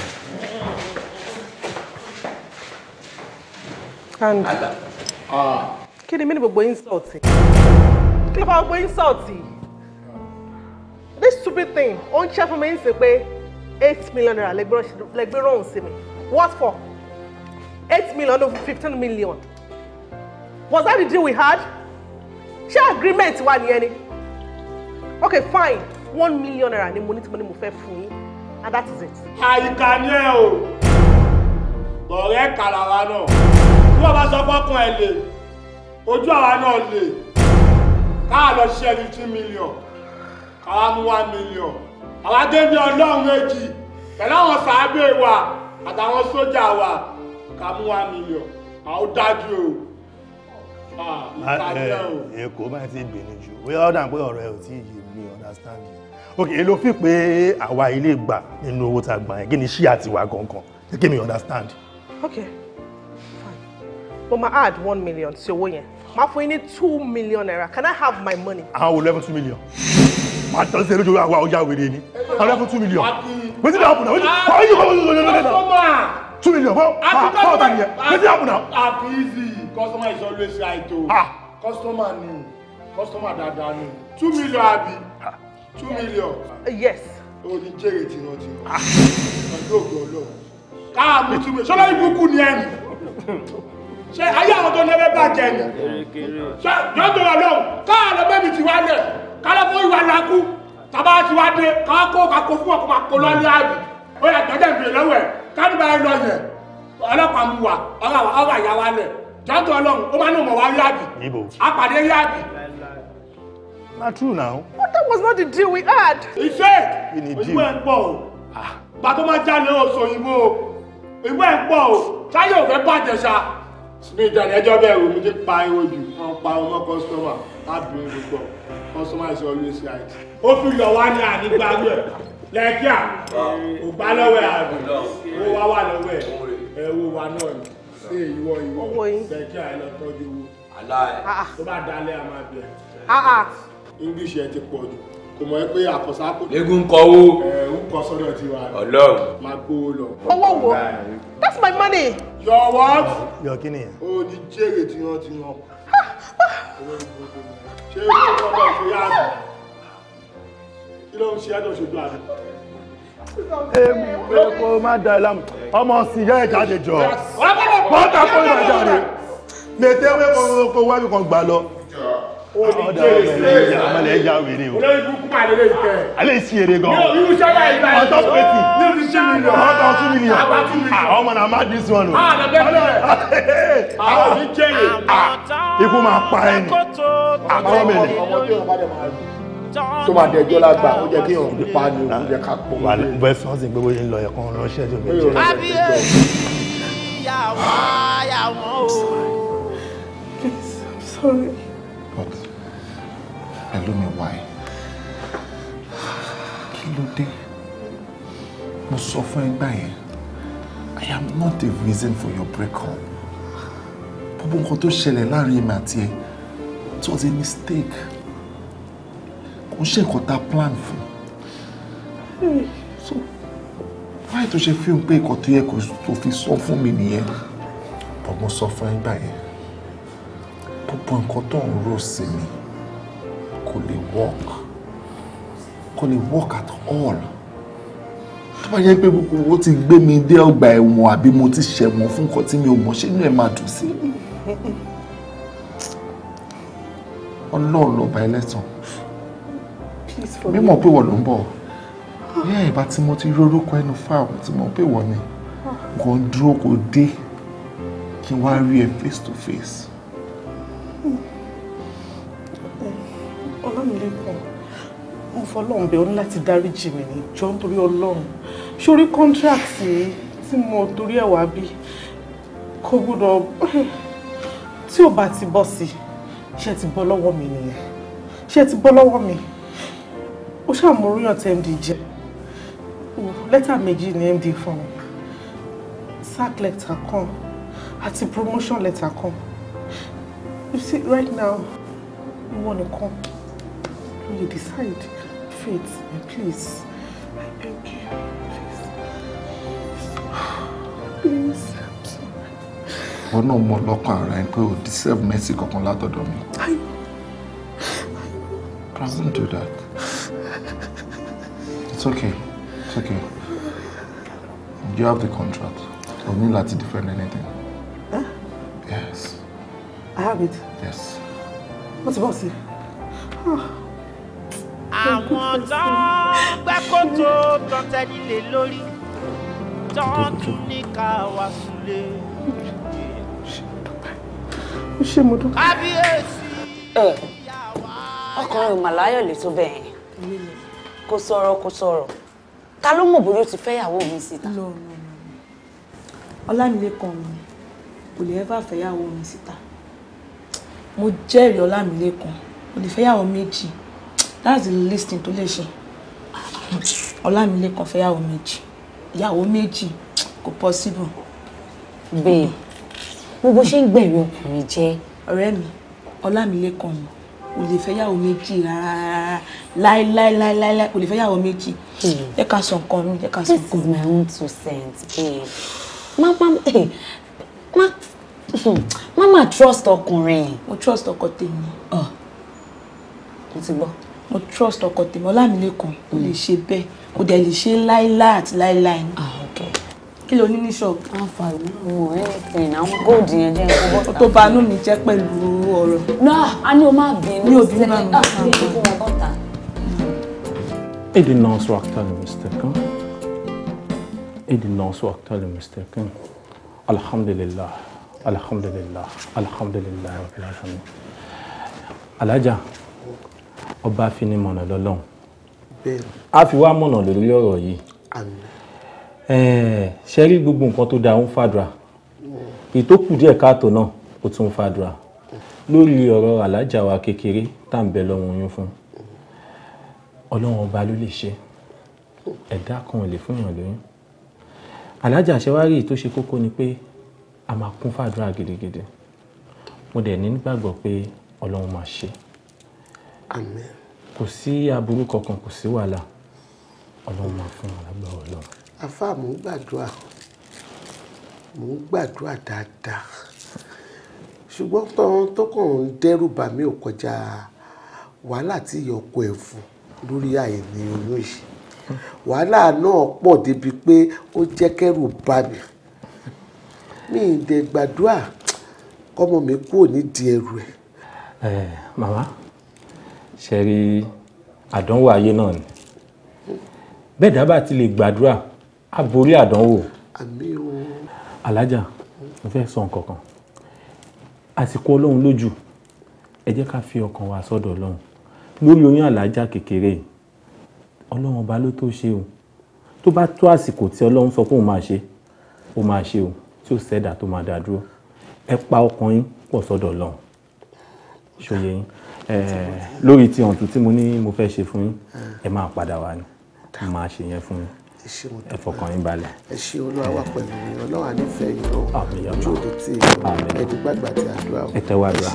Kí ni mí ni gbogbo insult? Kí ni gbogbo insult? everything ó ń ṣe fún mi ń sè pé eight million naira lẹgbẹ́ rọrùn sí mi what for eight million over fifteen million was that the deal we had ṣé agreement wà nìyẹn ni okay fine one million naira ni mo ní tí mo ní mo fẹ́ fún yín and that is it. àyíká ni ẹ o ọ̀rẹ́ kàlàwà náà bí wọ́n bá sọ pọ́kàn ẹ̀ lè ojú àwa náà lè káà lọ ṣe fifteen million àwa mú one million àwa débi ọlọ́run méjì pẹ̀lú àwọn sàábé wa àtàwọn sójà wa ká mú one million àwọn dájú o. èkó bá ti gbèlè jù bóyá ọ̀dà pé ọ̀rọ̀ ẹ̀ ò tí yé mi understand you. ok èló fi pé àwa ilé gbà nínú owó tá a gbà yẹn kí ni ṣí àtiwá gangan jẹ́ kí mi understand. ok fine mo máa add one million sí owó yẹn máa fún yín ní two million naira can i have my money. àwọn wo eleven two million màá tán sí ẹlójú àwa ọjà wèrè ni ọ̀rẹ́ fún two million wetin dey happen now? wetin why you come to the two million for for for ọ̀tá nìyẹn wetin happen now? happy easy customer is always right o oh. ah. customer ni customer dáadáa ni two million abi ah. two million. yes. o ní jèrè tìrantìrant pẹ̀lú òkè ọlọ́run káàmù two million ṣọlá ibùkún ni ẹnu ṣe ayé àwọn tó ní ẹgbẹ́ bàjẹ́ ni ṣe jọ́dọ̀ ọlọ́run káàlọ́ bẹ́ẹ̀ mi ti wálẹ̀. kálọ́fọ́ ìwà làákú taba ti wá dé káwá kó fún ọkọ̀ máa kó lọ́lé àbí ó yà tọ́jà ìbèrè lọ yẹ mu wa lẹ̀ jọ́tọ̀ ọlọ́run ó máa ń apàdé Not true now. But that was not the deal we had. Ife! Òyìnbó ń pọ̀ o. Ah. Bàtọ́ máa jáde oṣù òyìnbó o. Òyìnbó ń o. Táyé ò Smith pa ewo jù. pa ọmọ kọ́sítọ́mà lábìrin gbogbo. customer is always right. ó fi yọ̀ wá ní ànígbàgbẹ́ lẹ́kíà ò gbá lọ́wọ́ àbí ó wá wà lọ́wọ́ ẹ̀ ẹ wo wa náà ni ṣé ìwọ ìwọ lẹ́kíà ẹ lọ tọ́jú owó ah, ah. tó bá dalẹ̀ a máa bẹ̀. Ah, English ẹ ti pọ̀ jù kò mọ̀ pé àkọsá kò. lẹ́gùn kọ́ owó. ẹ ń kọ sọ́dọ̀ tiwa. Ọlọ́run. máa gbówó lọ. owó wo that's my money. your what. your kini. o ní jèrè tiyan tiyan ṣe ilé ìtọ́jọ́ ìṣòyà àná kí Ọmọ sì yá jáde jọ. Bọ́tà kó ìrìn àjáde. Mètè wé kó wá mi kan gbà lọ ọmọlẹ̀ ẹja wèrè o olórí burúkú máa lè kẹ́ ẹ̀ alẹ́ ìsí èrè gan irú sábà ìgbà yìí ọtọ́ pẹ̀tì ní ti ṣe mílíọ̀n ọtọ́ tún mílíọ̀n àwọn ọmọ náà má dín sí ọ̀nà àwọn òbí jẹ́rè ah, ikú máa pa ẹ̀ ní àkọ́ mi ni. tó máa dẹjọ́ lágbà ó jẹ́ kí èèyàn fi pa ni ó ah. jẹ́ ká pọ̀ wọlé. bẹ́ẹ̀ sọ́ọ̀sì gbogbo yìí ń lọ ẹ̀kan ránṣẹ́ tó mi jẹ́. Please, I'm sorry pẹ̀lú mi wáyé kí ló dé mo sọ fún ẹgbà yẹn I am not the reason for your breakup gbogbo nǹkan tó ṣẹlẹ̀ láàrin èmi àti ẹ it was a mistake kò ṣe nǹkan tá a plan fún so why tó ṣe fi hàn pé nǹkan tó yẹ kó tó fi sọ fún mi nìyẹn but mo sọ fún ẹgbà yẹn gbogbo nǹkan tó ń rò sí mi kò lè work kò lè work at all tó bá yẹ pé gbogbo owó ti gbé mi dé ọgbà ẹ̀wọ̀n àbí mo ti ṣẹ̀wọ̀n fún nǹkan tí mi ò mọ̀ ṣé inú ẹ̀ máa dùn sí mi ọlọ́run lọ́ba ẹlẹ́tàn mímọ̀ pé wọ́n ló ń bọ̀ yẹ́ ìbá tí mo ti rí orúkọ ẹnu fáwọn tí mo pè wọ́n ni ah. kò ń dúró kò dé kí n wá rí ẹ face to face. Mm. Ọlámilékan mo fọlọ́run bẹ̀ ọ́ ní láti dáríjì mi ní jọ́ nítorí ọlọ́run sórí kọ́ńtíráàtì tí mo torí ẹ̀ wá bí kò gbọ́dọ̀ tí ò bá ti bọ́ sí ṣe ti bọ́ lọ́wọ́ mi nìyẹn ṣe ti bọ́ lọ́wọ́ mi ó ṣàmúríyàn tí md jẹ lẹ́tà méjì ní md fún sack letter kan àti promotion letter kan you see right now ìwọ nìkan you decide. Faith, please. I beg you. Please. Please. I'm sorry. Wọ́n náà mọ lọ́kàn ara deserve mercy kankan látọ̀dọ̀ mi. I know. I won't do that. It's okay. It's okay. You have the contract. O ní láti defend anything. Huh? Yes. I have it. Yes. What's about it? Oh àwọn tó gbẹ́ kótó tán tẹ́lílé lórí tán tún ní ká wá sílé. ó ṣe mo dúpẹ́. kábíyèsí. ọkùnrin ìmàláyọ̀ lè tó bẹ́ẹ̀ kò sọ̀rọ̀ kò sọ̀rọ̀ ta ló mọ̀ bóyá ó ti fẹ́yàwó mi síta. ọlámilékan mi kò lè ẹ́fà fẹ́yàwó mi síta mo jẹ́rìí ọlámilékan mo lè fẹ́yàwó méjì that's the least thing tó lè ṣe ọlámilékan fẹ́ yàwó méjì ìyàwó méjì kò possible. bẹ́ẹ̀ mo bó ṣe ń gbẹ̀rù ọkùnrin jẹ́. ọ̀rẹ́ mi ọlámilékan mi kò lè fẹ́ yàwó méjì rárá láíláíláíláí kò lè fẹ́ yàwó méjì jẹ́ ká sọ nǹkan mi jẹ́ ká sọ nǹkan mi. this is my own two cents babe. má má eh, má má trust okunrin. mo trust ọkọ tèmi. Ah. mo ti gbọ́ mo trust ọkọ tèmi ọlámilẹ́kan ó lè ṣe bẹ́ẹ̀ ó dẹ̀ lè ṣe láíláí àti láíláí ni. Ah, kí ló ní ní ṣọ́ọ̀bù. àǹfààní wo ẹ ẹ náà góòdù yẹn jẹ́ ẹ̀kọ́ bọ́ta. tó bá inú mi jẹ́ pẹ̀lú ọ̀rọ̀. náà a ní o máa bínú. ní òbí máa ń bá a. Ed il nostro attore mistaken. Ed il nostro attore mistaken. Alhamdulillah. Alhamdulillah. Alhamdulillah. Alhamdulillah. Alájà ọba afinimọ̀nà lọ́lọ́run a fi wá mọ̀nà lórí ọ̀rọ̀ yìí ṣe rí gbogbo nǹkan tó dáa ń fàdúrà ìtókù díẹ̀ káàtó náà ó tún ń fàdúrà lórí ọ̀rọ̀ alájà wa kékeré tá à ń bẹ lọ́wọ́ oyún fún ọlọ́run ọba ló lè ṣe ẹ̀dá kan ò lè fún èèyàn lóyún alájà àṣewárí tó ṣe kókó ni pé a máa kún fàdúrà gidigidi mo dẹ̀ ní nígbàgbọ́ pé ọlọ́run máa ṣe àmín. kò sí aburú kankan kò sí wàhálà ọlọ́run máa fún wa lágbára ọlọ́run. àfa mò ń gbàdúrà mò ń gbàdúrà dáadáa ṣùgbọ́n tọ́hún tó kàn ń dẹ́rù bà mí ò kọjá wàhálà tí ìyọkọ ẹ̀ fún lórí àìní oyún yìí wàhálà náà pọ̀ débi pé ó jẹ́ kẹ́rù bà mí mi ì dẹ̀ gbàdúrà kọ́mọ mi kúrò nídìí ẹrù ẹ̀. ẹ màmá ṣe rí àdánwò ayé náà ni bẹ́ẹ̀ dábà ti lè gbàdúrà á borí àdánwò alájà mo fẹ́ sọ nǹkan kan àsìkò ọlọ́run lójú ẹ jẹ́ ká fi ọkàn wa sọ́dọ̀ ọlọ́run lórí oyún alájà kékeré ọlọ́run ọba ló tó ṣe o tó bá tó àsìkò tí ọlọ́run sọ pé òun máa ṣe ó máa ṣe o tí ó ṣẹ̀dá tó máa dá dúró ẹ pa ọkàn yín pọ̀ sọ́dọ̀ ọlọ́run ṣòye yín Eh, lórí ti ọ̀tún tí mo ní mo fẹ́ ṣe fún yín ẹ máa padà wá ni máa ṣe yẹn fún yín ẹ fọkàn yín balẹ̀. ẹ ṣe olúwa wà pẹ̀lú mi ọlọ́wà nífẹ̀ẹ́ yìí lọ ojú òde tí ẹ̀dùgbàgbà ti àdúrà ọ̀ ẹ tẹ́wọ́ àdúrà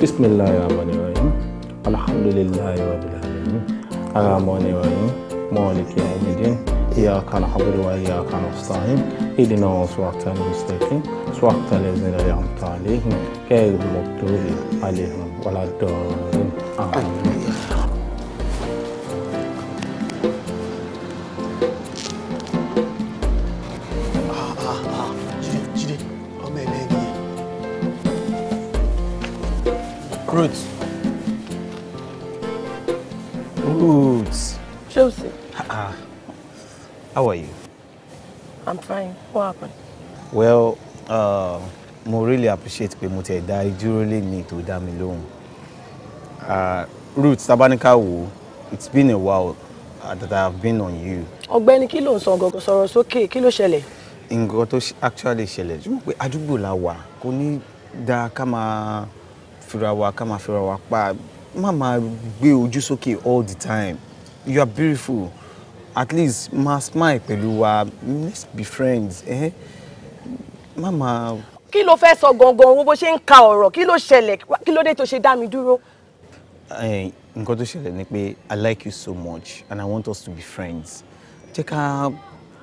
bisimilayi ramani rahim alhamdulilayi rabil alamin aramani rahim mọ̀ọ́lì kí ọmọdé. كان ويا كان وإياك إلى اهدنا وقت المستقيم صراط الذين أنعمت عليهم غير المغضوب عليهم ولا الضالين آمين happen? Well, uh, mo really appreciate pé mo tẹ̀ dá ìdúró lé mi tó dá mi lóhùn. Ah, Ruth Tabanika wo, it's been a while that I have been on you. Ọ̀gbẹ́ni kí ló ń sọ gọ̀gọ̀ sọ̀rọ̀ sókè kí ló ṣẹlẹ̀? Nǹkan tó actually ṣẹlẹ̀ jù pé àdúgbò la wà kò ní dáa ká máa fira wa ká máa fira wa pa má máa gbé ojú sókè all the time. You are beautiful at least máa smile pẹ̀lú wa let's be friends eh? mama. kí ló fẹ́ sọ gangan owó bó ṣe ń ka ọ̀rọ̀ kí ló ṣẹlẹ̀ kí ló dé tó ṣe dá mi dúró. Eh, nǹkan tó ṣẹlẹ̀ ni pé i like you so much and i want us to be friends jẹ́ ká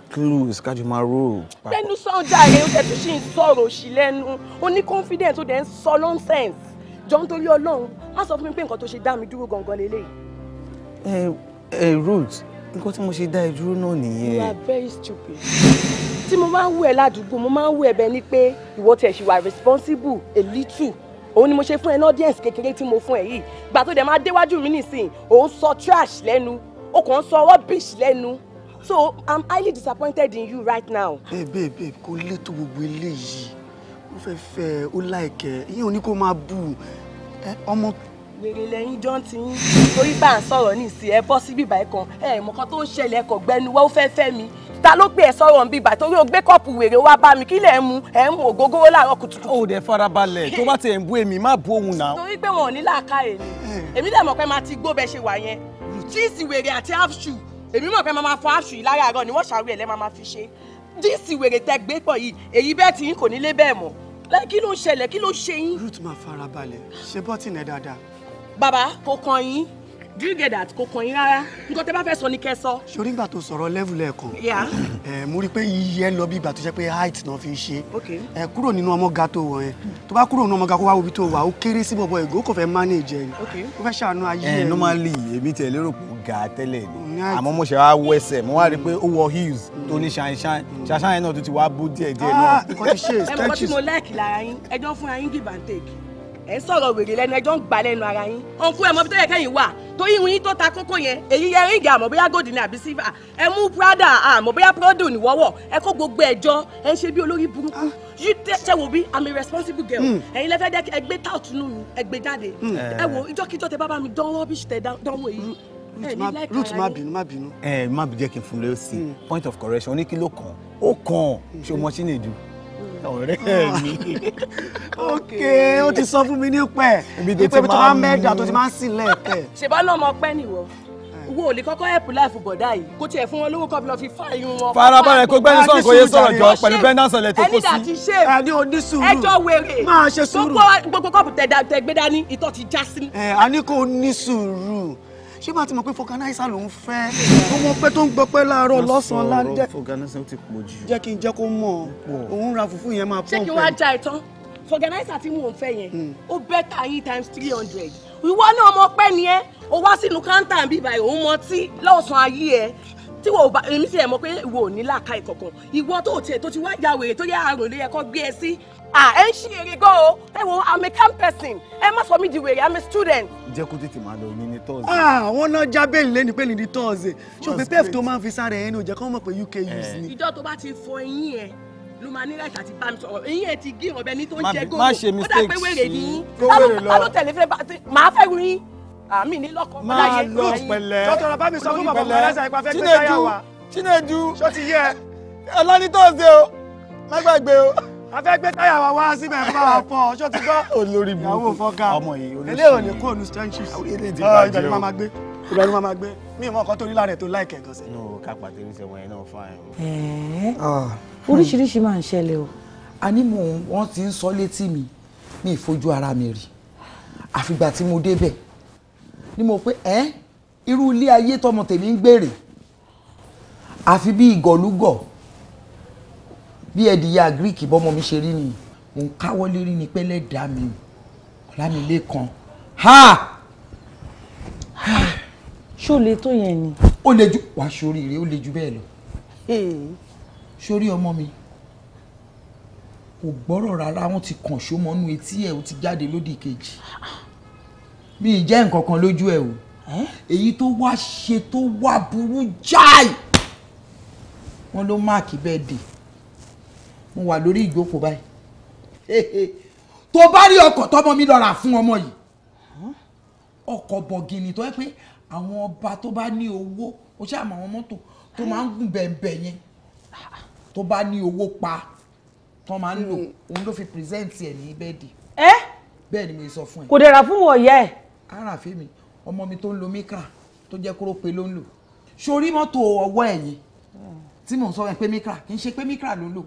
close kájú máa rò. lẹ́nu sọ́jà rẹ̀ ó tẹ̀sí sí ń sọ̀rọ̀ sí lẹ́nu ó ní confidence ó dẹ̀ ń sọ nonsense jọ nítorí ọlọ́run má sọ fún mi pé nǹkan tó ṣe dá mi dúró gangan lélẹ́yìí. Eh, eh, ruth nǹkan tí mo ṣe dá ẹ náà nìyẹn. you are very stupid. tí mo máa ń wù ẹ ládùúgbò mo máa ń wù ẹ bẹ́ẹ̀ ni pé ìwọ tẹ̀ ṣì wà responsible a little òun ni mo ṣe fún ẹ ní audience kékeré tí mo fún ẹ yìí gbà tó dẹ̀ máa déwájú mi nìsín òun sọ trash lẹ́nu O kàn ń sọ rubbish lẹ́nu so i'm highly disappointed in you right now. babe babe babe kò lè tó gbogbo eléyìí ó fẹ́ fẹ́ ó láìkẹ́ ìyẹn ò ní kó máa bù ọmọ wèrè lẹ́yìn jọ́ ti ń torí bá ń sọ̀rọ̀ ní ìsìn ẹ bọ́ sí bíbá ẹ kan ẹ mọ̀ kan tó ń ṣẹlẹ̀ ẹ̀kọ́ gbẹnu wọ́n fẹ́ fẹ́ mi ta ló gbé ẹ sọ̀rọ̀ ń bíbá torí o gbé kọ́ọ̀pù wèrè wá bá mi kí lẹ̀ ń mu ẹ̀ ń mu ògógóró láàárọ̀ kùtùkùtù. ó dẹ̀ farabalẹ̀ tó bá tẹ̀ ń bú èmi má bú òun náà. torí pé wọn ò ní làákà èmi eh. èmi dẹ̀ mọ̀ pé máa ti gbó ṣe wà yẹn jíìsì wèrè àti áfṣù èmi mọ̀ pé máa fọ áfṣù yìí lára ni wọ́n ṣàwé ẹ̀ lẹ́ máa fi ṣe jíìsì wèrè tẹ gbé pọ̀ yìí èyí bẹ́ẹ̀ tí yín kò ní lé bẹ́ẹ̀ mọ̀ kí ló ń ṣẹlẹ̀ kí ló ṣe yín. Ruth máa farabalẹ̀ ṣe bọ́tìnì dáadáa Baba, kò kàn yín do you get that kò kàn yín rárá nǹkan tẹ́ bá fẹ́ sọ ni kẹ́ sọ. sori ngbà tó sọ̀rọ̀ level ẹ̀kan e ẹ eh, mo rí i pé iye lọ bí ìgbà tó ṣe pé height náà fi ń ṣe ẹ eh, kúrò nínú ọmọ ga tó wọ̀ yẹn tó bá kúrò nínú ọmọ ga kó wá wo ibi tó wà ó kéré sí bọ̀bọ̀ ẹ̀gọ́ kò fẹ́ manage ẹ̀ ni ó fẹ́ ṣàánú ayé eh, ẹ̀ normally èmi tẹ̀ lérò pé ga tẹ́lẹ̀ ni àmọ́ mo ṣe wá wọ ẹsẹ̀ mo wá rí i pé ó wọ heels tó ní ṣanṣan ṣanṣan yẹn náà tó ti wá bú díẹ̀díẹ̀ ah, náà. ẹ mọ̀ tí mo like lára yín ẹjọ́ fún yín give and take ẹ ń sọ̀rọ̀ wèrè lẹ́nu ẹjọ́ ń gbà lẹ́nu ara yín ọ̀n fún ẹ mọ bí tẹ́lẹ̀ kẹ́yìn wà torí irun yín tó ta kókó yẹn èyí yẹ ríngì àmọ́ bóyá gòdì ni àbí sílvà ẹ mú prada àmọ́ bóyá prodo ni wọ́wọ́ ẹ kó gbogbo ẹjọ́ ẹ ṣe bí olórí burúkú yí ṣe wò bí i'm a responsible girl hmm. ẹ̀yin lẹ́fẹ́ jẹ́ ẹ gbé táùtù nù mí ẹ gbé jáde hmm. ẹ wò ìjọ́kíjọ́ tẹ bá bá mi dán rọ́bìṣì tẹ dánwò yìí hmm. ruth má bínú má bínú. ẹ eh, má jẹ́ kí n fún lé sí point of correction oníkìló kan ó kàn ṣé o mọ sínú ìdú ọ̀rẹ́ ah. mi. ok ó ti sọ fún mi nípa ẹ̀ nípa ibi tó máa ń mẹ́ẹ̀dà tó ti máa ń sílẹ̀ tẹ̀. ṣèbá náà mọ pẹ́ nìwọ ah. wo ò lè kọ́kọ́ ẹ̀pù láìfù bọ̀dá yìí kó tiẹ̀ fún wọn lówó kọ́ bí lọ́ọ́ fi fá irun wọn. farabalẹ̀ kó gbẹ́ni sọ̀rọ̀ kó yé sọ̀rọ̀ jọ pẹ̀lú bẹ́ńdàsán lẹ̀ tó kó sí. ẹni dàtí ṣe ẹni òní sùúrù ẹjọ́ wèrè máa ṣe sùúrù gbogbo kọ́ọ̀pù tẹ̀gbẹ́dání ìtọ́ ti já sí. ẹ a ní kò ní sùúrù ṣé bá ti mọ̀ pé fọganáísà ló ń fẹ́ ọmọ pẹ́ tó ń gbọpẹ́ láàárọ̀ lọ́sàn-án láńjẹ́ fọganáísà ti pọ̀ jù jẹ́ kí n jẹ́ kó mọ̀ òun ra fùfú yẹn máa pọ̀ pẹ́ ṣé kí wàá ja ìtàn fọganáísà tí mò ń fẹ́ yẹn hmm. ó bẹ́tà times three hundred ìwọ náà ọmọ pẹ́ ni ẹ́ o wá sínú káńtà bíbá ẹ̀ òun mọtí lọ́sàn-án ayé ẹ̀ tí wọn ò bá èmi ti ẹ̀ mọ̀ pé ìwọ ò ní làákà ìkọ̀kan ìwọ tó tiẹ̀ tó ti wá ya wèrè tó yẹ àrùn ló yẹ kó gbé ẹ sí. à ẹ ń ṣí eré gan o ẹ wo i'm a camp person ẹ má sọ mí di wèrè i'm a student. jẹ́ kó tètè máa lọ ní ní tọ́ọ̀sì. àwọn náà jábẹ́ ìlé ni pé ní tọ́ọ̀sì ṣò pé pef tó máa ń fi sára ẹni ò jẹ́ kó mọ̀ pé uk use eh. ni. ìjọ tó bá ti fọ eyín ẹ ló máa ní láìka àti bá mi sọ̀rọ̀ eyín ẹ ti gé ọ̀bẹ ní tó ń jẹ gógó ó dà pé wèrè ní í àmì ní lọ́kọ máa lọ pẹ̀lẹ́ dókítà bá mi sọ fún bàbá mi ipa fẹ́ gbé táyà wa Chinedu ṣó ti yẹ ọlọ́ni tó o má o. a fẹ́ gbé táyà wa wá síbẹ̀ fún àwọn ọ̀pọ̀ ṣó ti gbọ́. olórí burúkú ìyàwó fọ́gà ọmọ yìí olóṣèlú eléyìí ò ní kó onú strangers ìgbà ni màmá gbé ìgbà ni màmá gbé mi ìmọ̀ nǹkan tó rí lára ẹ̀ tó láìkẹ̀ gan sí. nù ká pàtẹ ní sẹ́wọ̀n yẹn náà fáìn. Ah. oríṣiríṣi máa ń ṣẹlẹ̀ o. a ní mò ń wọ́n ti ń sọ létí mi mi ìfojú ara mi rí àfìgbà tí mo débẹ̀ ni mo pé ẹ́ irú ilé ayé tọmọ tèmi ń gbèrè àfi bí ìgọ̀lúgọ̀ bí ẹ̀dìyà gíríkì bọ́mọ mi ṣe rí ni mò ń káwọ́ lérí ni pẹ́lẹ́ dá mi ọ̀làmìlẹ́kan ha ṣó le tó yẹn ni. ó le ju wàá sórí rẹ o le ju bẹ́ẹ̀ lọ sórí ọmọ mi kò gbọ́rọ̀ rárá wọ́n ti kàn ṣó mọ́nú etí ẹ̀ ó ti jáde lódì kejì mi ì jẹ́ nǹkan kan lójú ẹ o èyí tó wá ṣe tó wá burú jáì wọn ló máàkì bẹ́ẹ̀ dè mo wà lórí ìjókòó báyìí tó bá rí ọkọ̀ tọmọ mi lọ rà fún ọmọ yìí ọkọ̀ bọ̀gìnì tó yẹ pé àwọn ọba tó bá ní owó o ṣáà mọ àwọn mọ́tò tó máa ń gùn bẹ̀ẹ̀bẹ̀ yẹn tó bá ní owó pa tó máa ń lò hmm. òun ló fi pírẹsẹ̀ǹtì ẹ̀ ní bẹ́ẹ̀dì. ẹ bẹ́ẹ̀ ni mo sọ fún ẹ. kò dẹ̀ fún wọ̀nyẹ́ ẹ̀ ara fèmí ọmọ mi tó ń lo micra tó jẹ́ kóró pe ló ń lò sórí mọ́tò ọwọ́ ẹ̀yìn tí mò ń sọ yẹn pé micra kì í ṣe pé micra ló ń lò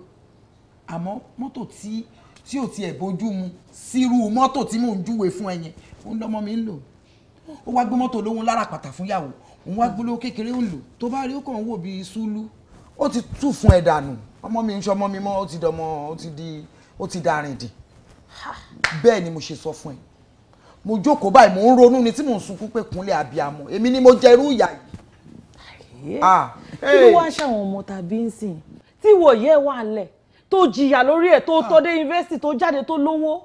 àmọ́ mọ́tò tí tí ò tiẹ̀ bójú mu sírú mọ́tò tí mò ń júwe fún ẹ yẹn òun lọ́mọ mi ń lò ó wá gbé mọ́tò lóhun lára pàtà fún òun wá gbé kékeré ń lò tó bá rí ó kàn wò bíi súlú ó ti tú fún ẹ dànù ọmọ mi ń ṣe mi mọ́ ó ti dọmọ ó ti di ó ti darìn dì bẹ́ẹ̀ ni mo ṣe sọ fún ẹ mo jókòó báyìí mò ń ronú ni tí mò ń sunkún pé kúnlẹ̀ abiyamọ èmi ni mo jẹ irú ìyà yìí. kí ló wá ṣàwọn ọmọ tàbí ń sìn tí ìwọ yẹ wà lẹ̀ tó jìyà lórí ẹ̀ tó tọ́ dé yunifásitì tó jáde tó lówó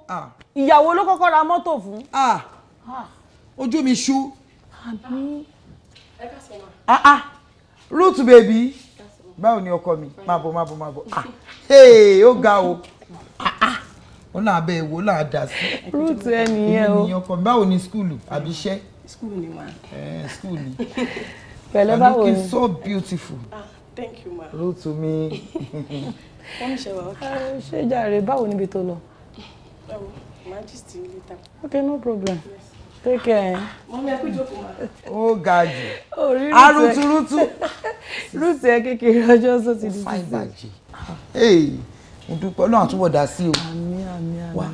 ìyàwó ló kọ́kọ́ ra mọ́tò fún. ojú mi ṣú. root baby báwo ni ọkọ mi máa bọ̀ máa bọ̀ máa bọ̀ ó ga o ó là bẹ wo là dà sí. rúùtù ẹ nìyẹn o èmi ọkọ báwo ni skulu àbí iṣẹ́. skulu ni ma. ẹ skulu ni. pẹ̀lú báwo ni. you so beautiful. ah thank you ma. rúùtù mi. wọ́n ń ṣe wà ó. Ah, ṣé jàre báwo níbi tó lọ. báwo majesty ń lè ta. okay no problem. Yes. Take care. Mọ́mí ẹ kú ìjókòó ma. Ó ga jù. Orí oh, rútu ẹ. Arúturútu. Ah, rútu ẹ kékeré ọjọ́ sọ́tì dídí. Fáìbàjì mo dúpẹ́ ọlọ́run àtúbọ̀ sí o wá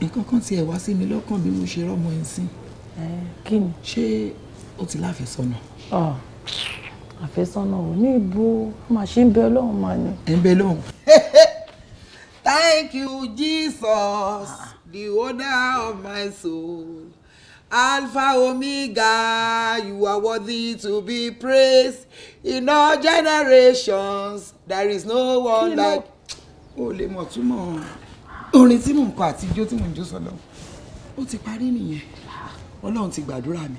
nǹkan kan tiẹ̀ wá sí mi lọ́kàn bí mo ṣe rọ́mọ yín sí. kí ni. ṣé o ti láfẹ́sọ́nà. àfẹ́sọ́nà ò ní ibo máa ṣe ń bẹ ọlọ́run máa ní. ẹ ń bẹ lọ́hùn. Thank you, Jesus, ah. the owner of my soul. Alpha Omega, you are worthy to be praised. In all generations, there is no one like o lè mọ̀ túmọ̀ orin tí mò ń kọ àti ijó tí mò ń jó sọ lọ́wọ́ ó ti parí nìyẹn ọlọ́run ti gbàdúrà mi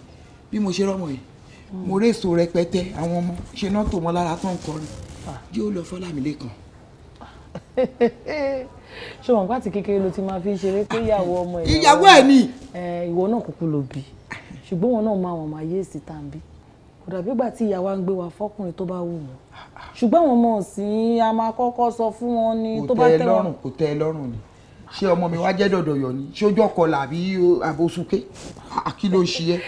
bí mo ṣe rọ́mọ yìí mo réso rẹpẹtẹ àwọn ọmọ ṣe náà tò mọ́ lára tó ń kọrin jí ó lọ Fọlámilékan. ṣé wọn gbà tí kékeré ló ti máa fi ṣeré pé ìyàwó ọmọ ìyàwó ẹ ni ìwọ náà kúkú ló bí ṣùgbọ́n wọn náà máa wọn máa yé èsì tàbí kò dàbí ìgbà tí ìyá wa ń gbé wa fọkùnrin tó bá wù wọ́n ṣùgbọ́n àwọn ọmọ ọ̀sìn a máa kọ́kọ́ sọ fún wọn ni tó bá tẹ̀ wọ́n. kò tẹ́ ẹ lọ́rùn ni ṣé ọmọ mi wá jẹ́ dọ̀dọ̀ yọ̀ ni ṣé ojú ọkọ̀ làbí àbòsùnké kí ló ń ṣe ẹ́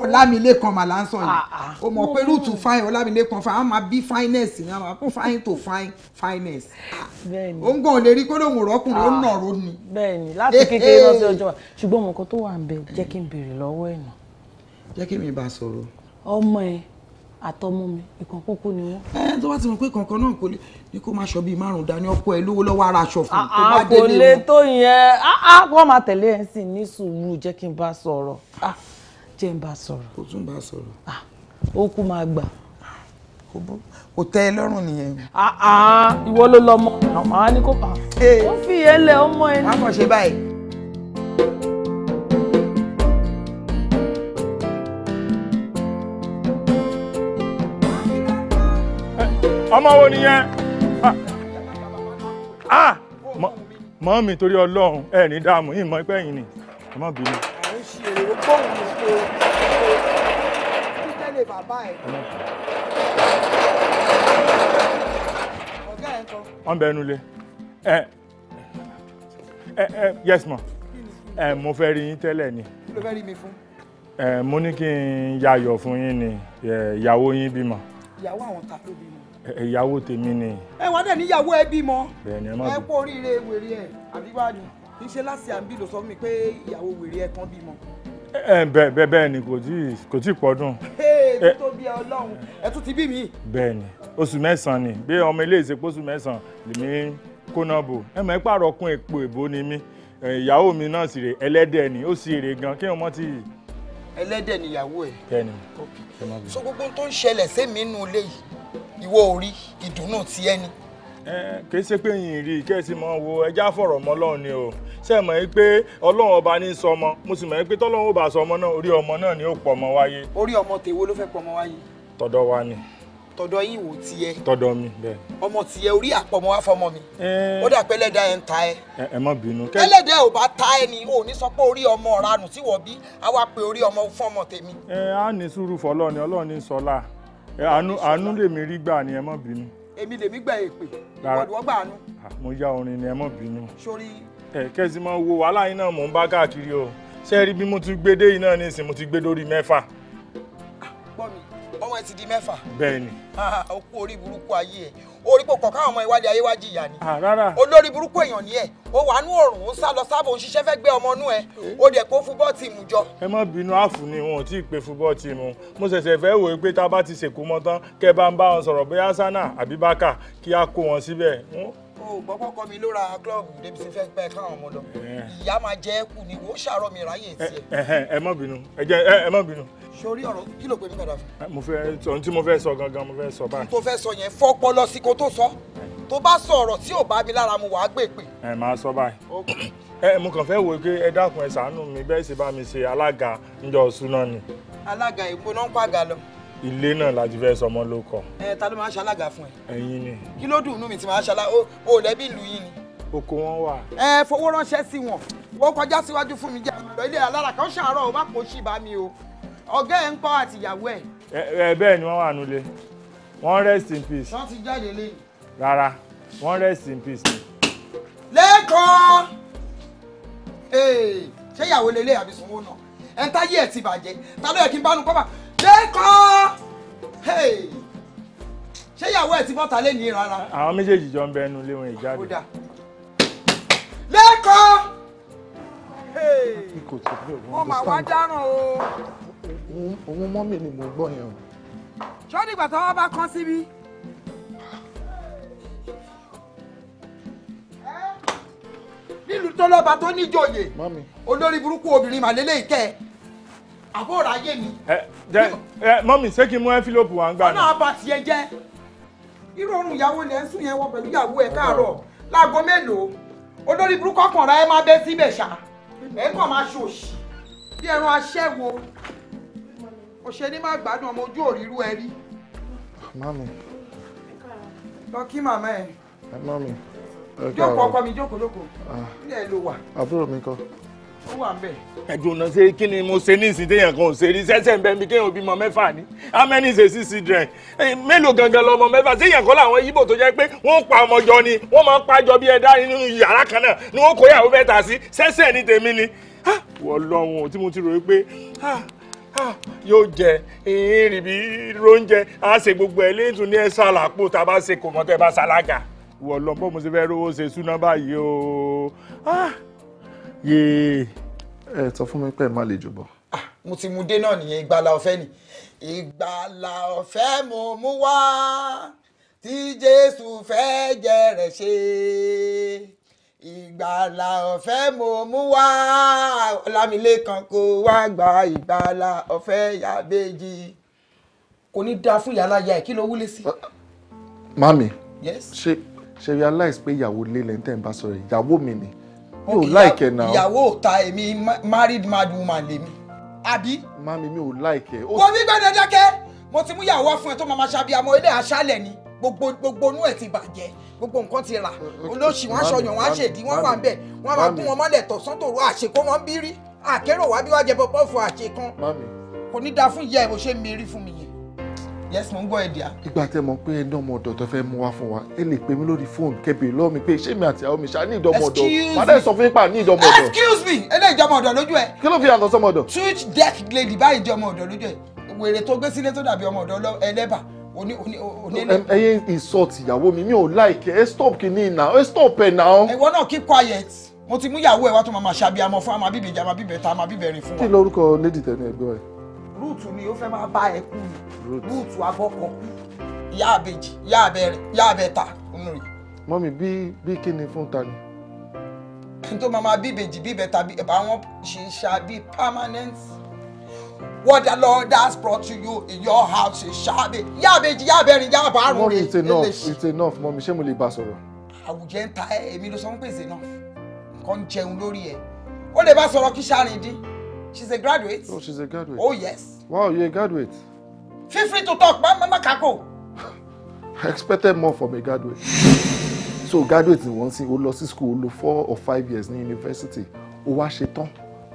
ọlámilékan mà ń sọ yìí o ah, ah. mọ̀ pé root to fine ọlámilékan fine a máa bí fineness ni a máa kó fine to fine fineness o ń gbọ́n lè rí kó lóun rọ́kùnrin ó ń nàró ni. Ah, bẹ́ẹ̀ni láti kékeré lọ sí ọjọ́ wa ṣùgbọ́n ọmọ kan tó wà ń bẹ jẹ́ kí n béèrè lọ́wọ́ ẹ̀ nà. jẹ́ kí mi bá a sọ̀rọ̀ ọmọ ẹ àtọmọ mi ìkan kókó ni wọn. ẹ tó bá ti mọ pé kankan náà kò lè ní kó máa ṣọ bíi márùn dání ọkọ ẹ lówó lọ́wọ́ ara aṣọ fún tó bá délé ah, wọn. kò lè tó yẹn ah, ah, wọn máa tẹ̀lé ẹ̀ sì ní sùúrù jẹ́ kí n bá sọ̀rọ̀ jẹ́ n bá sọ̀rọ̀. kò tún bá sọ̀rọ̀. ó kú máa gbà. kò tẹ́ ẹ lọ́rùn nìyẹn. ìwọ ló lọ mọ àwọn ní kó pa. ó fi ẹlẹ ọmọ ẹni. wọ́n kàn ṣe báyìí. ọmọ wo nìyẹn ah, ah! mọ́ torí ọlọ́run ẹ ní dààmú yìí mọ́ ẹgbẹ́ yìí ni ẹ má bínú. wọ́n bẹ ẹnu lé ẹ ẹ yes ma ẹ mo fẹ́ rí yín tẹ́lẹ̀ ni. ẹ mo ní kí n yayọ̀ fún yín ni ìyàwó yín bímọ. ìyàwó àwọn ta ló ìyàwó tèmi ni. ẹ wá dẹ̀ níyàwó ẹ bímọ ẹ kú oríire wèrè ẹ àbíwájú kì í ṣe láti àbí ló sọ fún mi pé ìyàwó wèrè ẹ kan bímọ. bẹ́ẹ̀ bẹ́ẹ̀ bẹ́ẹ̀ ni kò tí kò tí pọ́dún. ẹ tó bí ọlọ́run ẹ tún ti bí mi. bẹ́ẹ̀ ni oṣù mẹ́sàn-án ni bí ọmọ ilé ìsepọ̀ oṣù mẹ́sàn-án lèmi kóná bò ẹ mọ̀ ẹ pààrọ̀ kún èpo èbó ni mí ìyàwó mi náà sì rè ẹlẹ́dẹ̀ ni ó sì rè gan kí ọmọ ti. ẹlẹ́dẹ̀ ni ìyàwó ẹ̀. bẹ́ẹ̀ ni ṣé máa bí. so gbogbo tó ń ṣẹlẹ̀ sẹ́mi nínú ilé yìí ìwọ orí ìdùnnú ti ẹni. kì í ṣe pé yìnyín rí i kẹ́sì mọ́ wo ẹja fọ̀rọ̀ mọ́ Ọlọ́run ni o ṣe mọ̀ ẹ́ pé Ọlọ́run ọba ní sọ ọmọ mo sì mọ̀ ẹ́ pé tọ́lọ́run ò bá sọ ọmọ náà orí ọmọ náà ni ó pọ̀ ọmọ wáyé. orí ọmọ tèwo ló fẹ́ pọ̀ ọmọ wáyé. tọ̀dọ̀ wa ni tọ̀dọ̀ yín wò tiẹ̀. tọ̀dọ̀ mi bẹ́ẹ̀. ọmọ tiẹ̀ orí àpọmọ wá fọmọ mi. ó dà pé ẹlẹ́dàá ẹ̀ ń ta ẹ. ẹ má bínú. ẹlẹ́dàá ò bá ta ẹ ni o ní sọ pé orí ọmọ ranù tí wọ́n bí a wá pe orí ọmọ fún ọmọ tèmi. ẹ á ní sùúrù fọlọ́ọ̀ni ọlọ́ọ̀ni sọlá àánú àánú lèmi rí gbà ni ẹ má bínú. èmi lèmi gbà èpè ìwọ́dùwọ́ gbà àánú. mo ya orin ni ẹ má bínú. sórí. ẹ kẹ́sì máa wo wàhálà yín náà mò ń bá káàkiri o ṣé ẹ rí bí mo ti gbé dé yìí náà nísìnyí mo ti gbé dórí mẹ́fà ọmọ ẹ ti di mẹ́fà. bẹ́ẹ̀ni. o kú orí burúkú ayé ẹ orí pòpọ̀ káwọn ọmọ ìwádìí ayé wá jìyà ni. rárá. olórí burúkú èèyàn ni ẹ o wà nú òrùn ó sá lọ sábà ó ń ṣiṣẹ́ fẹ́ gbé ọmọ inú ẹ o dẹ̀ kó fúbọ́ọ̀ tìmù jọ. ẹ má bínú àfù ni wọn ò tí ì pe fúbọ́ọ̀ tìmù mo ṣẹ̀ṣẹ̀ fẹ́ wòye pé tá a bá ti ṣèkú mọ́ tán kẹ́ bá ń bá wọn sọ̀rọ̀ bóyá sánà àbí bákà kí á kó wọn síbẹ̀ o gbọ́ kọ́kọ́ mi ló ra klọ́ọ̀bù débi tí fẹ́ pẹ́ káwọn ọmọ lọ ìyá máa jẹ́ kù ni wò ó ṣàárọ̀ mi ráyè tiẹ̀. ẹ ẹ má bínú ẹ jẹ ẹ má bínú sórí ọ̀rọ̀ kí ló pè mí padà fún. Eh, mo fẹ́ ohun tí mo fẹ́ sọ gangan mo fẹ́ sọ báyìí. tó fẹ́ sọ yẹn fọ́pọ́ lọ sí kó tó sọ tó bá sọ ọ̀rọ̀ tí ò bá mi lára mu wàá gbé pè. ẹ eh, máa sọ báyìí ẹ eh, mo kàn fẹ́ wò pé ẹ dákun ẹ ṣàánú mi bẹ́ẹ̀ sì bá mi ṣe alága ńjọ ṣúná ni. alága èpo náà ń pàgà lọ ilé náà la ti fẹ́ sọmọ ló kọ. ẹ ta ló máa ń ṣalága fún ẹ. ẹ̀yin ni. kí ló dùn o lẹ́bí oko wọn wà. ẹ fowó ránṣẹ́ sí wọn wọ́n kọjá síwájú fún mi jẹ́ àmọ́ ilé alára kan ṣàárọ̀ o má kó sí bá mi o ọ̀gá ẹ̀ ń kọ́ àtìyàwó ẹ̀. ẹ bẹ́ẹ̀ ni wọ́n wà nulẹ̀ wọ́n rest in peace. wọ́n ti jáde lẹ́yìn. rárá wọ́n rest in peace ni. lẹ́kọ̀ọ́ ṣé ìyàwó lélẹ̀ àbí sanwó náà ẹ̀ ń táyé ẹ̀ ti bàjẹ́ ta ló yẹ kí n bá nu kọ́ bá lẹ́kọ̀ọ́ ṣé ìyàwó ẹ ti bọ́ta lé ní rárá. àwọn méjèèjì jọ ń bẹ ẹnu lé wọn ìjáde. lẹ́kọ̀ọ́ wọ́n máa wá dáràn o òun mọ́mì ni mò ń gbọ́ yẹn o. sọ́ọ́dì ìgbà tọ́wọ́ bá kán síbi. nílùú tó lọ́ba tó níjòyè olórí burúkú obìnrin màlélẹ́ ìkẹ́ àbó ráyé mi. ẹ jẹ ẹ mọ́mì ṣé kí n mú ẹ́ńfílọ́pù wá ń gbà náà. ọ̀nà àbá tiẹ̀ jẹ́ irú oorun ìyàwó lẹ̀ ń sùn yẹn wọ pẹ̀lú ìyàwó ẹ̀ káàárọ̀ láago mélòó olórí burúkú ọkàn rẹ máa bẹ́ síbẹ̀ ṣá ẹ̀ kàn máa ṣòṣì bí ẹran aṣẹ́wó o ṣe ní má gbádùn ọmọ ojú òrírú ẹ rí. mami. lọ kí màmá ẹ. ẹ mami. jókòó ọkọ mi jókòó jókòó. Ah. ilé ẹ ló wà. àbúrò mi kọ́. ó wà ń bẹ̀. ẹ̀dùn ọ̀nà ṣe kí ni mo ṣe ní ìsìn téèyàn kan ò ṣe rí sẹ́sẹ̀ ń bẹ mi kéèyàn bímọ mẹ́fà ni how many is a six children mélòó gangan lọmọ mẹ́fà séèyàn kan làwọn yíbò tó jẹ́ pé wọ́n pa ọmọ jọ ni wọ́n máa ń pàjọ bí ẹ̀dá nínú yàrá kan náà ni wọ́n kó yàwó mẹ́ta sí sẹ́sẹ̀ ní tèmi ni wọ́n lọ́wọ́n tí mo ti rò ó pé yóò jẹ ìrìn bí róúnjẹ á ṣe gbogbo ẹ léètù ní ẹ ṣàlàpò tá a bá ṣe kò mọ tẹ bá ṣàlágà wọ lọ bó mo ṣe fẹ́ rówó ṣe súná báyìí o yéé. ẹ sọ fún mi pé ẹ má lè jùbọ. mo ti mú dé náà nìyẹn ìgbàlà ọ̀fẹ́ ni ìgbàlà ọ̀fẹ́ mo mú wá tí Jésù fẹ́ jẹrẹ ṣe ìgbàlà ọ̀fẹ́ mo mú wá ọlámilékan kó wá gba ìgbàlà ọ̀fẹ́ yàbẹ́jì kò ní dáa fún ìyá aláya ẹ̀ kí ló wúlé sí. mami ṣe ṣe realize pé ìyàwó lé lẹ́ńtẹ̀ ń bá sọ̀rọ̀ ìyàwó mi ni mi láìkẹ́ náà. ìyàwó ta èmi married mad woman lèmi àbí. mami mi ò láìkẹ́. wọ́n mi gbọ́dọ̀ dákẹ́ mo ti mú ìyàwó fún ẹ tó máa ma ṣàbíyàmọ́ ilé àṣálẹ̀ ni gbogbo gbogbo inú ẹ̀ ti bàjẹ́ gbogbo nǹkan ti rà olóṣì wọn aṣọyàn wọn aṣèdí wọn wà ń bẹ wọn máa gún wọn mọ́lẹ̀ tọ̀sán tòru àṣekó wọn bí rí àkérò wá bí wàá jẹ bọ́bọ́ fún àṣekán kò ní da fún ìyá ẹ bó ṣe ń miri fún mi yẹn. yes mo ń gbọ́ ẹ ìgbà tẹ mọ pé ẹni ọmọ ọ̀dọ̀ tó fẹ́ mú wá fún wa ẹ lè pè mí lórí fóònù kẹbì lọ́wọ́ pé ṣé mi àti àwọn mi ní ìdánmọ̀ ọ̀dọ̀ padà sọ fún ipa ní ìdánmọ̀ ọ̀dọ̀. excuse me ẹlẹ́ ìjọmọ̀ ọ̀dọ̀ lójú ẹ. kí ló fi àtọ̀ sọmọ switch deck lady báyìí ìjọmọ̀ ọ̀dọ̀ lójú ẹ wèrè tó gbé sílé tó dàbí ọmọ ọ̀dọ̀ ẹlẹ́bà oní oní onílé. ẹyin insult ìyàwó mi mi ò like ẹ stop kìíní now ẹ stop ẹ na. ìwọ náà keep quiet mo ti mú ìyàwó ẹ wá tó máa máa ṣàbí amọ fún amabibe ìjà amabibe ta amabibe rìn fún wa. kí lorúkọ lady tẹ̀lé ẹgbẹ́ ẹ. rúùtù ni ó fẹ́ máa bá ẹ kú rúùtù agbọ́kọ̀ ìyá àbèjì ìyá àbẹ̀ta òun rè. mọ́mí bí bí kí ni fún ta ni. tó máa máa bíbèjì bíbẹ̀ta àwọn ṣìṣà bíi permanent What the Lord has brought to you in your house is shall be. Yá àbèjì, yá àbẹ̀rin, yá it's enough, it's enough, mọ́mí ṣé mo lè bá sọ̀rọ̀? Àwùjẹ ń ta ẹ, èmi ló sọ fún pèsè náà. Kàn ń jẹun lórí ẹ̀. Ó lè bá sọ̀rọ̀ kí Ṣáàrin dín. She's a graduate. Oh, she's a graduate. Oh, yes. Wow, you're a graduate. Feel free to talk, Mama ma Kako. I expected more from a graduate. So graduate ni wọ́n sin, ó lọ sí school, ó lò four or five years ní university, ó wá ṣe tán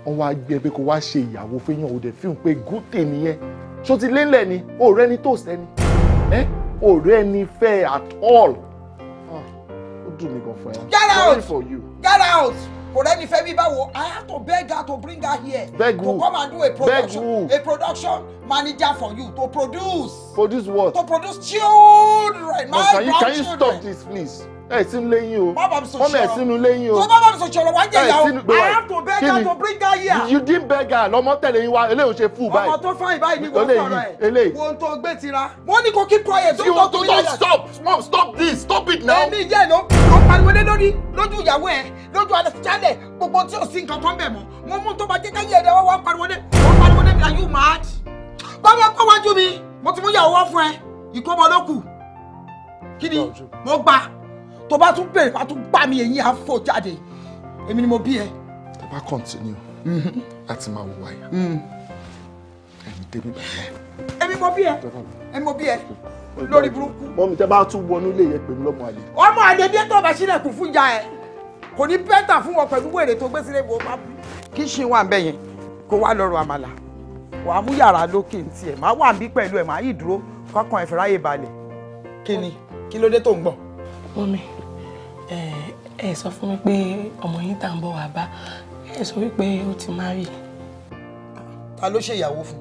wọ́n wá gbé pé kó wá ṣe ìyàwó fẹ́yàn òde fíìmù pé gúté nìyẹn ṣó ti lélẹ̀ ni ọ̀rẹ́ ni tó sẹ́ni ẹ́ ọ̀rẹ́ ni fẹ́ at all ah, ó dùn mí gan fún ẹ. get out get out kò rẹ́ni fẹ́ bí báwo I have to beg her to bring her here beg who? to come and do a production a production manager for you to produce. produce what? to produce children my grandchildren. can you stop this please? ẹ sínú lẹ́yìn o wọ́n mẹ́ sínú lẹ́yìn o. tó bá bá mi sọ sọ̀rọ̀ wá jẹ́ ìyàwó I have to beg her to bring her here. you didn't beg her lọmọ tẹ̀lé yín wa eléyìí ò ṣe fún báyìí. ọmọ tó fáyìn báyìí ni wọ́n sọ̀rọ̀ ẹ̀ wo tó gbé tira. wọ́n ní kò keep quiet tó tó tó yàrá. stop mom stop this stop it now. ẹni ìjẹ́ ló ń pariwo lé lórí lójú ìyàwó ẹ lójú alẹ́sìtálẹ̀ gbogbo tí ò sí nǹkan kan bẹ̀ mọ́ mo mú tó bá jẹ́ káyé ẹ̀rẹ́ wọ́n wá pariwo lé wọ́n pariwo lé mi are you mad. báwo kọ́ wájú mi mo ti mú ìyàwó wá fún ẹ ìkọ́mọ ló kù kí ni mo gbà tó bá tún bèrè bá tún gbá mi èyí á fò jáde èmi ni mo bí ẹ. ẹ bá kọ́ntínú mm-hmm. láti máa wọ àyà ẹ̀mí tẹ́mi bàjẹ́. èmi mo bí ẹ èmi mo bí ẹ lórí burúkú. mọ́mí tẹ́ bá tún wọnú ilé yẹn pẹ̀lú ọmọ àlè. ọmọ àlè dé tó bá sílẹ̀kùn fún ìyá ẹ kò ní bẹ́tà fún wọn pẹ̀lú wèrè tó gbé sílẹ̀ ìwọ bá bí. kí ṣe wà ń bẹ yẹn kó wá lọ́rọ̀ àmàlà wàá mú yàrá lókè ntí ẹ̀ máa wà ń bí pẹ̀lú ẹ̀ máa yìí dúró kọ́kàn ẹ̀fẹ̀ ráyè balẹ̀ kí ni kí ló dé tó ń gbọ̀n. mọ́mí ẹ sọ fún mi pé ọmọ yín tá ń bọ̀ wá bá ẹ sọ wípé ó ti má rí. ta ló ṣèyàwó fún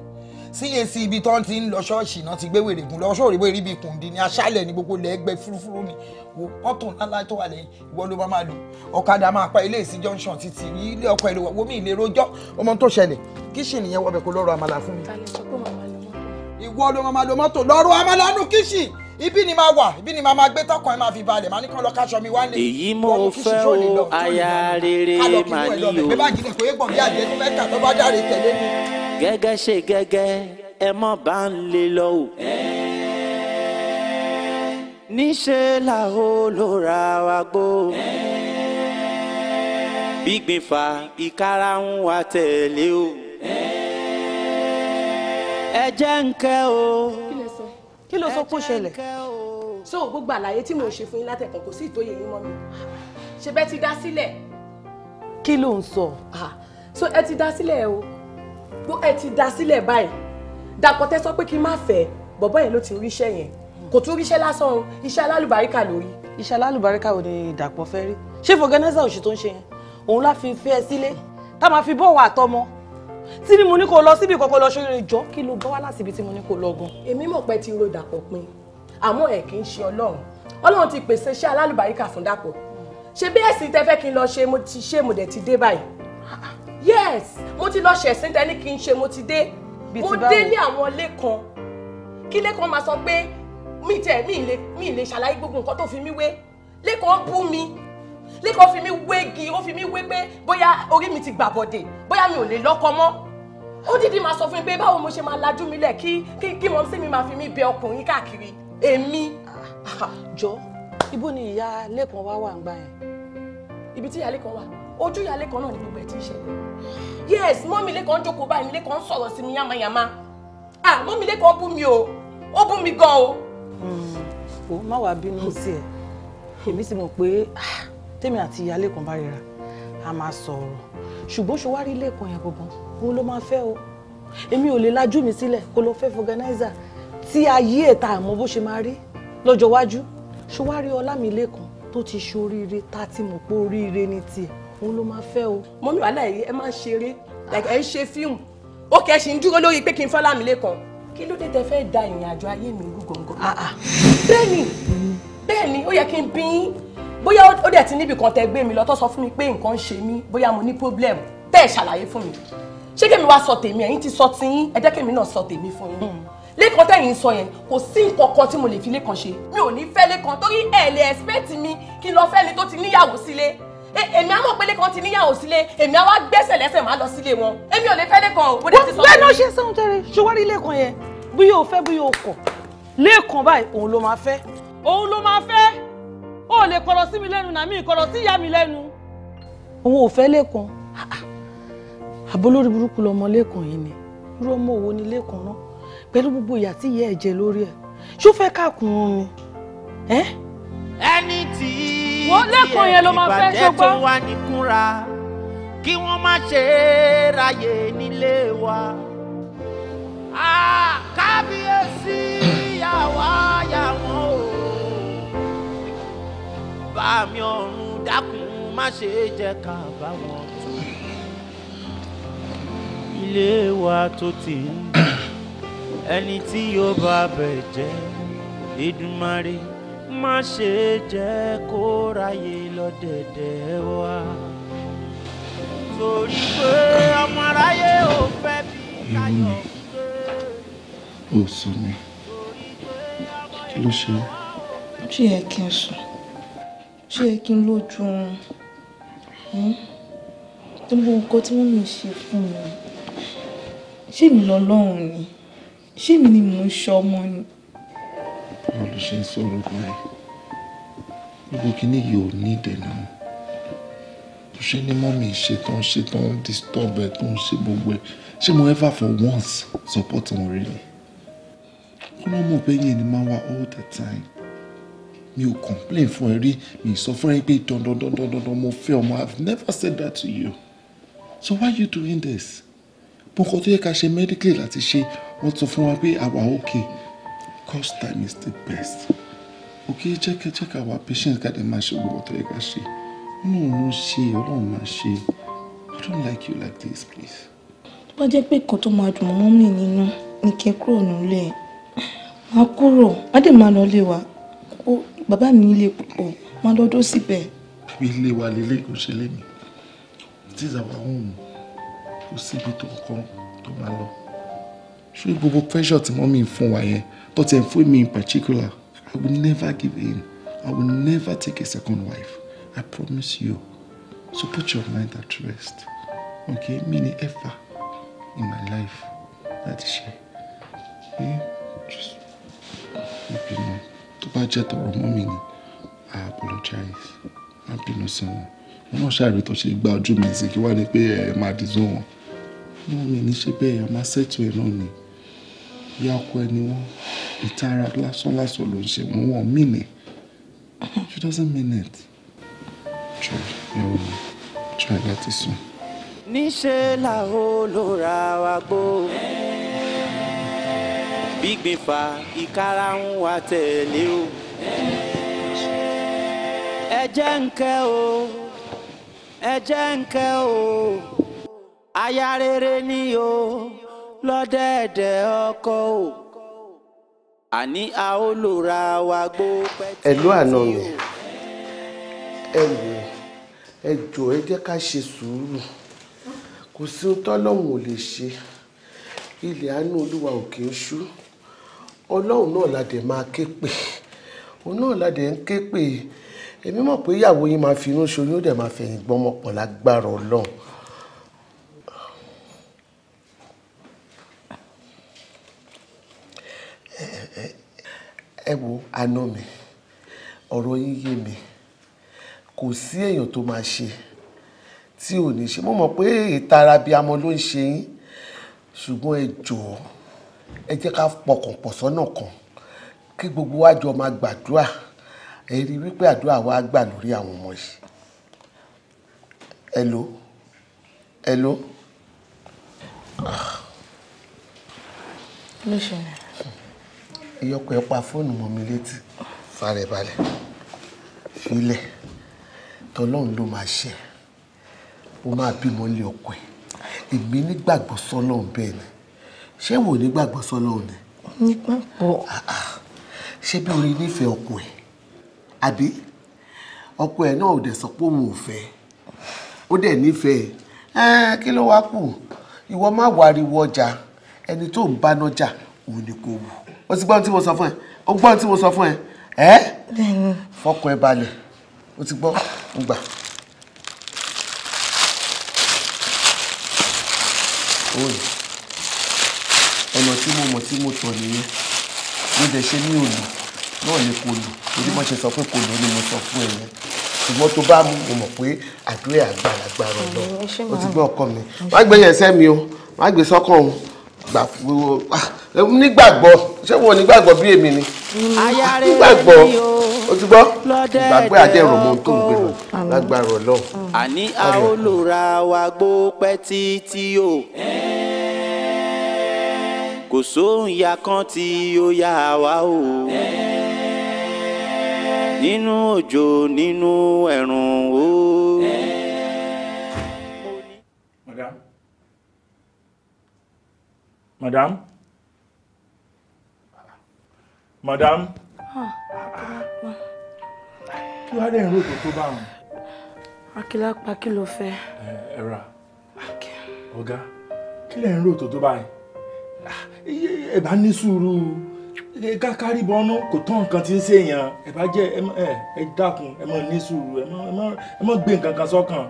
cac ibi tó ń ti ń lọ ṣọ́ọ̀ṣì náà ti gbé wèrè gùn lọ ṣọ́ọ̀rì wèrè ibi kùndì ní aṣálẹ̀ ní gbogbo lẹ́gbẹ́ fúrúfúrú ni wò mọ́tò ńláńlá tó wà lẹ́yìn ìwọ ló máa lò ọ̀kadà máa pa ilé ìsìn junction títì ní ilé ọkọ̀ èrò wọ́n mi ìlérò ọjọ́ ọmọ tó ṣẹlẹ̀ kíṣìn nìyẹn wọ́n bẹ̀ kó lọ́rọ̀ àmàlà fún mi. ìwọ ló máa lo mọ́tò lọ́rọ̀ àmàlà nù kíṣìn ibi ni máa wà ibi ni máa máa gbé tọkàn ẹ máa fi balẹ̀ máa ní kán lọ káṣọ mi wálé. èyí mo fẹ́ o aya rere màá ní o. gẹ́gẹ́ ṣe gẹ́gẹ́ ẹ mọ̀ bá ń lè lọ o. níṣẹ́ làwọn olóra wa gbó. gbígbìn fa ìkarahun wa tẹ̀lé o. ẹ jẹ́ ń kẹ́ o kí ló sọ pé ó ṣẹlẹ̀. so gbogbo àlàyé tí mo ṣe fún yín látẹ̀kọ̀ kò sí ìtóyè yín mọ́ mi ṣe bẹ́ẹ̀ ti dá sílẹ̀. kí ló ń sọ. so ẹ ti dá sílẹ̀ o bó ẹ ti dá sílẹ̀ báyìí Dàpọ̀ tẹ́ sọ pé kí n má fẹ́ bọ̀bọ́ yẹn ló ti ríṣẹ́ yẹn kò tún ríṣẹ́ lásán o iṣẹ́ alálùbáríkà lórí. iṣẹ́ alálùbáríkà wo ni Dàpọ̀ fẹ́ rí ṣé fọgẹ́nẹ́sà òṣì tó ń ṣe yẹn òun lá fi fẹ́ ẹ sílé tá máa fi bọ́ọ̀wọ̀ àtọmọ tí ni mo ní kó lọ síbi kọ́kọ́ lọ ṣoyún ìjọ kí ló bá wá láti ibi tí mo ní kó lọ gan. èmi mọ̀ pé ti ro dàpọ̀ pin àmọ́ ẹ̀ kì í ṣe ọlọ́run ọlọ́run ti pèsè iṣẹ́ alálùbáríkà fún dàpọ̀ ṣe bí ẹ̀sìn tẹ́ fẹ́ kí n lọ ṣe mo ti ṣe mo dẹ̀ ti dé báyìí yes mo ti lọ ṣẹ̀sìn tẹ́ ní kí n ṣe mo ti dé mo dé ní àwọn ilé kan kí lẹ́kọ̀ọ́ máa sọ pé mi tẹ̀ mi ì lè ṣàlàyé gbogbo nǹkan tó fi mí wé lẹ́kọ̀ọ́ bú mi líkọ̀ fi mí wégi ó fi mí wé pé bóyá orí mi ti gbà bọ̀dẹ̀ bóyá mi ò lè lọ́kọ mọ́ ó dídí máa sọ fún mi pé báwo mo ṣe máa lajú mi lẹ̀ kí kí kí mọ̀ sí mi máa fi mí bẹ ọkùnrin káàkiri èmi. jọ ibo ni ìyá lẹ́kàn wá wà ń gbà yẹn. ibi tí ìyá lẹ́kàn wà ojú ìyá lẹ́kàn náà ni gbogbo ẹ̀ ti ń ṣẹlẹ̀ yes mọ́mí lẹ́kàn jókòó báyìí lẹ́kàn sọ̀rọ̀ sí mi yámáyámá ah mọ́mí lẹ́kàn bú mi o ó bú mi gan o. o hmm, má wàá bínú sí ẹ èmi sì mọ̀ pé ah, tèmi àti ìyá lẹ́kàn bá ríra a máa sọ̀rọ̀ ṣùgbọ́n ṣe wá rí lẹ́kàn yẹn gbọ̀ngàn òun ló máa fẹ́ o èmi ò lè lajú mi sílẹ̀ kó lọ fẹ́ fọgànáìzà tí ayé ẹ̀ ta àmọ́ bó ṣe máa rí lọ́jọ́ iwájú ṣe wá rí ọlá mi lẹ́kàn tó ti ṣoríire tá ti mọ̀ pé oríire ni tiẹ̀ òun ló máa fẹ́ o. mọ́mí wàhálà yìí ẹ máa ń ṣeré ẹ ń ṣe fíìmù ó kẹ́ ṣì ń dúró lórí pé kí n fọ́lá mi lẹ́kàn kí ló dé tẹ fẹ́ da ìrìn àjò ayé mi rú gọ̀ǹgọ̀. Ah, ah. bẹ́ẹ̀ni bẹ́ẹ̀ni ó yẹ kí n bí bóyá ó dẹ̀ ti níbi kan tẹ gbé mi lọ tó sọ fún mi pé nǹkan ń ṣe mí bóyá mo ní problem tẹ́ ẹ̀ ṣàlàyé fún mi ṣé kèmi wá sọ tèmi ẹ̀yin ti sọ tiyín ẹ jẹ́ kèmi náà sọ tèmi fún yín hmm. lẹ́kan tẹ̀yìn sọ yẹn kò sí nǹkan kan tí mo lè fi lẹ́kan ṣe mi ò ní fẹ́ lẹ́kan torí ẹ̀ lè expect mi kí n lọ fẹ́ ni tó ti níyàwó sílé e- èmi á mọ̀ pé lẹ́kan ti níyàwó sílé èmi á wá gbẹ́sẹ̀ lẹ́sẹ̀ má lọ sílé wọn èmi ò lè fẹ́ lẹ́kan o. wọ́n bẹ́ẹ̀ náà ṣe sẹ́wọ̀n tẹ́rẹ̀ ṣùwárí lẹ́kan yẹn bí yóò fẹ́ bí yóò kọ̀ lẹ́kan báyìí òun ló máa fẹ́ òun ló máa fẹ́ o lè kọ̀rọ̀ sí mi lẹ́nu nàmí ìkọ̀rọ̀ sí ìyá mi lẹ́nu. òun ò fẹ́ lẹ́kan àbólórí burúkú lọmọ lẹ́kan yìí ni irú ọmọ òwò ni lẹ́kan rán pẹ̀lú gbogbo ìyà tí ìyá ẹ̀ jẹ lórí ẹ̀ ṣó fẹ́ káàkùn un ni. ẹni tí ìbàjẹ́ tó wà ní kúnra kí wọ́n má ṣe é ráyè nílé wa. kábíyèsí yàwá yàwọ́n bàbá mi ọ̀run dákun má ṣe jẹ́ ká bá wọn tó ilé wa tó ti ń ẹni tí yóò bá bẹ̀ jẹ́ Èdùmàrè má ṣe jẹ́ kó ráyè lọ́dẹ̀dẹ̀ wa torí pé ọmọ aráyé ò fẹ́ bí káyọ̀ ó sọ mi kí ló ṣe. ó ṣe kí n sùn ṣé yẹ kí n lójú oorun tó ń bọ nǹkan tí wọ́n mi ṣe fún mi ṣé mi lọ́lọ́run ni ṣé mi ni mò ń ṣọmọ ni. báwo ló ṣe ń sọ̀rọ̀ gan-an gbogbo kìíní yìí ò ní ìdènà tó ṣe ní mọ́mì ṣe tó disturb ẹ̀ tó ń ṣe gbogbo ẹ̀ ṣé mo ever for once support wọn really kí wọ́n mọ̀ pé yẹn ni máa wá all the time mi ò complain fún ẹ rí mi sọ fún ẹ pé dandandandandan mo fẹ́ ọmọ i have never said that to you so why are you doing this bọ́kọ tó yẹ ká ṣe medically láti ṣe wọ́n sọ fún wa pé àwa okay cost time is the best okay jẹ́kẹ́ jẹ́kẹ́ àwa patient ká dẹ̀ máa ṣe gbogbo tó yẹ ká ṣe ọlọ́run ló ṣe ọlọ́run máa ṣe i don't like you like this please. tó bá jẹ́ pé nǹkan tó máa dùn mọ́ mi nínú ni kẹ́ kúrò nílé máa kúrò má dé máa lọ lé wa bàbá mi nílé púpọ̀ máa lọ́dọ́ síbẹ̀. ilé wa lélé kò ṣe lé mi tí ìzàwà òun kò síbi tó kàn tó máa lọ ṣé gbogbo pressure tí mọ́mí ń fún wa yẹn tó ti ń fún mi in particular I will never give in I will never take a second wife I promise you so put your mind at rest okay mi ever in my life That is ṣe. Yeah, just, you know tó bá jẹ́ tọ̀rọ̀ mọ́ mi ni I apologize má bínú sí wọn wọn náà ṣàrí tó ṣe gba ojú mi sí kí wá ní pé ẹ máa dìzó wọn wọn mi ní ṣe bẹ́ẹ̀ a máa ṣètò ẹ̀ náà ni ìyá ọkọ ẹ ni wọn ìtara lásán lásán ló ń ṣe wọn wọn mí ni she doesn't mean it. jọ ẹ ò jọ ẹ láti sùn. níṣẹ́ làwọn olóra wa gbó. gbígbìn fa ìkárà ń wá tẹ̀lé o. ẹ jẹ́ ǹkẹ́ o ẹ jẹ́ ǹkẹ́ o aya rere ni o lọ́dẹ̀ẹ̀dẹ̀ ọkọ o àní a ó lò wa gbó ẹ̀lú àná mi ẹ wò ẹ jọ ẹ jẹ́ ká ṣe sùúrù kò sí ohun tọ́lọ́hún ò lè ṣe ọlọ́run náà la dẹ̀ máa ké pè òun náà la dẹ̀ ń ké pè èmi mọ̀ pé ìyàwó yín máa fi inú ṣoyún ó dẹ̀ máa fẹ̀yìn gbọ́mọ pọ̀ lágbára ọlọ́run. ẹ wo àna mi ọ̀rọ̀ yín yé mi kò sí èèyàn tó máa ṣe tí ò ní ṣe mo mọ̀ pé ìtara bíi amọ ló ń ṣe yín ṣùgbọ́n ẹ jọ̀ọ́ ẹ jẹ́ ká pọkàn pọ̀ sọ́nà kan kí gbogbo wa jọ máa gbàdúrà ẹ rí wípé àdúrà wa gbà lórí àwọn ọmọ yìí hello hello. ló ṣẹlẹ̀. ìyọkọ̀ ẹ pa fóònù mọ́ mi létí fàrẹ̀balẹ̀ filẹ̀ tọlọ́run ló máa ṣe ó máa bímọ lé ọkọ ẹ̀ èmi nígbàgbọ́ sọ́lọ́run bẹ́ẹ̀ ni ṣé wò ní gbàgbọ́ sọ́lọ́run ni. nípa ah, pọ̀. Ah. ṣé bí orin nífẹ̀ẹ́ ọkọ ẹ̀ àbí ọkọ ẹ̀ náà ò dẹ̀ sọ pé òun ò fẹ́ ó dẹ̀ nífẹ̀ẹ́ eh, kí ló wá kù ìwọ má wariwo ọjà ẹni tó ń bá nájà òun ni kò wù ó ti gbọ́n tí mo sọ fún ẹ ó gbọ́n tí mo sọ fún ẹ eh? ẹ́ fọkàn ẹ balẹ̀ ó ti gbọ́ ń gbà. Oh, tí mo mọ̀ tí mo tọ̀ nìyẹn mo dẹ̀ ṣe ní òòlù náà ni kò lò torí ṣe sọ pé kò ni mo sọ fún ẹ̀yẹn ṣùgbọ́n tó bá mú mo mọ̀ pé àdúrà àgbàlagbà rọ̀ lọ ó ti gbọ́ ọkọ mi wá gbé yẹn sẹ́mi o wá gbé sọ́kàn o gbà wo ah, nígbàgbọ́ ṣé wọn nígbàgbọ́ bí èmi ni nígbàgbọ́ o ti gbọ́ ìgbàgbé àdẹ̀rùn mọ́ tó ń gbé lọ lágbára Ọlọ́run. àní a ó wa gbó pẹ́ títí o kò sóhun ya kan tí ó yà wá o. nínú òjò nínú ẹ̀rùn o. madam madam madam kí wàá dẹ̀ ń rògbò tó bá wọn. akílápá kí ló fẹ́. ẹ ẹ ra ọ̀gá kí lẹ̀ ń rògbò tó báyìí ẹ bá ní sùúrù kákárí bọ́nú kò tán nǹkan tí ń ṣèyàn ẹ bá jẹ́ ẹ dákun ẹ má ní sùúrù ẹ má gbé nǹkan kan sọ́kàn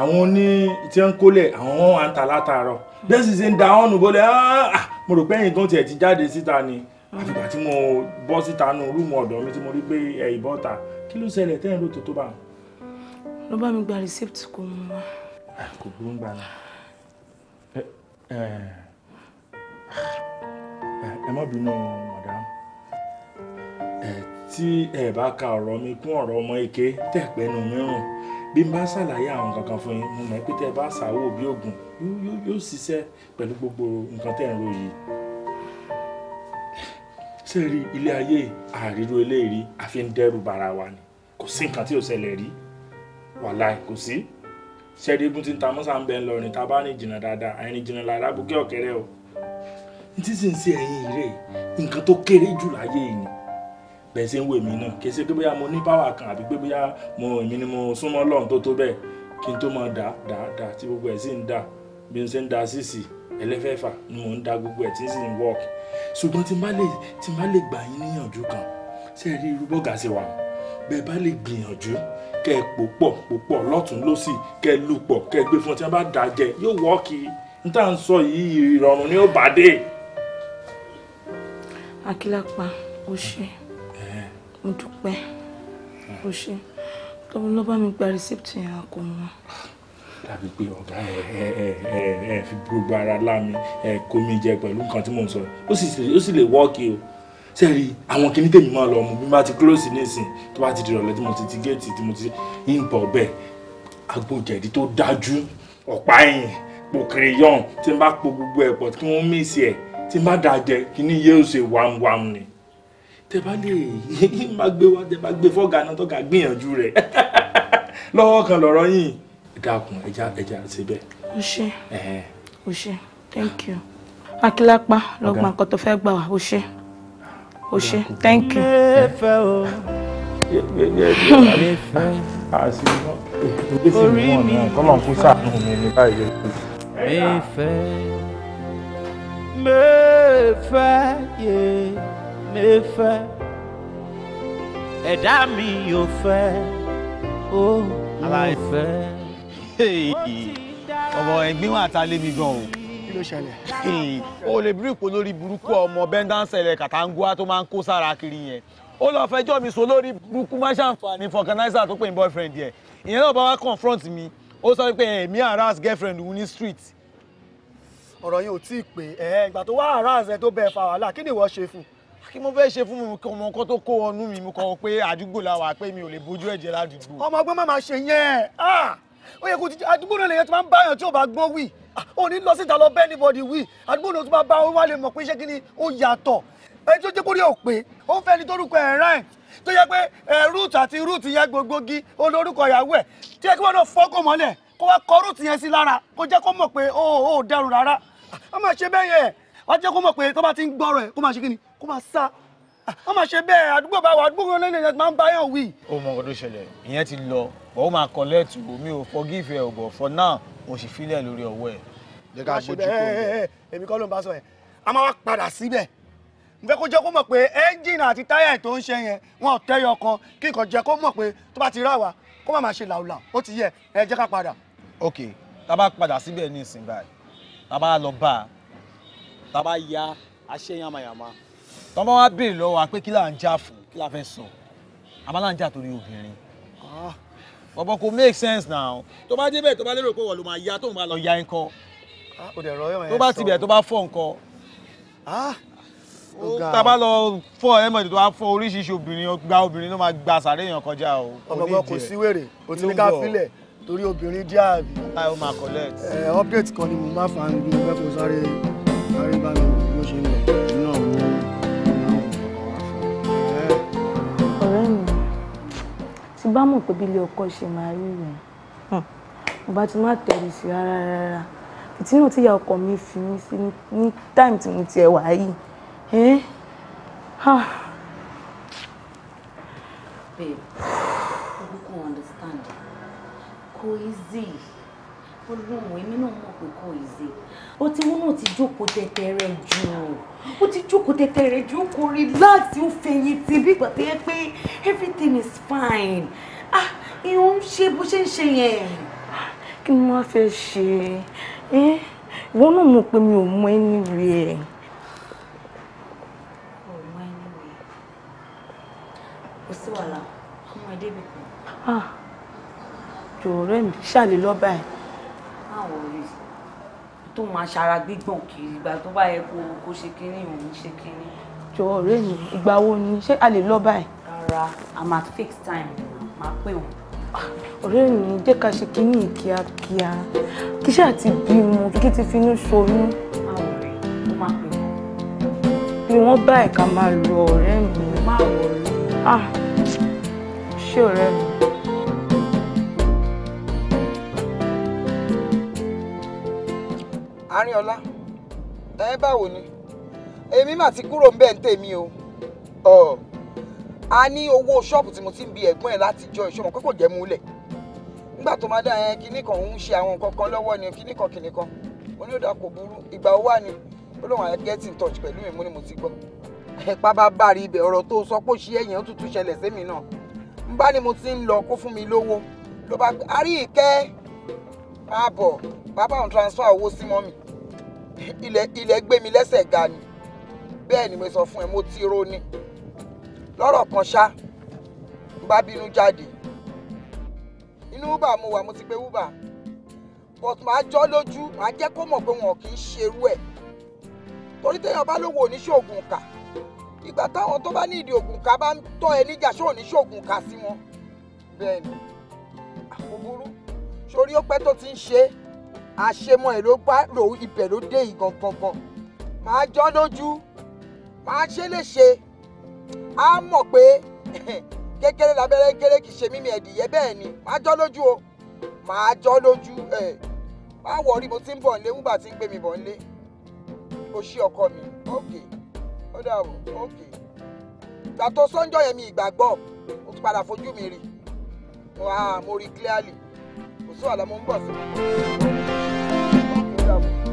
àwọn oní tí ń kólẹ̀ àwọn wọn à ń ta látàárọ̀ bẹ́ẹ̀ sì ṣe ń da ọ́n bọ́lẹ̀ mo rò pé ẹ̀yìn kan tiẹ̀ ti jáde síta ni àfìgbà tí mo bọ́ síta nù rúùmù ọ̀dọ̀ mi tí mo rí pé ẹ̀ ìbọ́ta kí ló ṣẹlẹ̀ tẹ́yìn ló tó tó bá. ló bá mi gba receipt kó mú wa. kò burú gbà náà ẹ má bínú madam ẹ tí ẹ bá ka ọ̀rọ̀ mi kún ọ̀rọ̀ ọmọ ike tẹ̀ pẹ́nu mìíràn bí n bá ṣàlàyé àwọn kankan fún yín mo mọ̀ pé tẹ́ bá ṣàwò bí oògùn yóò ṣiṣẹ́ pẹ̀lú gbogbo nǹkan tẹ̀ ń ro yìí ṣé ilé ayé àríro eléyìí a fi ń dẹ́rù bara wa ni kò sí nǹkan tí ò ṣẹlẹ̀ rí wàláì kò sí ṣẹ́ẹ́dẹ́gún ti ń ta mọ́sà ń bẹ́ẹ̀ lọ rìn tá a bá rìn jìnnà dáadáa àìrìn jìnnà làrá bùkẹ́ ọ̀kẹ́rẹ́ o tí sì ń ṣe ẹ̀yìn rẹ̀ nǹkan tó kéré jù láyé yìí ni bẹ́ẹ̀ ṣe ń wo èmi náà kì í ṣe pé bóyá mo ní páwà kan àbí pé bóyá mo èmi ni mo súnmọ́ Ọlọ́run tó tó bẹ́ẹ̀ kí n tó máa dà dà dà tí gbogbo ẹ̀ sì ń dà bí n ṣe ń da sísì ẹlẹ́fẹ̀fà ni mò ń da gbogbo ẹ̀ tí n sì ń wọ́ọ̀k ṣùgbọ́n tí n bá lè tí n bá lè gbà yín níyànjú kan ṣe rí irú bọ́ọ̀gà ṣe wà bẹ́ẹ̀ bá lè gbìyànjú kẹ́ ẹ pò pọ̀ pò pọ̀ lọ́tún lọ́sì kẹ́ ẹ lù pọ̀ kẹ́ ẹ gbé fún ọ tí wọ́n bá dà jẹ yóò wọ́ọ̀kì n tá à ń sọ yìí ìrọ̀rùn ni ó bàdé akílápá ó ṣe mo dúpẹ́ ó ṣe tọ́wọ́ lọ́ bá mi gba rìsíptì yẹn kò mọ́. dàbí pé ọ̀gá ẹ ẹ ẹ ẹ fi gbogbo ara lámi ẹ kó mi jẹ pẹ̀lú nǹkan tí mò ń sọ ó sì lè wọ́ọ̀kì o sẹ́ẹ̀rí àwọn kìíní tèmi máa lọ mú bí bá ti close nísìn tó bá ti di ìrọ̀lẹ́ tí mo ti ti géètì tí mo ti ń bọ̀ bẹ́ẹ̀ agbójẹ̀dí tó dájú ọ̀pá ẹ̀yìn pòkèrè yọ̀n tí n bá po gbogbo ẹ̀ pọ̀ kí wọ́n mèsì ẹ̀ tí má dáa jẹ kí ni yẹ́ ò ṣe wàmùwàmù ni tẹ bá lè má gbé wá tẹ bá gbé fọ́gà náà tọ́ka gbìyànjú rẹ̀ lọ́wọ́ kan lọ́rọ́ yìí dákun ẹja ẹja ṣe o ṣe o ṣe thank you akílápá lọ́gbọ̀n nǹkan tó fẹ́ gbà wá o ṣe o ṣe thank you. orí mi. kọ́lọ̀ kú sáà nù mí ní báyìí mẹ́fẹ́ yé mẹ́fẹ́ ẹ̀dá mi yóò fẹ́ ó yóò fẹ́. ọ̀rọ̀ ẹ̀gbín wà tá a lé mi gan o. kí ló ṣẹlẹ̀. o lè bí ipò lórí burúkú ọmọ bẹ́ńdánsẹ̀lẹ̀ kàtàǹgùá tó máa ń kó sára kiri yẹn ó lọ fẹjọ́ mi sọ lórí burúkú má ṣàǹfààní fọkànáísà tó pè ní boyfriend yẹ ìyẹn náà bá wá confront mi ó sọ pé ẹ̀mí harass girlfriend òun ní street ọ̀rọ̀ yẹn ò tí ì pé ẹ̀ ìgbà tó wá àràǹsẹ̀ tó bẹ́ẹ̀ fa wàhálà kí ni ìwọ ṣe fún un kí mo fẹ́ ṣe fún mi ọmọ nǹkan tó kó ọnú mi mo kọ pé àdúgbò la wà pé mi ò lè bójú ẹ̀jẹ̀ ládùúgbò. ọmọ ọgbọ́n má máa ṣe yẹn ah! ó yẹ kó ti àdúgbò náà lèyàn tó máa ń báyàn tí ò bá gbọ́n wì ah! ó ní lọ síta lọ bẹ́ẹ̀ níbọ̀dì wì àdúgbò náà tó máa bá wọn wá lè mọ̀ pé ṣé kí ni ó yàtọ̀ ẹni tó jẹ́ kórè ò pé ó ń fẹ́ ni tórúkọ ẹ̀ rán tó yẹ pé rúùtù àti rúùtù yẹn gbogbogi olórúkọ ìyàwó ẹ̀ tí ẹ kí wọn náà fọ́kọ̀ mọ́lẹ̀ kó wá kọ rúùtù yẹn sí lára kó jẹ́ kó mọ̀ pé ó ò dẹrù rárá a máa ṣe bẹ́ẹ̀ yẹn wọ́n jẹ́ kó mọ̀ pé tó bá ti ń gbọ́rọ̀ ẹ̀ kó máa ṣe kí ni kó máa sá a máa ṣe bẹ́ẹ̀ àdúgbò bá wà àdúgbò lónìí ẹ̀ máa ń bá yàn wí. ó mọ ọdún ṣẹlẹ̀ ìyẹn ti lọ bọ́ ó máa collect omi ò forgive ẹ̀ ọ̀bọ̀ for now mo sì filẹ̀ lórí ọwọ́ ẹ̀. jẹ́ ká gbójú kò ń bọ̀. èmi kọ́ ló ń bá sọ yẹn a máa wá padà síbẹ̀ n fẹ́ kó jẹ́ kó mọ̀ pé ẹ́ńjìnì àti táyà tó ń ṣe yẹn wọn ò tẹ́yọ kan kí nǹkan jẹ́ kó mọ̀ pé tó bá ti rà wá kó má máa ṣe làwùlà ó ti yẹ ẹ jẹ́ ká padà. ok tá a bá padà síbẹ̀ ní ìsìn báyìí tá a bá lọ bá a tá a bá ya aṣẹ́ yamayama tó bá wá béèrè lọ́wọ́ pé kí là ń jà fún kí là fẹ́ sọ àmọ́ là ń jà torí obìnrin ah. bọ̀bọ̀ kò make sense now tó bá débẹ̀ tó bá lérò pé wọ́n ló máa ya tó ń bá lọ ya nǹkan ah, tó bá tibẹ̀ tó bá fọ́ nǹkan ah. tá a bá lọ fọ ẹmọdé tó bá fọ oríṣiríṣi obìnrin gba obìnrin ló máa gba sàréèyàn kọjá o. ọmọ kò sí wèrè o ti ní ká filẹ̀ torí obìnrin díẹ̀ àbí. i will mark collect. ẹ update kan ni mo máa fa ní bí mo fẹ́ kó sáré sáré bá mi bó ṣe ń lọ. iná mi ọ̀rẹ́ mi ti bá mọ̀ pé bílé ọkọ ṣe máa rí rẹ̀ mo bá ti má tẹ̀lé sí rárá rárá ìtinú tíyà ọkọ mi fi mí sí ní táìmù tí mo tiẹ̀ wá yìí. Babe, you can understand kò easy olóhùn èmi náà mọ̀ pé kò easy ó ti wọ́n náà ti jókòó tẹ́tẹ́ rẹ̀ jù ó ti jókòó tẹ́tẹ́ rẹ̀ jù kò relax ó fẹ̀yìn tì bí ìgbà tó pé everything is fine ah ìhun ń ṣe bó ṣe ń ṣe yẹn. kí ni wọ́n fẹ́ ṣe ẹ́ ìwọ náà mọ̀ pé mi ò mọ ẹni rí ẹ̀. jọ̀ọ́ ọ̀rẹ́ mi ṣàlè lọ́ba ẹ̀. báwo rí tó máa ṣara gbígbọ̀n kiri ìgbà tó bá yẹ kó kó ṣe kínní òun ṣe kínní. jọ̀ọ́ ọ̀rẹ́ mi ìgbà wo ni ṣé a lè lọ́ba ẹ̀. rárá a máa fix time máa pè wọ́n. ọ̀rẹ́ mi jẹ́ ká ṣe kínní kíákíá kí ṣáà ti bímọ kí ti finú ṣoyún. báwo rí mo máa pè wọ́n. bí wọ́n bá ẹ̀ka máa lọ ọ̀rẹ́ mi. má wọ̀ ọ́ ṣé ọ̀rẹ́ mi. Ariola, ẹ báwo ni èmi mà ti kúrò ń bẹ̀ ń tèmi o a ní owó ṣọ́ọ̀bù tí mo ti ń bi ẹ̀gbọ́n ẹ̀ láti jọ ìṣọ́mọ pé kò jẹ́ múlẹ̀ nígbà tó máa dá yẹn kinní kan ń ṣe àwọn nǹkan kan lọ́wọ́ ni kinní kan kinní kan mo ní ó dáa kò burú ìgbà ó wà ní ó lóun àyẹ get in touch pẹ̀lú mi mo ní mo ti gbọ́ ẹ̀pá bá bá rí ibẹ̀ ọ̀rọ̀ tó sọ pé ó ṣe ẹ̀yìn ó tuntun ṣẹlẹ̀ sí mi náà ń bá ní mo ti ń lọ kó fún mi lówó ló bá arí ìkẹ́ ààbọ̀ bàbá òun transfer owó sí mọ́mì ilẹ̀ ilẹ̀ gbé mi lẹ́sẹ̀ ga ni bẹ́ẹ̀ ni mo sọ fún ẹ mo ti rò ni lọ́rọ̀ kan ṣá n bá bínú jáde inú uber mo wà mo ti gbé uber but màá jọ́ lójú màá jẹ́ kó mọ̀ pé wọn kì í ṣerú ẹ̀ torí téèyàn bá lówó oníṣòògùn kà ìgbà táwọn tó bá ní ìdí ògùn ká bá ń tọ́ ẹ níjà ṣó oníṣòògùn kà sí wọn bẹ́ẹ̀ ni àkóbúrú sórí ó pẹ́ tó ti ń ṣe é àṣemọ ẹ̀ ló bá rò ibẹ̀ ló dé yìí gangan màá jọ́ lójú màá ṣe léṣe á mọ̀ pé kékeré lábẹ́rẹ́ kéré kì í ṣe mímí ẹ̀dìyẹ bẹ́ẹ̀ ni màá jọ́ lójú o màá jọ́ lójú ẹ̀ má wọrí mo ti ń bọ̀ nílé wúgbà tí ń gbé mi bọ̀ nílé o ṣí ọkọ mi ókè ó dà wọ ókè ìgbà tó sọ́njọ́ yẹn mi ìgbàgbọ́ mo ti padà fojú mi rí mo rí clearly kò sí wàhálà mo ń bọ̀ sí mi. devil.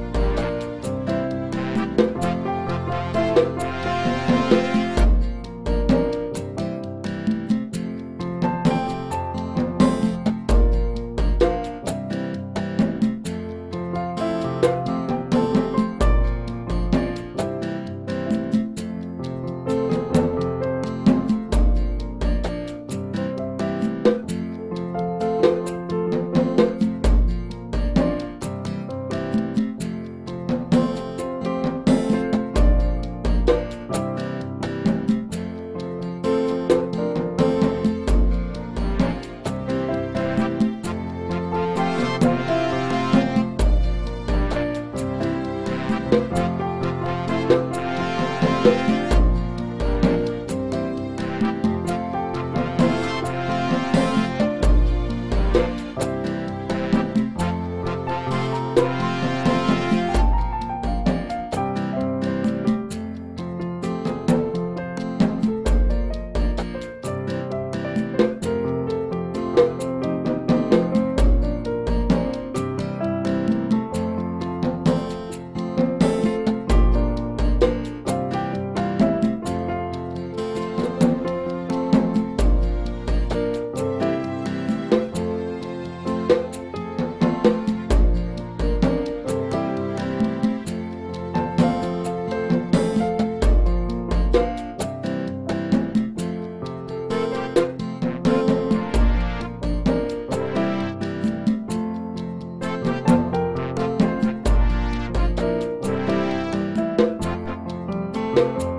Thank you.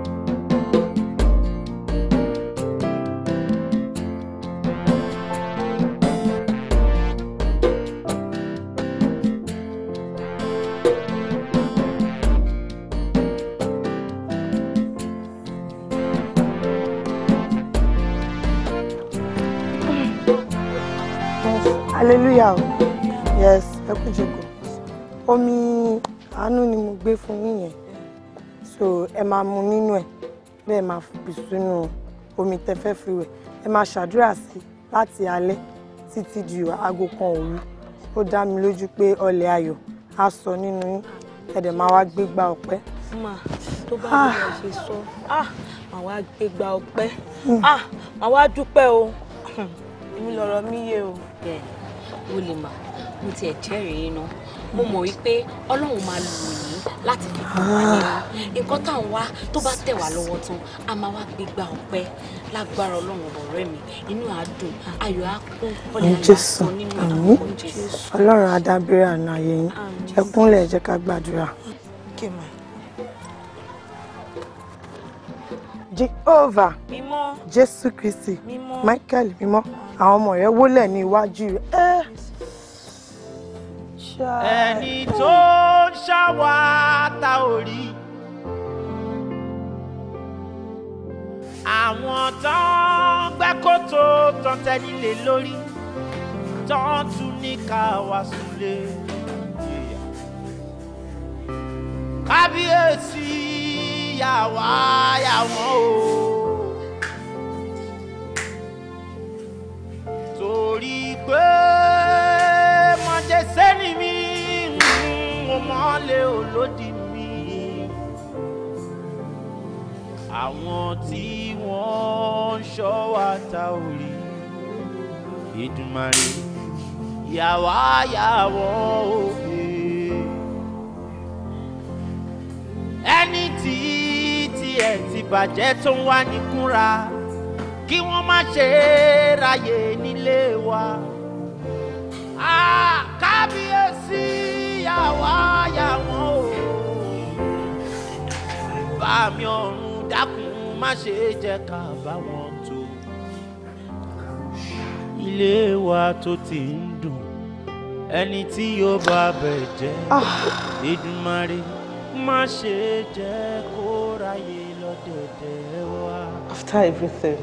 máa fi sínú omi tẹ́fẹ́ fi wẹ̀ ẹ máa ṣàdúrà sí láti alẹ́ títí di aago kan òru ó dá mi lójú pé ọlẹ̀ ayọ̀ á sọ nínú yín ẹ dẹ̀ máa wá gbégbá ọpẹ́. mà tó bá mi ah. ṣe sọ ah, mà wá gbégbá ọpẹ́ hmm. ah, mà wá dúpẹ́ o hmm, èmi lọ̀rọ̀ mi yé o. bẹ́ẹ̀ o lè mà mo tiẹ̀ jẹ́rìí iná mo mọ̀ wípé Ọlọ́run máa lò yìí láti fi kọ́ wa lẹ́nu nǹkan tá à ń wá tó bá tẹ̀ wá lọ́wọ́ tán a máa wá gbégbá ọpẹ́ lágbára ọlọ́run ọ̀rẹ́ mi inú àádùn ayọ̀ á kún ọlẹ́ àlàkùn nínú àwọn jésù. ọlọ́run adábẹ́rẹ́ àná ayé yín ẹ kúnlẹ̀ ẹ jẹ́ ká gbàdúrà. Jehovah mímọ́ Jésù Kristi Michael mímọ́ àwọn ọmọ rẹ̀ wólẹ̀ ní iwájú rẹ̀. Eh! ẹni tó ń ṣàwà ta ò rí àwọn tó ń gbẹ́ kótó tán tẹ́lílé lórí tó ń tún ní ká wá sílé. kábíyèsí yàwá yàwọ́n o. torí pé. mọ́lẹ̀ olódì mi àwọn tí wọ́n ń ṣọ́ wa ta ò rí Èdùmàrè yàwá yàwọ́ òkè ẹni tí tiẹ̀ ti bàjẹ́ tó ń wá ní kí wọ́n má ṣe ráyè nílé wa. Ah, kábíyèsí yá wá yá o. Bá mi ọ̀run dákun má ṣe jẹ́ ká bá wọn tó. Ilé wa tó ti ń dùn, ẹni tí yóò bá bẹ̀ jẹ́, ah. Èdùmàrè má ṣe jẹ́ kó ráyè lọ́dẹ̀dẹ̀ wa. After everything.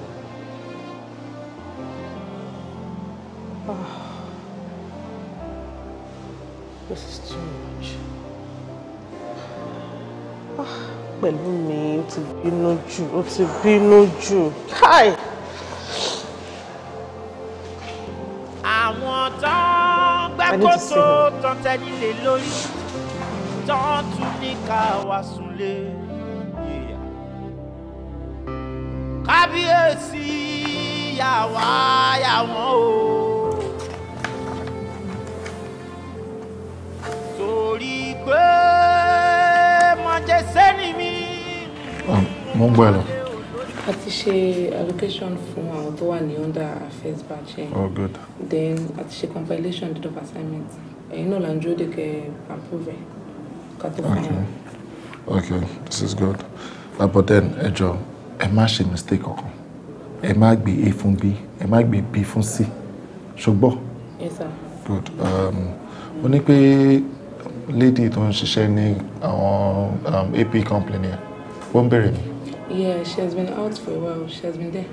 Oh. This is too much. Pẹ̀lú mi, ó ti bínú jù, ó ti bínú jù. Hi! Àwọn tán gbàkóso tán tẹ́lí lé lórí, tán tún ní ká wá súnlé. Kábíyèsí yà wá yà wọ́n o. torí pé má jẹ́ sẹ́ni mi. mo ń gbọ́ ẹ lọ. a ti ṣe allocation fún àwọn tó wà ní under affairs batch yẹn. oh good. then a ti ṣe compilation deed of assignment ẹ̀yin náà là ń dúró de kẹ́ approve ẹ̀ ká tó fún wọn. okay this is good ah, but then ẹ jọ ẹ má ṣe mistake kankan ẹ má gbé a fún b ẹ má gbé b fún c ṣùgbọ́n. yes sir. good um, o ní pé lady tó ń ṣiṣẹ́ ní àwọn um, ap company yẹn wọ́n bèrè mi. yeah she has been out for a while she has been there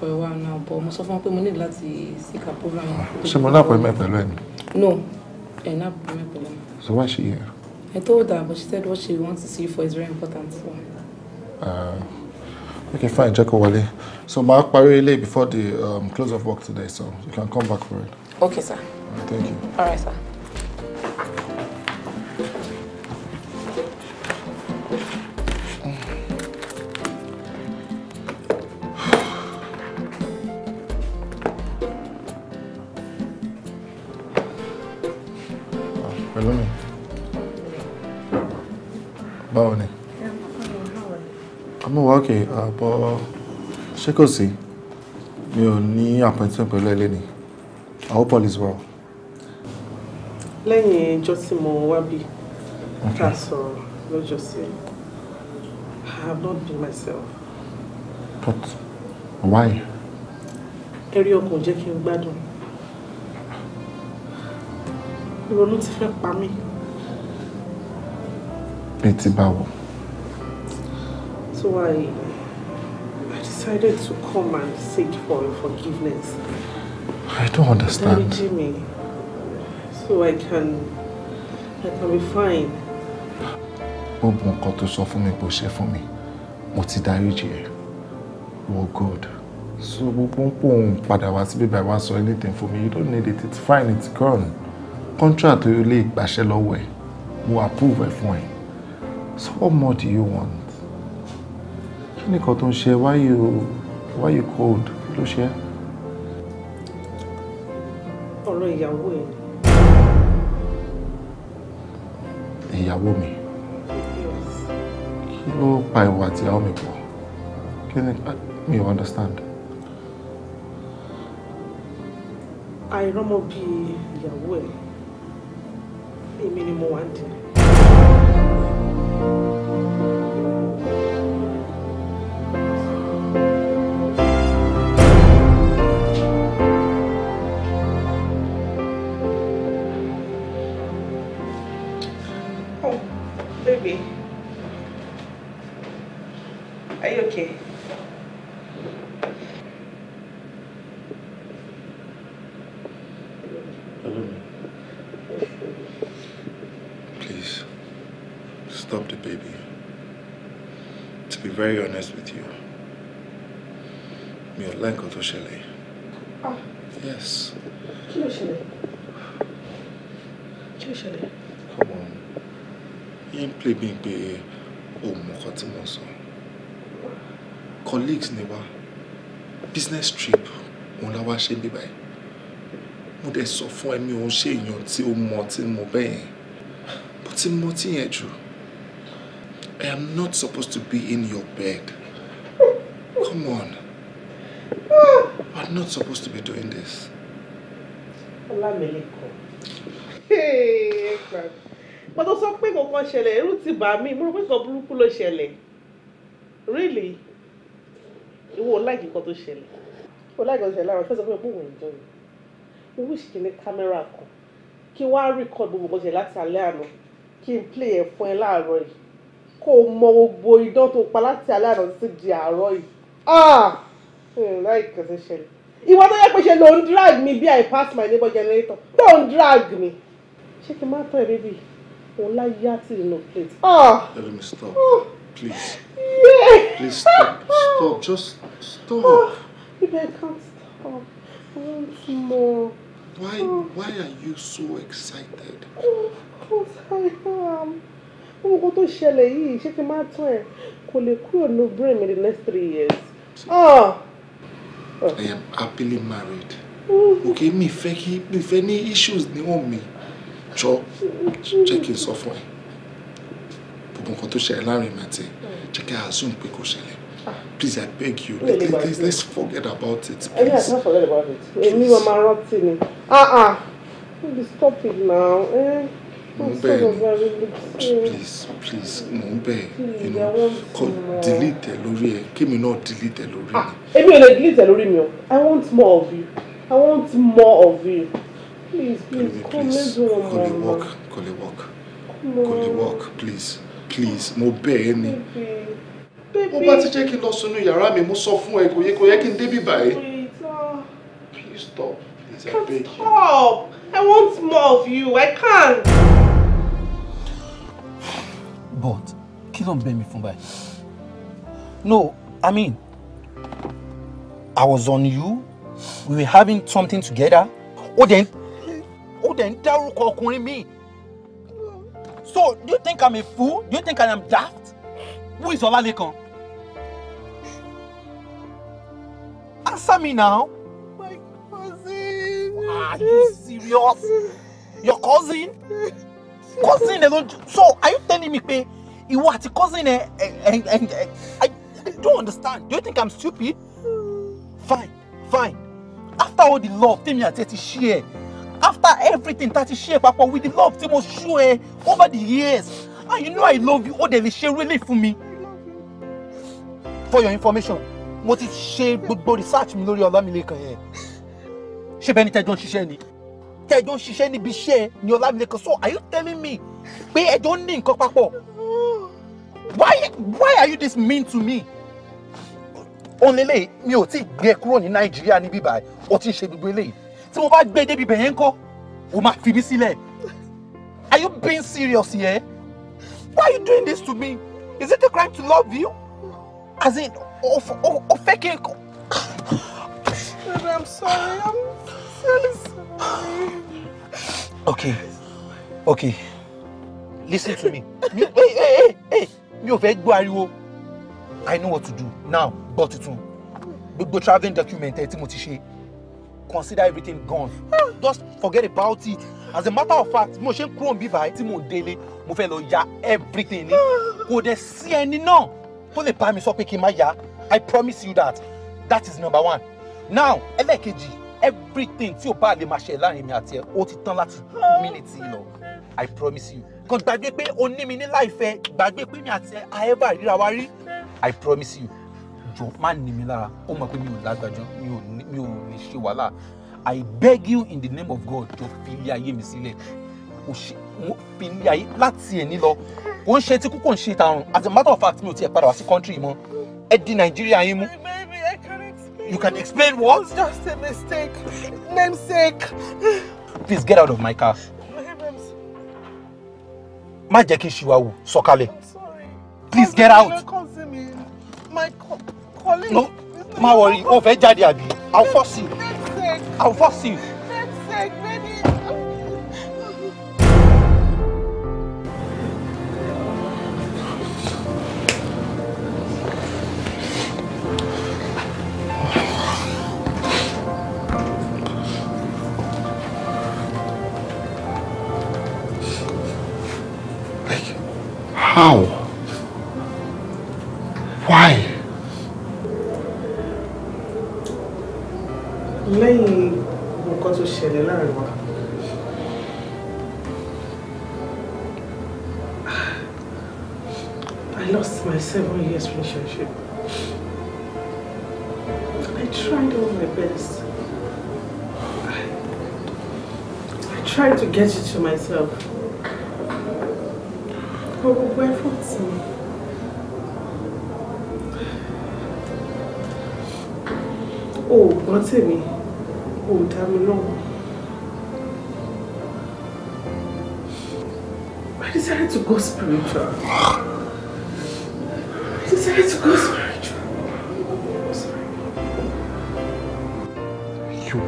for a while now but mo sọ fún wa pé mo need láti seek approval yẹn. ṣé mo lápò ẹ̀mẹ́ pẹ̀lú ẹ̀ ni. no ẹ̀ náà pọ̀ ẹ̀mẹ́ pẹ̀lú ẹ̀. so why she here. I told her but she said what she wants to see for is very important so. Uh, Okay, fine, Jacko Wale. So my party late before the um, close of work today, so you can come back for it. Okay, sir. Right, thank you. All right, sir okay àbọ̀ uh, ṣé kò sí mi ò ní appointment pẹ̀lú ẹ lẹ́ni i hope all is well lẹ́yìn ẹjọ́ tí mo wá bí ká sọ̀rọ̀ lọ́jọ́ sí I have not been myself. But why? Ẹ̀rí ọkàn jẹ́ kí n gbádùn. Ìrònú ti fẹ́ pa mí. Bí ti báwo? So I, I decided to come and seek for forgiveness. I don't understand. Dáríjì mi so I can I can be fine. Gbogbo nǹkan tó sọ fún mi kò ṣe fún mi, mo ti dáríjì ẹ̀. Wọ́n God. So gbogbo ń pò ń padà wá síbí báyìí wá sọ anything for me. You don't need it, it's fine, it's gone. Contract tó lè gbàṣẹ lọ́wọ́ ẹ̀, mo approve ẹ̀ fún ẹ̀. So what more do you want? Kí ni nǹkan tó ń ṣe? Why you why you cold? Kí ló ṣe? Ọ̀rọ̀ ìyàwó ẹ̀. àti ìyàwó mi kí ló pa ìwà àti ìyàwó mi pọ̀ kí ni mi ò understand. àìrọ́mọ bíi ìyàwó ẹ̀ èmi ni mo wá ń dín. very honest with you. Mi ò like nǹkan tó ṣẹlẹ̀. Ah. Yes. Kí ló ṣẹlẹ̀? Kí Come on. You play bí n pé o mọ nǹkan Colleagues ni Business trip òun la wá ṣe bí báyìí. Mo dẹ̀ sọ fún ẹ mi òun ṣe èèyàn tí o mọ I am not supposed to be in your bed. Come on. I'm not supposed to be doing this. Ọlámilékan. Hey, But ó sọ pé nǹkan ṣẹlẹ̀, ẹ̀rù ti bà mí, mo rò pé nǹkan burúkú ló ṣẹlẹ̀. Really? Ìwọ ò láìkí nǹkan tó ṣẹlẹ̀. Ó láìkí nǹkan to ṣẹlẹ̀ lára ọ̀ṣọ́ sọ pé òun ìjọ yìí. Owó ìṣìkì ní kámẹ́rà kan. Kí wọ́n á rìkọ̀dù gbogbo ṣẹlẹ̀ láti alẹ́ àná. Kí n play ẹ̀ fún ẹ láàárọ̀ yìí kó o mọ gbogbo idán tó pa láti alẹ́ àná di àárọ̀ yìí ah hmm, láì kẹsẹ̀ ṣẹlẹ̀ ìwọ tó yẹ pé ṣe ló ń drag me. bí i pass my neighbor generator tó ń drag me. ṣé kí n má tọ́ ẹ bíbí òun láyé yá sí plate ah. let me stop ah! please yeah. please stop stop just stop. Ah, baby I can't stop I want more. Why, ah! why are you so excited? Because oh, I am nǹkan tó ṣẹlẹ̀ yìí ṣé kí n má tán ẹ̀ kò lè kúrò ní brain mi the next three years. Oh. I am happily married. Mm. Okay, mi fẹ́ kí mi fẹ́ ní issues níwọ̀n mi jọ jẹ́ kí n sọ fún ẹ gbogbo nǹkan tó ṣẹlẹ̀ láàrin mi àti jẹ́ kí a assume pé kò ṣẹlẹ̀ ah. please I beg you let, let, let's, let's forget about it please. ẹ̀yin àti náà forget about it èmi ò máa rántí ni ah ah stop it now. Eh? mo please please mo you know kọ delete ẹ lórí ẹ kémi náà delete ẹ lórí mi. Ah, èmi ò lè delete ẹ lórí mi o i want more of you i want more of you please please come let's go work Call lè work Call lè work please please mo bẹ̀ ẹ́ ni mo bá ti jẹ́ kí n lọ sínú yàrá mi mo sọ fún ẹ kò yẹ kò yẹ kí n débi báyìí. Ah. please stop please i beg stop i want more of you i can't but kí ló ń bẹ mi no i mean i was on you we were having something together ó dẹ̀ ó dẹ̀ ń dárúkọ ọkùnrin mi so do you think i'm a fool do you think i am daft who is ọlálẹ́kan answer me now. my cousin. are you serious your cousin cousin ẹ so are you telling me pé ìwọ àti cousin eh? ẹ ẹ I don't understand do you think I'm stupid fine fine after all the love tèmi àti ẹ ti share after everything tá a ti share papọ̀ with the love tí mo show ẹ over the years and you know I love you ó dẹ̀ lè ṣe really fún mi for your information mo ti ṣe gbogbo research mi lórí Ọlámilékan yẹn ṣé bẹ́ẹ̀ ni tẹ́jọ́ ń ni tẹ́jọ́ ń ṣiṣẹ́ níbi iṣẹ́ ni Ọlámilékan so are you telling me pé ẹjọ́ ní nǹkan papọ̀ why why are you this mean to me? onlele mi ò tí gbé kúrò ní nàìjíríà níbí báyìí ó ti ń ṣe gbogbo eléyìí tí mo bá gbé e débi bẹ̀yẹn ńkọ́ o máa fi mí sílẹ̀ are you being serious here why are you doing this to me is it a crime to love you as in o o o fẹ́ kí n kọ́. baby i'm sorry i'm really sorry okay okay listen to me mi hey hey hey mi ò fẹ́ gbọ́ ariwo i know what to do now gbọ́ tuntun gbogbo travelling document ẹ tí mo ti ṣe consider everything gone just forget about it as a matter of fact mo ṣe ń kúrò níbí báyìí tí mo délé mo fẹ́ lọ ya everything ni kò dẹ̀ sí ẹni náà tó lè bá mi sọ pé kí n má ya i promise you that that is number one now ẹlẹ́ẹ̀kejì everything tí o bá lè máa ṣe láàrin mi àti ẹ ó ti tán láti humility lọ i promise you kan gbàgbé pé o ní mi ní láìfẹ́ gbàgbé pé mi àti ẹ àẹ́bà ríra wa rí i promise you jọ má ní mi lára ó mọ̀ pé mi ò lágbájọ mi ò mi ò lè ṣe wàhálà i beg you in the name of god jọ fi ilé ayé mi sílẹ̀ o ṣe mo fi ilé ayé láti ẹni lọ kò ń ṣe tí kúkò ń ṣe ìtarun as a matter of fact mi ò tiẹ̀ padà wá sí country mọ́ ẹ di nàìjíríà yín mú You can explain what? It's just a mistake. Namesake. Please get out of my car. Má jẹ́ kí Shiwawu sọ̀kalẹ̀. I'm sorry. Please get out. me. My co colleague. No, má worry. Ó fẹ́ jáde àbí. I'll force you. Namesake. I'll force you.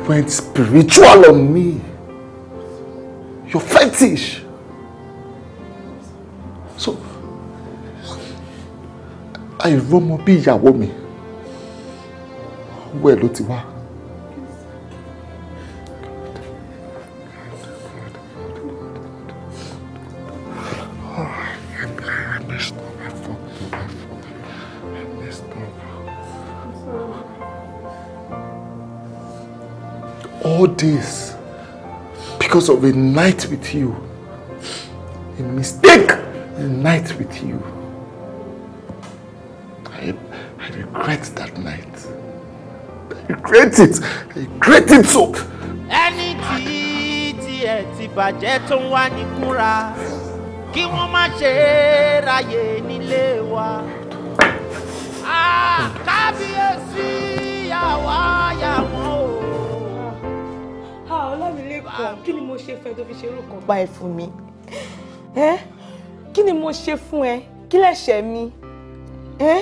went spiritual on me. Your fetish. So, àìrọ́mọ bí ìyàwó mi, owó ẹ̀ ló ti wá. this because of a night with you. A mistake, a night with you. I, I regret that night. I regret it. I regret it so. Ẹni tí tiẹ̀ ti bàjẹ́ tó ń wá ní kúra kí wọ́n má ṣe é ráyè nílé wa. Hmm. Àkábíyèsí àwa yà wọ́n nǹkan kí ni mo ṣe fún ẹ tó fi ṣe irú kan báyìí fún mi ẹ kí ni mo ṣe fún ẹ kí lẹ̀ṣẹ̀ mi ẹ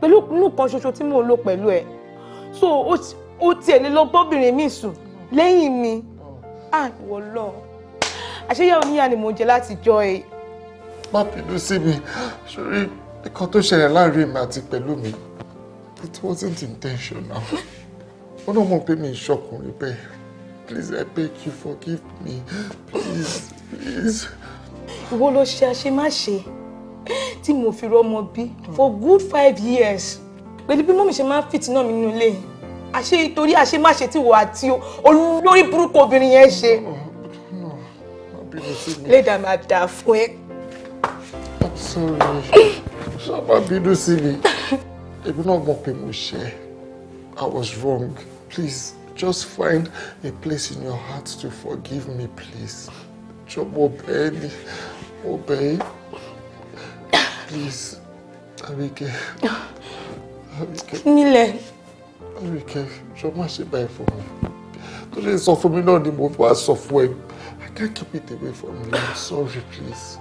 pẹ̀lú inú kan ṣoṣo tí mò ń lò pẹ̀lú ẹ so ó tiẹ̀ lè lọ bọ́bìnrin mi sùn lẹ́yìn mi mm. ah ìwọ lọ àṣeyọ̀ọ́ níyà ni mo jẹ láti jọ ẹ. má bínú sí mi sórí nǹkan tó ṣẹlẹ̀ láàrin mi àti pẹ̀lú mi it wasn't intentional. wọ́n náà mọ̀ pé mi ìṣọkùnrin bẹ́ẹ̀. Please, I beg you, forgive me. Please, please. Ìwọ ló ṣe àṣemáṣe tí mo fi rọ́mọ bí for good five years. Pẹ̀lú bí mọ́mí ṣe máa ń fìtínà mi nínú ilé. Àṣé torí àṣemáṣe tí wò àti olórí burúkú obìnrin yẹn ṣe. Lẹ́dàá máa dà fún ẹ. I'm sorry. Ṣàbá bínú sí mi. Èmi náà mọ̀ pé mo ṣe. I was wrong. Please. Just find a place in your heart to forgive me, please. Chomo oh, Benny, obey. Oh, please, Abike. Abike. Nílẹ̀. Abike, jọ má ṣe báyìí for me. Don't sọ fún mi náà ni mo wá sọ I can't keep it away from you. I'm sorry, please.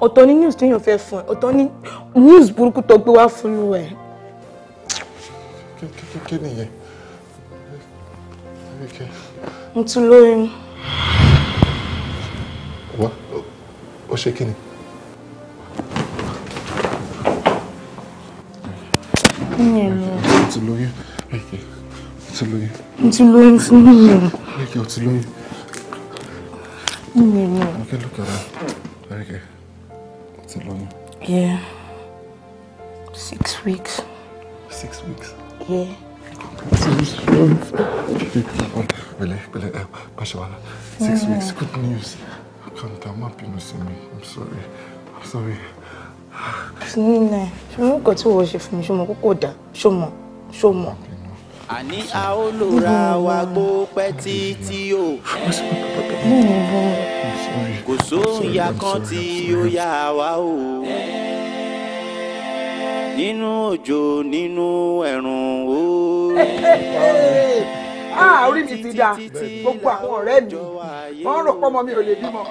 Ọ̀tọ̀ ni news téèyàn fẹ́ fún ẹ. Ọ̀tọ̀ ni news burúkú tó gbé wá fún ẹ. Kí nìyẹn? Okay. tún lóyún. wá What oh, ṣe kí ni. kí ni ẹ lọ. mo ti lóyún mo ti lóyún. mo ti lóyún fún okay look at that okay mo ti lóyún. yeah six weeks. six weeks. yeah. Pẹ̀lẹ́, pẹ̀lẹ́, Pashabala, six weeks, good news. I Can't, I'm happy to see me. I'm sorry. I'm sorry. Sinina, ṣe mú nǹkan tí wọ́n ṣe fún mi, ṣe mọ̀ kókò dá, ṣe mọ̀, ṣe mọ̀. Àní a ó lò ra wa gbó pẹ́ títí o. Kò sóhun ya kan tí ó yá wa o nínú òjò nínú ẹ̀rùn o. Ah, orí mi ti da gbogbo àwọn ọ̀rẹ́ mi wọ́n rò pọ́mọ mi ò lè bímọ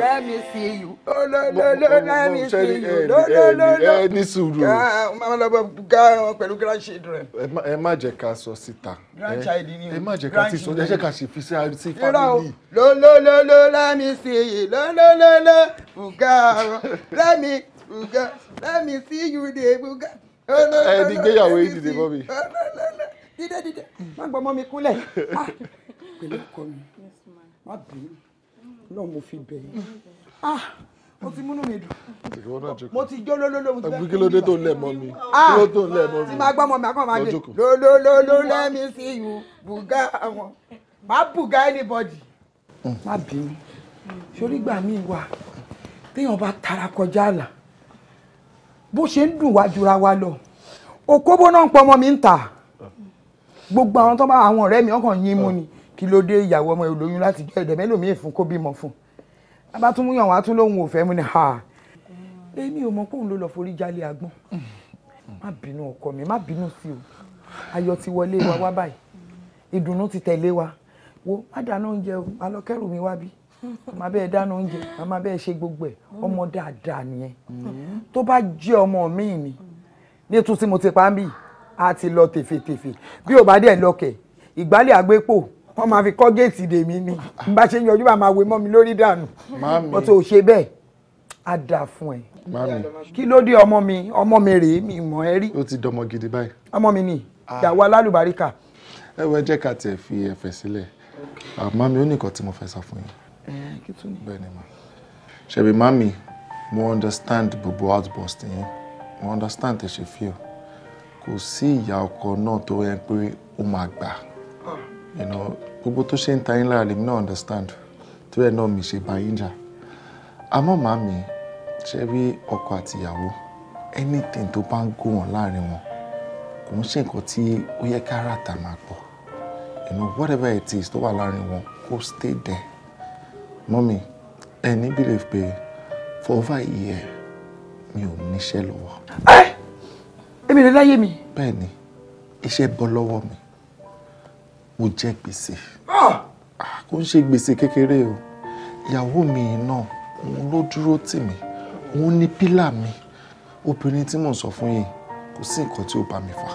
let me see you lọ́lọ́lọ́ let me see you lọ́lọ́lọ́. ẹ sùúrù. Ah, máa lọ bọ gáàrán pẹ̀lú grandchildren. ẹ má jẹ́ ká sọ síta. ẹ má jẹ́ ká sí sọ ẹ jẹ́ ká sì fi sí àrí sí lọ́lọ́lọ́ let me see you lọ́lọ́lọ́ gáàrán let Buga. Let me see you there, Buga. Oh, no, no, no, ìgbéyàwó yìí dìde mọ́ mi. Dídé dídé, má gbọ́ mọ́ mi kúnlẹ̀. Ah, pẹ̀lú ọkọ mi, má bínú, náà mo fi bẹ̀ yín. Ah, mo ti múnú mi dùn. Mo ti jó lólóló. Àbí kí ló dé tó ń lẹ̀ mọ́ mi? Ah, kí ló tó lẹ̀ mọ́ mi? Ti máa gbọ́ mọ́ mi, àkọ́ máa gbé. Lólólóló let me see you, bùgá àwọn. Má buga, anybody. Hmm. Má bínú. Ṣorí gbà mí wà, téèyàn bá tara kọjá àlà bó ṣe ń dùn wá jura wa lọ òkóbó náà ń pọ ọmọ mi ń tà gbogbo àwọn tó bá àwọn ọ̀rẹ́ mi ọkàn yín mú ni kí ló dé ìyàwó ọmọ olóyún láti jọ ìdẹ̀mẹ́ lómi ìfún kó bímọ fún bá tún yàn wá tún lóhun ò mú ni ha èmi ò mọ pé òun ló lọ forí jalè àgbọn má bínú ọkọ mi má bínú sí o ayọ̀ ti wọlé wa wá báyìí ìdùnnú ti tẹ̀lé wa wo má dáná oúnjẹ alọ́kẹ́rù mi wá bíi màmá bẹ́ẹ̀ dáná oúnjẹ màmá bẹ́ẹ̀ ṣe gbogbo ẹ̀ mm. ọmọ dáadáa nìyẹn mm. tó bá jẹ́ ọmọ mi ni nítorí tí mo ti pa mí a ti lọ tèfètèfè bí ò bá dẹ̀ lọkẹ̀ ìgbálẹ̀ àgbépò wọ́n máa fi kọ́ géètì dèmi ni bá ṣe yanjú bá máa wé mọ́ mi lórí dànù wọ́n tó ṣe bẹ́ẹ̀ á dà fún ẹ. kí ló dé ọmọ mi ọmọ mi rèé mi mọ̀ ẹ́ rí. ó ti dọmọ gidi báyìí. ọmọ mi ni ah. ìyàwó alálùbáríkà. ẹ wọ jẹ́ ká tiẹ̀ fi ẹ̀fẹ̀ sílẹ̀ ah, màmí ó nìkan tí mo fẹ́ sọ fún yín. Eh, kí tún ni. bẹ́ẹ̀ ni ma understand gbogbo outburst yẹn mo understand ẹ she feel kò see ìyá ọkọ náà tó yẹ pé ó máa gbà ah. gbogbo tó ṣe ń ta yín lára understand tó yẹ náà mi ṣe bá yín jà àmọ́ màmí ṣe rí ọkọ anything to bang go on wọ́n láàrin wọn kò ń ṣe nǹkan tí ó yẹ ká whatever it is to wà láàrin wọn kó stay there mọ́mì ẹ ní believe pé for over a year mi ò níṣẹ́ lọ́wọ́. ẹ èmi lè láyé mi. bẹ́ẹ̀ ni iṣẹ́ bọ́ lọ́wọ́ mi mo jẹ gbèsè ah! Ah, kò ń ṣe gbèsè kékeré o ìyàwó mi náà òun ló dúró tì mí òun ni pílà mi obìnrin tí mò ń sọ fún yìí kò sí nǹkan tí ó bá mi fà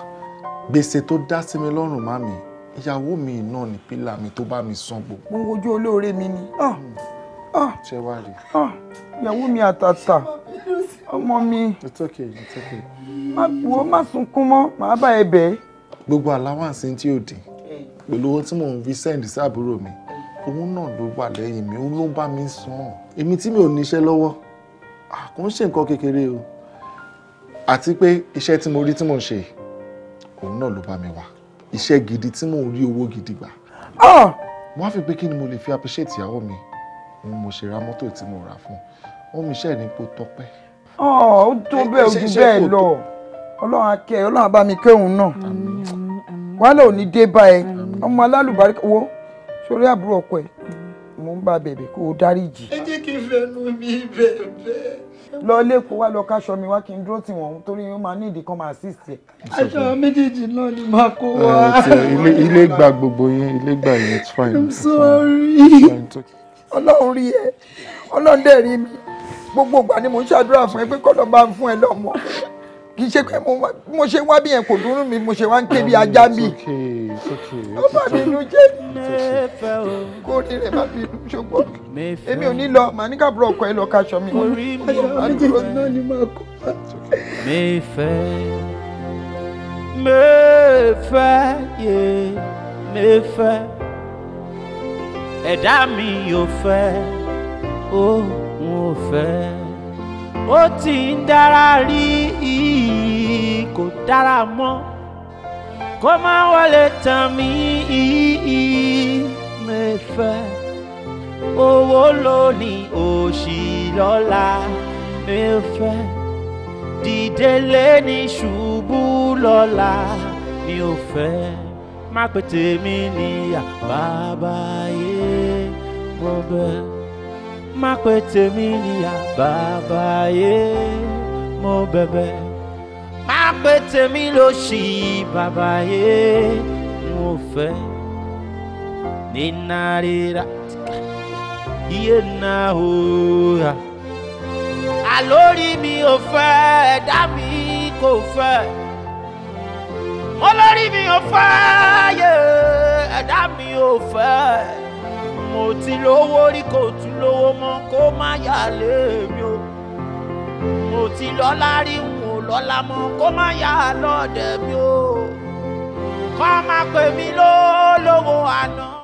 gbèsè tó dá sí mi lọ́rùn má mi ìyàwó mi náà ní pílà mi tó bá mi san gbò. mo ń wojú olóore mi ni. Ah, hmm. ah. ṣé wàá rí. Ah, ìyàwó mi àtàtà ọmọ mi. it's okay it's okay. má wo má sunkún mọ́ màá bá ẹ bẹ̀. gbogbo allowance tí ò dín eh. pẹ̀lú owó tí mò ń fi send sí mi òun náà ló wà lẹ́yìn mi òun ló bá mi san èmi tí mi ò níṣẹ́ lọ́wọ́ kò ń ṣe nǹkan kékeré o àti pé iṣẹ́ tí mo rí tí mò ń ṣe òun náà ló bá mi wà iṣẹ́ gidi tí mò ń rí owó gidi gbà. Ah! mo á fi pé kí ni mo lè fi appreciate ìyàwó mi òun mo ṣe ra mọ́tò tí mo rà fún un wọ́n mi ṣe ní kó tọpẹ́. Ah, ó tó bẹ́ẹ̀ ojú bẹ́ẹ̀ lọ ọlọ́run akẹ́ ọlọ́run abá mi kẹ́hùn náà wàhálà ò ní dé bá ẹ ọmọ alálùbáríkà wo sórí àbúrò ọkọ ẹ mò ń bá bẹ̀bẹ̀ kó o dáríjì. ẹ jẹ́ kí n fẹnu mi bẹ̀bẹ̀ lọ lẹ́kọ̀ọ́ wá lọ káṣọ mi wá kí n dúró tì wọ́n torí ó máa ní ìdí kan máa assist ẹ̀. aṣọ méjèèjì náà ni màá kó wá. ilé gba gbogbo yín ilé gba yín it's fine. i'm sorry ọlọ́run rí ẹ ọlọ́run dẹ̀ rí mi gbogbo ìgbà ni mo ń ṣàdúrà fún ẹ pé kọ́ lọ́ọ́ bá ń fún ẹ lọ́mọ kì í ṣe pé mo ṣe wá bí yẹn kò dúró mi mo ṣe wá ń ké bí ajá mi ó bá mi nu jẹ́ kó rí rẹ̀ má fi ṣùgbọ́n èmi ò ní lọ màá ní káàbùrọ̀ ọkọ ẹ lọ kaṣọ mi aṣọ àdúró náà ni màá kó wá. mẹ́fẹ́ mẹ́fẹ́ yé mẹ́fẹ́ ẹ̀dá mi ò fẹ́ ó ò fẹ́ ó ti ń dára rí kò dára mọ́ kó má wọlé tàn mí mẹ́fẹ́ owó lónìí òṣì lọ́la mẹ́fẹ́ dìde lé ní ṣubú lọ́la mi ò fẹ́ má pété mi ní àbábáyé bọ́bẹ́ má pè tèmi níyà bàbá mo bebe, má pè tèmi lóṣì bàbá yé mo fẹ́ nínà rírà iye náà ó rà mi ò fẹ́ ẹ̀dá mi kò fẹ́ olórí mi ò fẹ́ ẹ̀dá mi ò fẹ́ mo ti lówó rí kò tún lówó mọ́ kó má yà lé o mo ti lọ́lá rí n ò lọ́lá mọ́ kó má yà lọ́dẹ̀ mi o kọ́ má pè mí lólówó àná.